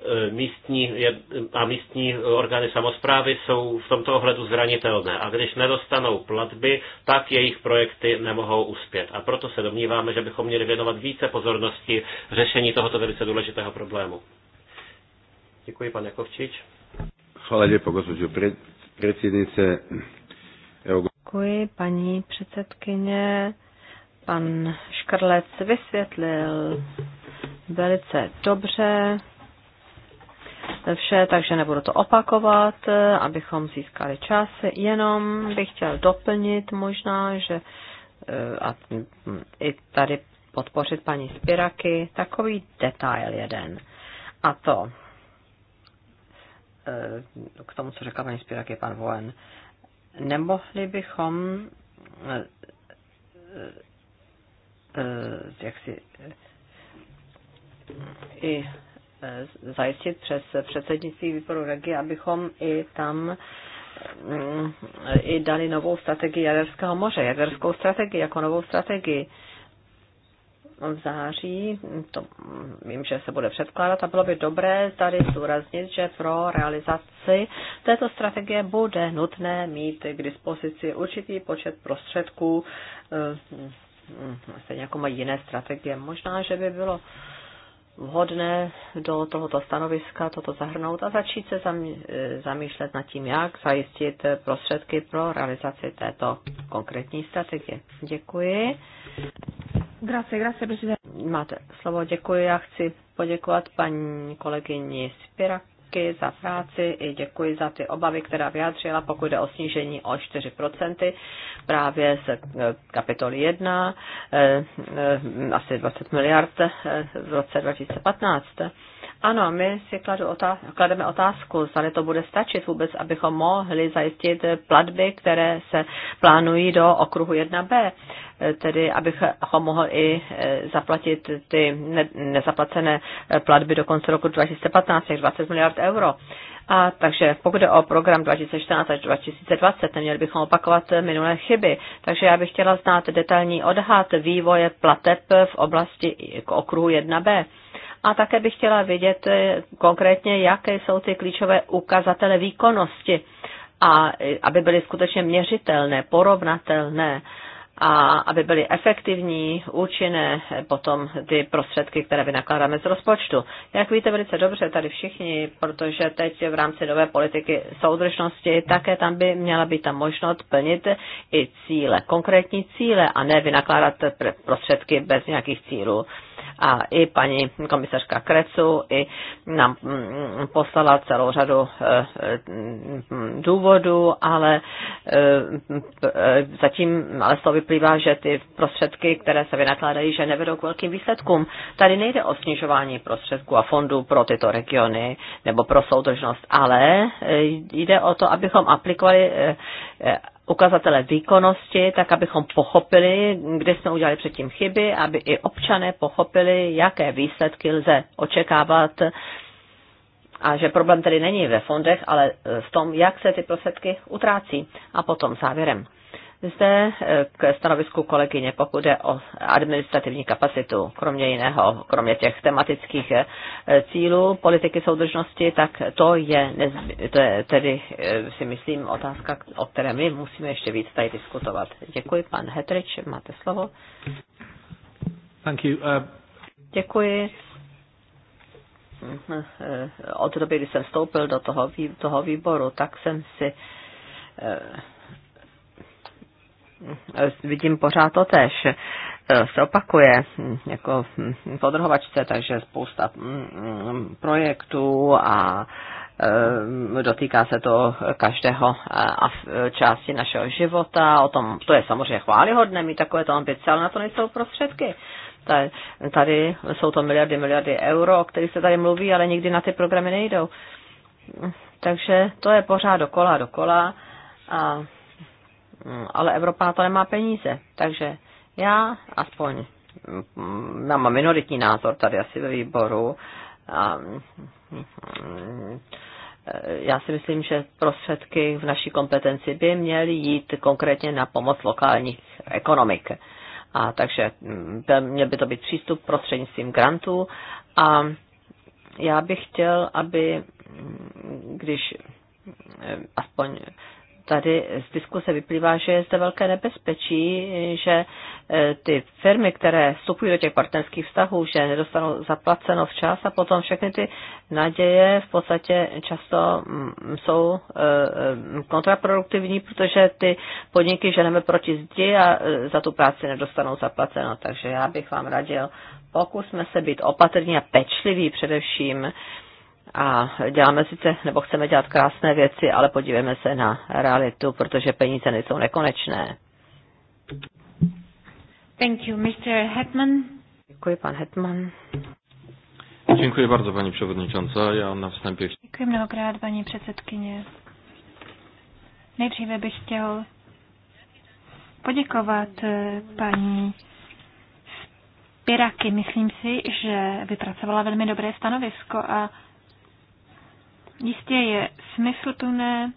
Eh, místní a místní orgány samozprávy jsou v tomto ohledu zranitelné a když nedostanou platby, tak jejich projekty nemohou uspět. A proto se domníváme, že bychom měli věnovat více pozornosti řešení tohoto velice důležitého problému. Děkuji, pan Jakovčič. Hvala lijepo, gospođo predsjednice. Děkuji, paní předsedkyně. Pan Škrlec vysvětlil velice dobře vše, takže nebudu to opakovat, abychom získali čas. Jenom bych chtěl doplnit možná, že e, a i tady podpořit paní Spiraky, takový detail jeden. A to e, k tomu, co řekla paní Spiraky, pan Voen, nemohli bychom e, jak si i Eh, zajistit přes předsednictví výboru regie, abychom i tam eh, i dali novou strategii Jaderského moře, jaderskou strategii jako novou strategii v září, to vím, že se bude předkládat a bylo by dobré tady zdůraznit, že pro realizaci této strategie bude nutné mít k dispozici určitý počet prostředků, eh, stejně jako mají jiné strategie. Možná, že by bylo vhodné do tohoto stanoviska toto zahrnout a začít se e, zamýšlet nad tím, jak zajistit prostředky pro realizaci této konkrétní strategie. Děkuji. Grazie, grazie, prezident. Máte slovo, děkuji. Já chci poděkovat paní kolegyni Spiraku zpravodajky za práci i děkuji za ty obavy, která vyjádřila, pokud jde o snížení o 4%, právě z kapitoly 1, asi 20 miliard eh, v roce 2015. Ano, my si kladu otázku, klademe otázku, zda to bude stačit vůbec, abychom mohli zajistit platby, které se plánují do okruhu 1b, tedy abychom mohli i eh, zaplatit ty nezaplacené platby do konce roku 2015, těch 20 miliard euro. A takže pokud jde o program 2014 až 2020, neměli bychom opakovat minulé chyby. Takže já bych chtěla znát detailní odhad vývoje plateb v oblasti k okruhu 1b. A také bych chtěla vědět eh, konkrétně, jaké jsou ty klíčové ukazatele výkonnosti, a eh, aby byly skutečně měřitelné, porovnatelné a aby byly efektivní, účinné eh, potom ty prostředky, které vynakládáme z rozpočtu. Jak víte velice dobře tady všichni, protože teď v rámci nové politiky soudržnosti také tam by měla být ta možnost plnit i cíle, konkrétní cíle a ne vynakládat prostředky bez nějakých cílů a i paní komisařka Krecu i nám mm, poslala celou řadu eh, mm, důvodů, ale eh, zatím ale z toho vyplývá, že ty prostředky, které se vynakládají, že nevedou k velkým výsledkům. Tady nejde o snižování prostředků a fondů pro tyto regiony nebo pro soudržnost, ale eh, jde o to, abychom aplikovali ukazatele výkonnosti, tak abychom pochopili, kde jsme udělali předtím chyby, aby i občané pochopili, jaké výsledky lze očekávat a že problém tedy není ve fondech, ale v tom, jak se ty prostředky utrácí. A potom závěrem. Zde eh, k stanovisku kolegyně, pokud jde o administrativní kapacitu, kromě jiného, kromě těch tematických eh, cílů politiky soudržnosti, tak to je, nezby, to je tedy eh, si myslím otázka, o které my musíme ještě víc tady diskutovat. Děkuji, pan Hetrič, máte slovo. Thank you. Uh... Děkuji hm, od doby, kdy jsem vstoupil do toho, toho výboru, tak jsem si vidím pořád to tež. E, se opakuje hm, jako hm, podrhovačce, takže spousta hm, projektů a e, dotýká se to každého e, a části našeho života. O tom, to je samozřejmě chválihodné mít takové to ambice, ale na to nejsou prostředky. Tady jsou to miliardy, miliardy euro, o kterých se tady mluví, ale nikdy na ty programy nejdou. Takže to je pořád dokola, dokola. A Mm, ale Evropa na to nemá peníze. Takže já aspoň mm, já mám minoritní názor tady asi ve výboru. A, mm, já si myslím, že prostředky v naší kompetenci by měly jít konkrétně na pomoc lokálních ekonomik. A takže měl by to být přístup prostřednictvím grantů. A já bych chtěl, aby když aspoň tady z diskuse vyplývá, že je zde velké nebezpečí, že e, ty firmy, které vstupují do těch partnerských vztahů, že nedostanou zaplaceno včas a potom všechny ty naděje v podstatě často mm, jsou e, e, kontraproduktivní, protože ty podniky ženeme proti zdi a za tu práci nedostanou zaplaceno. Takže já bych vám radil, pokusme se být opatrní a pečliví především a děláme sice, nebo chceme dělat krásné věci, ale podívejme se na realitu, protože peníze nejsou nekonečné. Thank you, Mr. Hetman. Děkuji, pan Hetman. Dziękuję bardzo Pani Przewodnicząca. Ja na wstępie... Děkuji mnohokrát, paní předsedkyně. Nejdříve bych chtěl poděkovat eh, paní Piraky. Myslím si, že vypracovala velmi dobré stanovisko a Jistě je smysluplné,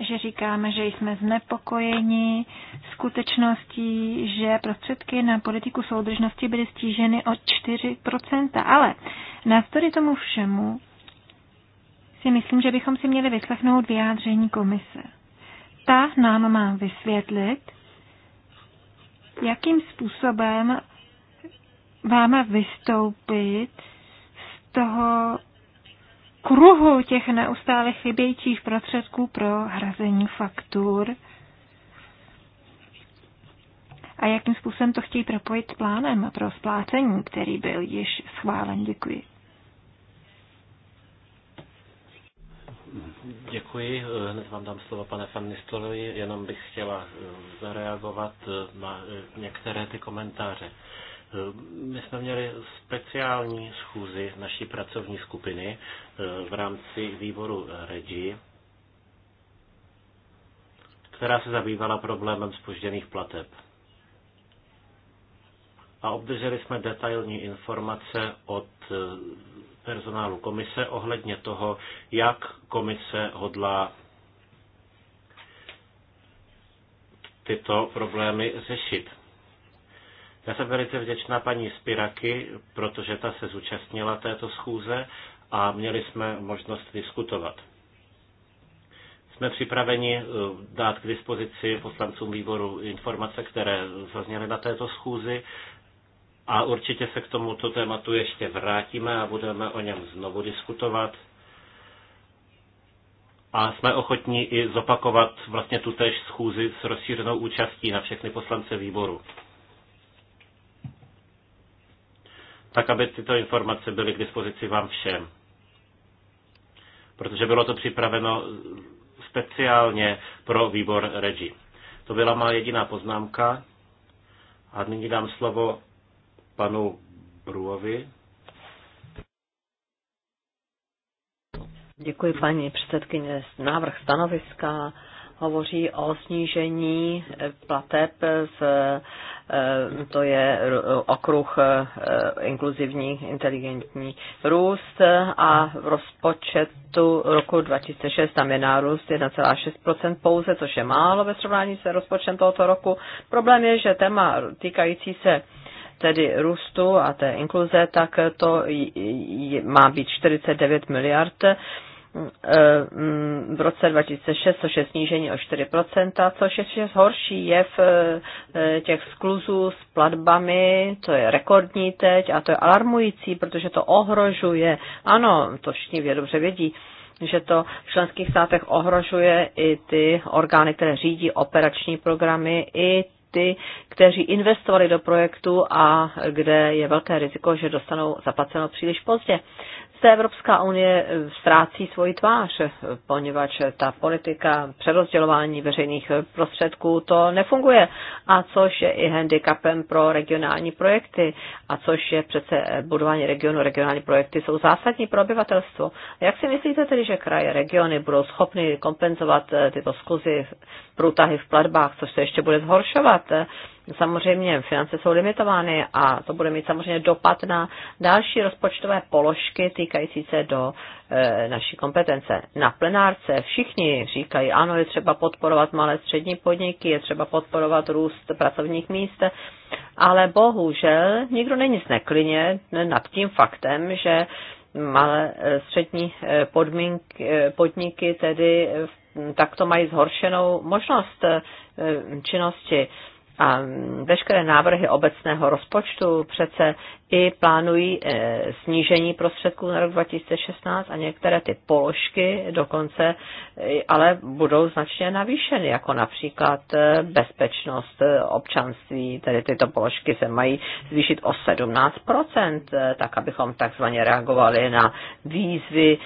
že říkáme, že jsme znepokojeni skutečností, že prostředky na politiku soudržnosti byly stíženy o 4%. Ale navzdory tomu všemu si myslím, že bychom si měli vyslechnout vyjádření komise. Ta nám má vysvětlit, jakým způsobem máme vystoupit z toho kruhu těch neustále chybějících prostředků pro hrazení faktur a jakým způsobem to chtějí propojit s plánem pro splácení, který byl již schválen. Děkuji. Děkuji. Hned vám dám slovo, pane Van Jenom bych chtěla eh, zareagovat eh, na eh, některé ty komentáře. Eh, my jsme měli speciální schůzi naší pracovní skupiny eh, v rámci výboru REGI, která se zabývala problémem spožděných plateb. A obdrželi jsme detailní informace od eh, personálu komise ohledně toho, jak komise hodlá tyto problémy řešit. Já jsem velice vděčná paní Spiraky, protože ta se zúčastnila této schůze a měli jsme možnost diskutovat. Jsme připraveni eh, dát k dispozici poslancům výboru informace, které zazněly na této schůzi a určitě se k tomuto tématu ještě vrátíme a budeme o něm znovu diskutovat. A jsme ochotní i zopakovat vlastně tutéž schůzi s rozšířenou účastí na všechny poslance výboru. tak aby tyto informace byly k dispozici vám všem. Protože bylo to připraveno speciálně pro výbor REGI. To byla má jediná poznámka. A nyní dám slovo panu Bruovi. Děkuji, paní předsedkyně. Návrh stanoviska hovoří o snížení plateb z eh, to je okruh eh, inkluzivní inteligentní růst a v rozpočtu roku 2006 tam je nárůst 1,6% pouze, což je málo ve srovnání se rozpočtem tohoto roku. Problém je, že téma týkající se tedy růstu a té inkluze, tak to má být 49 miliard v roce 2006, což je snížení o 4%, což ještě horší je v eh, těch skluzů s platbami, to je rekordní teď a to je alarmující, protože to ohrožuje, ano, to všichni dobře vědí, že to v členských státech ohrožuje i ty orgány, které řídí operační programy, i ty, kteří investovali do projektu a kde je velké riziko, že dostanou zaplaceno příliš pozdě zde Evropská unie eh, ztrácí svoji tvář, eh, poněvadž eh, ta politika přerozdělování veřejných prostředků to nefunguje, a což je i handicapem pro regionální projekty, a což je přece budování regionu. Regionální projekty jsou zásadní pro obyvatelstvo. Jak si myslíte tedy, že kraje, regiony budou schopny kompenzovat tyto skuzy, průtahy v platbách, což se ještě bude zhoršovat? Samozřejmě finance jsou limitovány a to bude mít samozřejmě dopad na další rozpočtové položky týkající se do e, naší kompetence. Na plenárce všichni říkají, ano, je třeba podporovat malé střední podniky, je třeba podporovat růst pracovních míst, ale bohužel nikdo není zneklině nad tím faktem, že malé e, střední e, podmínky, e, podniky tedy takto mají zhoršenou možnost činnosti. A veškeré návrhy obecného rozpočtu přece i plánují eh, snížení prostředků na rok 2016 a některé ty položky dokonce eh, ale budou značně navýšeny, jako například eh, bezpečnost občanství, tedy tyto položky se mají zvýšit o 17%, tak abychom takzvaně reagovali na výzvy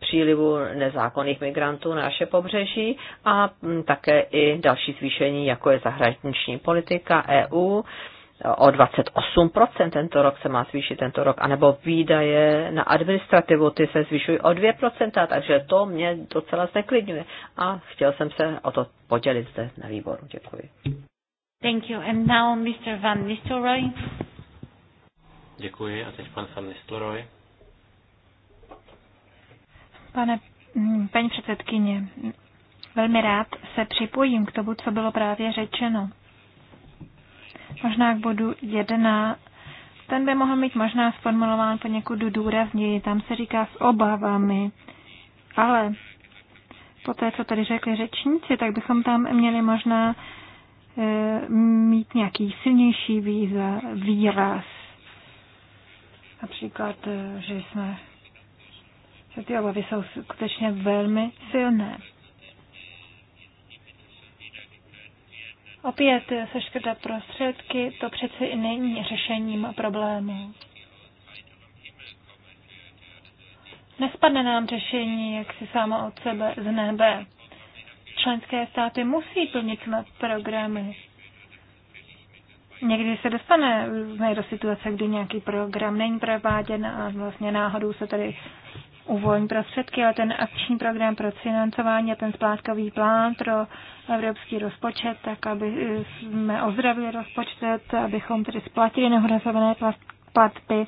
přílivu nezákonných migrantů na naše pobřeží a mm, také i další zvýšení, jako je zahraniční politika EU o 28% tento rok se má zvýšit tento rok, anebo výdaje na administrativu, ty se zvyšují o 2%, takže to mě docela zneklidňuje. A chtěl jsem se o to podělit zde na výboru. Děkuji. Thank you. And now Mr. Van Nistelrooy. Děkuji. A teď pan Van Nistelrooy. Pane, mm, paní předsedkyně, velmi rád se připojím k tomu, co bylo právě řečeno možná k bodu 1. Ten by mohl být možná sformulován poněkud důrazněji, tam se říká s obavami, ale po té, co tady řekli řečníci, tak bychom tam měli možná e, mít nějaký silnější víza, výraz. Například, e, že jsme, že ty obavy jsou skutečně velmi silné. Opět seškrtat prostředky, to přeci není řešením problému. Nespadne nám řešení, jak si sama od sebe z nebe. Členské státy musí plnit své programy. Někdy se dostane do situace, kdy nějaký program není prováděn a vlastně náhodou se tady uvolní prostředky, ale ten akční program pro financování a ten splátkový plán pro evropský rozpočet, tak aby eh, jsme ozdravili rozpočet, abychom tedy splatili nehrazované platby.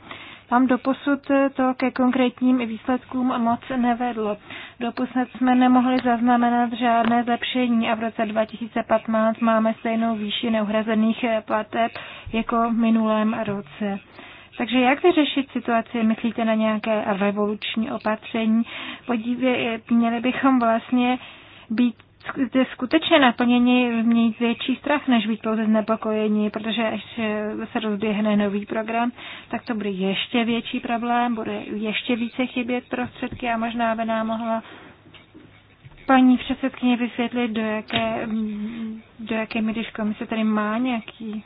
Tam doposud eh, to ke konkrétním výsledkům moc nevedlo. Doposud jsme nemohli zaznamenat žádné zlepšení a v roce 2015 máme stejnou výši neuhrazených eh, plateb jako v minulém roce. Takže jak vyřešit situaci? Myslíte na nějaké revoluční opatření? Podívej, měli bychom vlastně být skutečně naplněni, mít větší strach, než být pouze znepokojení, protože až se rozběhne nový program, tak to bude ještě větší problém, bude ještě více chybět prostředky a možná by nám mohla paní předsedkyně vysvětlit, do jaké, do jaké míry komise tady má nějaký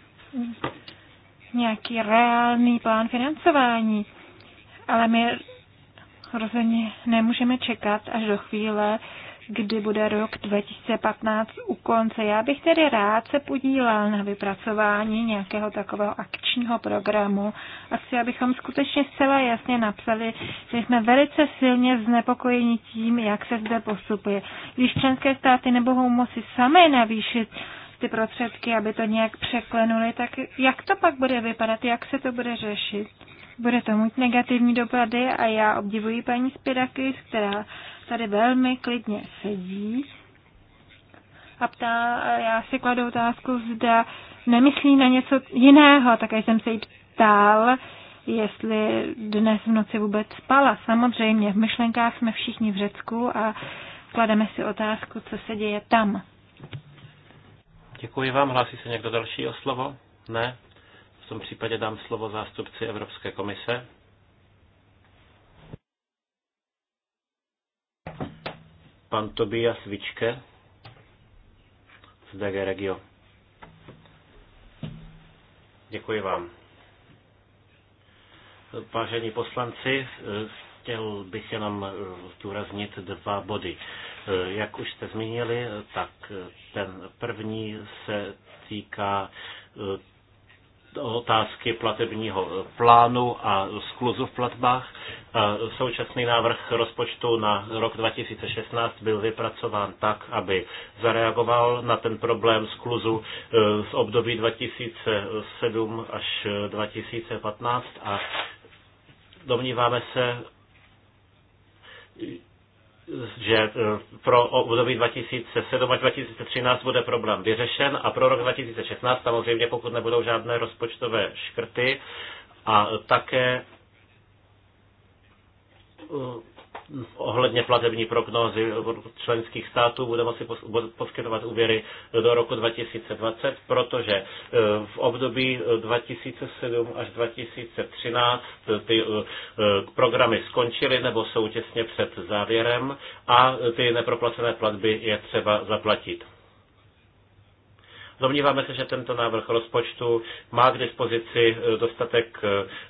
nějaký reálný plán financování. Ale my rozhodně nemůžeme čekat až do chvíle, kdy bude rok 2015 u konce. Já bych tedy rád se podílel na vypracování nějakého takového akčního programu a chci, abychom skutečně zcela jasně napsali, že jsme velice silně znepokojeni tím, jak se zde postupuje. Když členské státy nebohou moci samé navýšit ty prostředky, aby to nějak překlenuli, tak jak to pak bude vypadat, jak se to bude řešit? Bude to mít negativní dopady a já obdivuji paní Spirakis, která tady velmi klidně sedí a ptá, já si kladu otázku, zda nemyslí na něco jiného, také jsem se jí ptal, jestli dnes v noci vůbec spala. Samozřejmě, v myšlenkách jsme všichni v Řecku a klademe si otázku, co se děje tam. Děkuji vám. Hlásí se někdo další o slovo? Ne? V tom případě dám slovo zástupci Evropské komise. Pan Tobias Vičke z DG Regio. Děkuji vám. Vážení poslanci, chtěl bych jenom zdůraznit dva body. Eh, jak už jste zmínili, tak eh, ten první se týká eh, otázky platebního plánu a skluzu v platbách. Současný návrh rozpočtu na rok 2016 byl vypracován tak, aby zareagoval na ten problém skluzu z období 2007 až 2015 a domníváme se, že eh, pro období 2007 až 2013 bude problém vyřešen a pro rok 2016 samozřejmě, pokud nebudou žádné rozpočtové škrty a také eh, ohledně platební prognózy členských států bude moci poskytovat úvěry do roku 2020, protože e, v období 2007 až 2013 ty e, programy skončily nebo jsou těsně před závěrem a ty neproplacené platby je třeba zaplatit. Domníváme se, že tento návrh rozpočtu má k dispozici eh, dostatek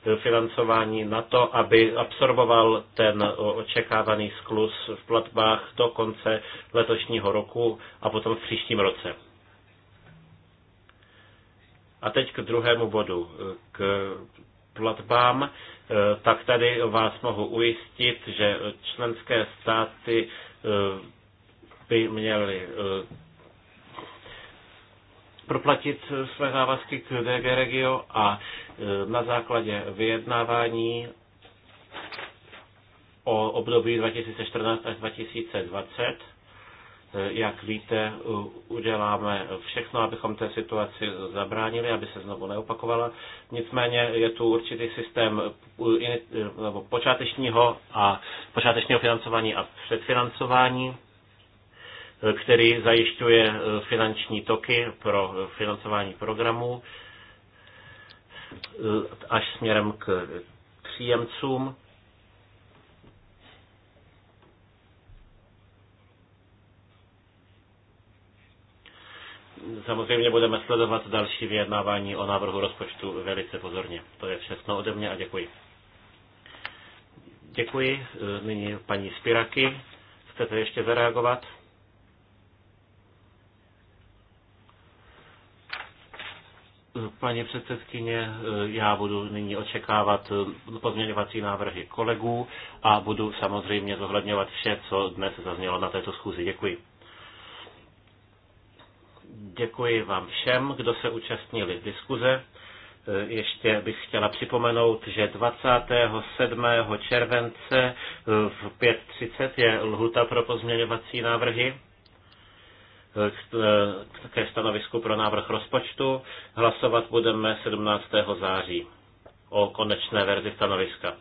eh, financování na to, aby absorboval ten eh, očekávaný sklus v platbách do konce letošního roku a potom v příštím roce. A teď k druhému bodu, k platbám, tak tady vás mohu ujistit, že členské státy by měly proplatit své závazky k DG Regio a e, na základě vyjednávání o období 2014 až 2020. E, jak víte, uděláme všechno, abychom té situaci zabránili, aby se znovu neopakovala. Nicméně je tu určitý systém e, počátečního a počátečního financování a předfinancování který zajišťuje eh, finanční toky pro eh, financování programů eh, až směrem k příjemcům. Samozřejmě budeme sledovat další vyjednávání o návrhu rozpočtu velice pozorně. To je všechno ode mě a děkuji. Děkuji. Nyní paní Spiraky. Chcete ještě zareagovat? Paní předsedkyně, já budu nyní očekávat pozměňovací návrhy kolegů a budu samozřejmě zohledňovat vše, co dnes zaznělo na této schůzi. Děkuji. Děkuji vám všem, kdo se účastnili diskuze. Ještě bych chtěla připomenout, že 27. července v 5.30 je lhuta pro pozměňovací návrhy ke stanovisku pro návrh rozpočtu. Hlasovat budeme 17. září o konečné verzi stanoviska.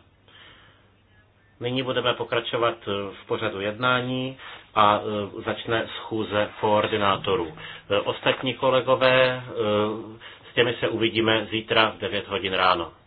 Nyní budeme pokračovat v pořadu jednání a e, začne schůze koordinátorů. E, ostatní kolegové, e, s těmi se uvidíme zítra v 9 hodin ráno.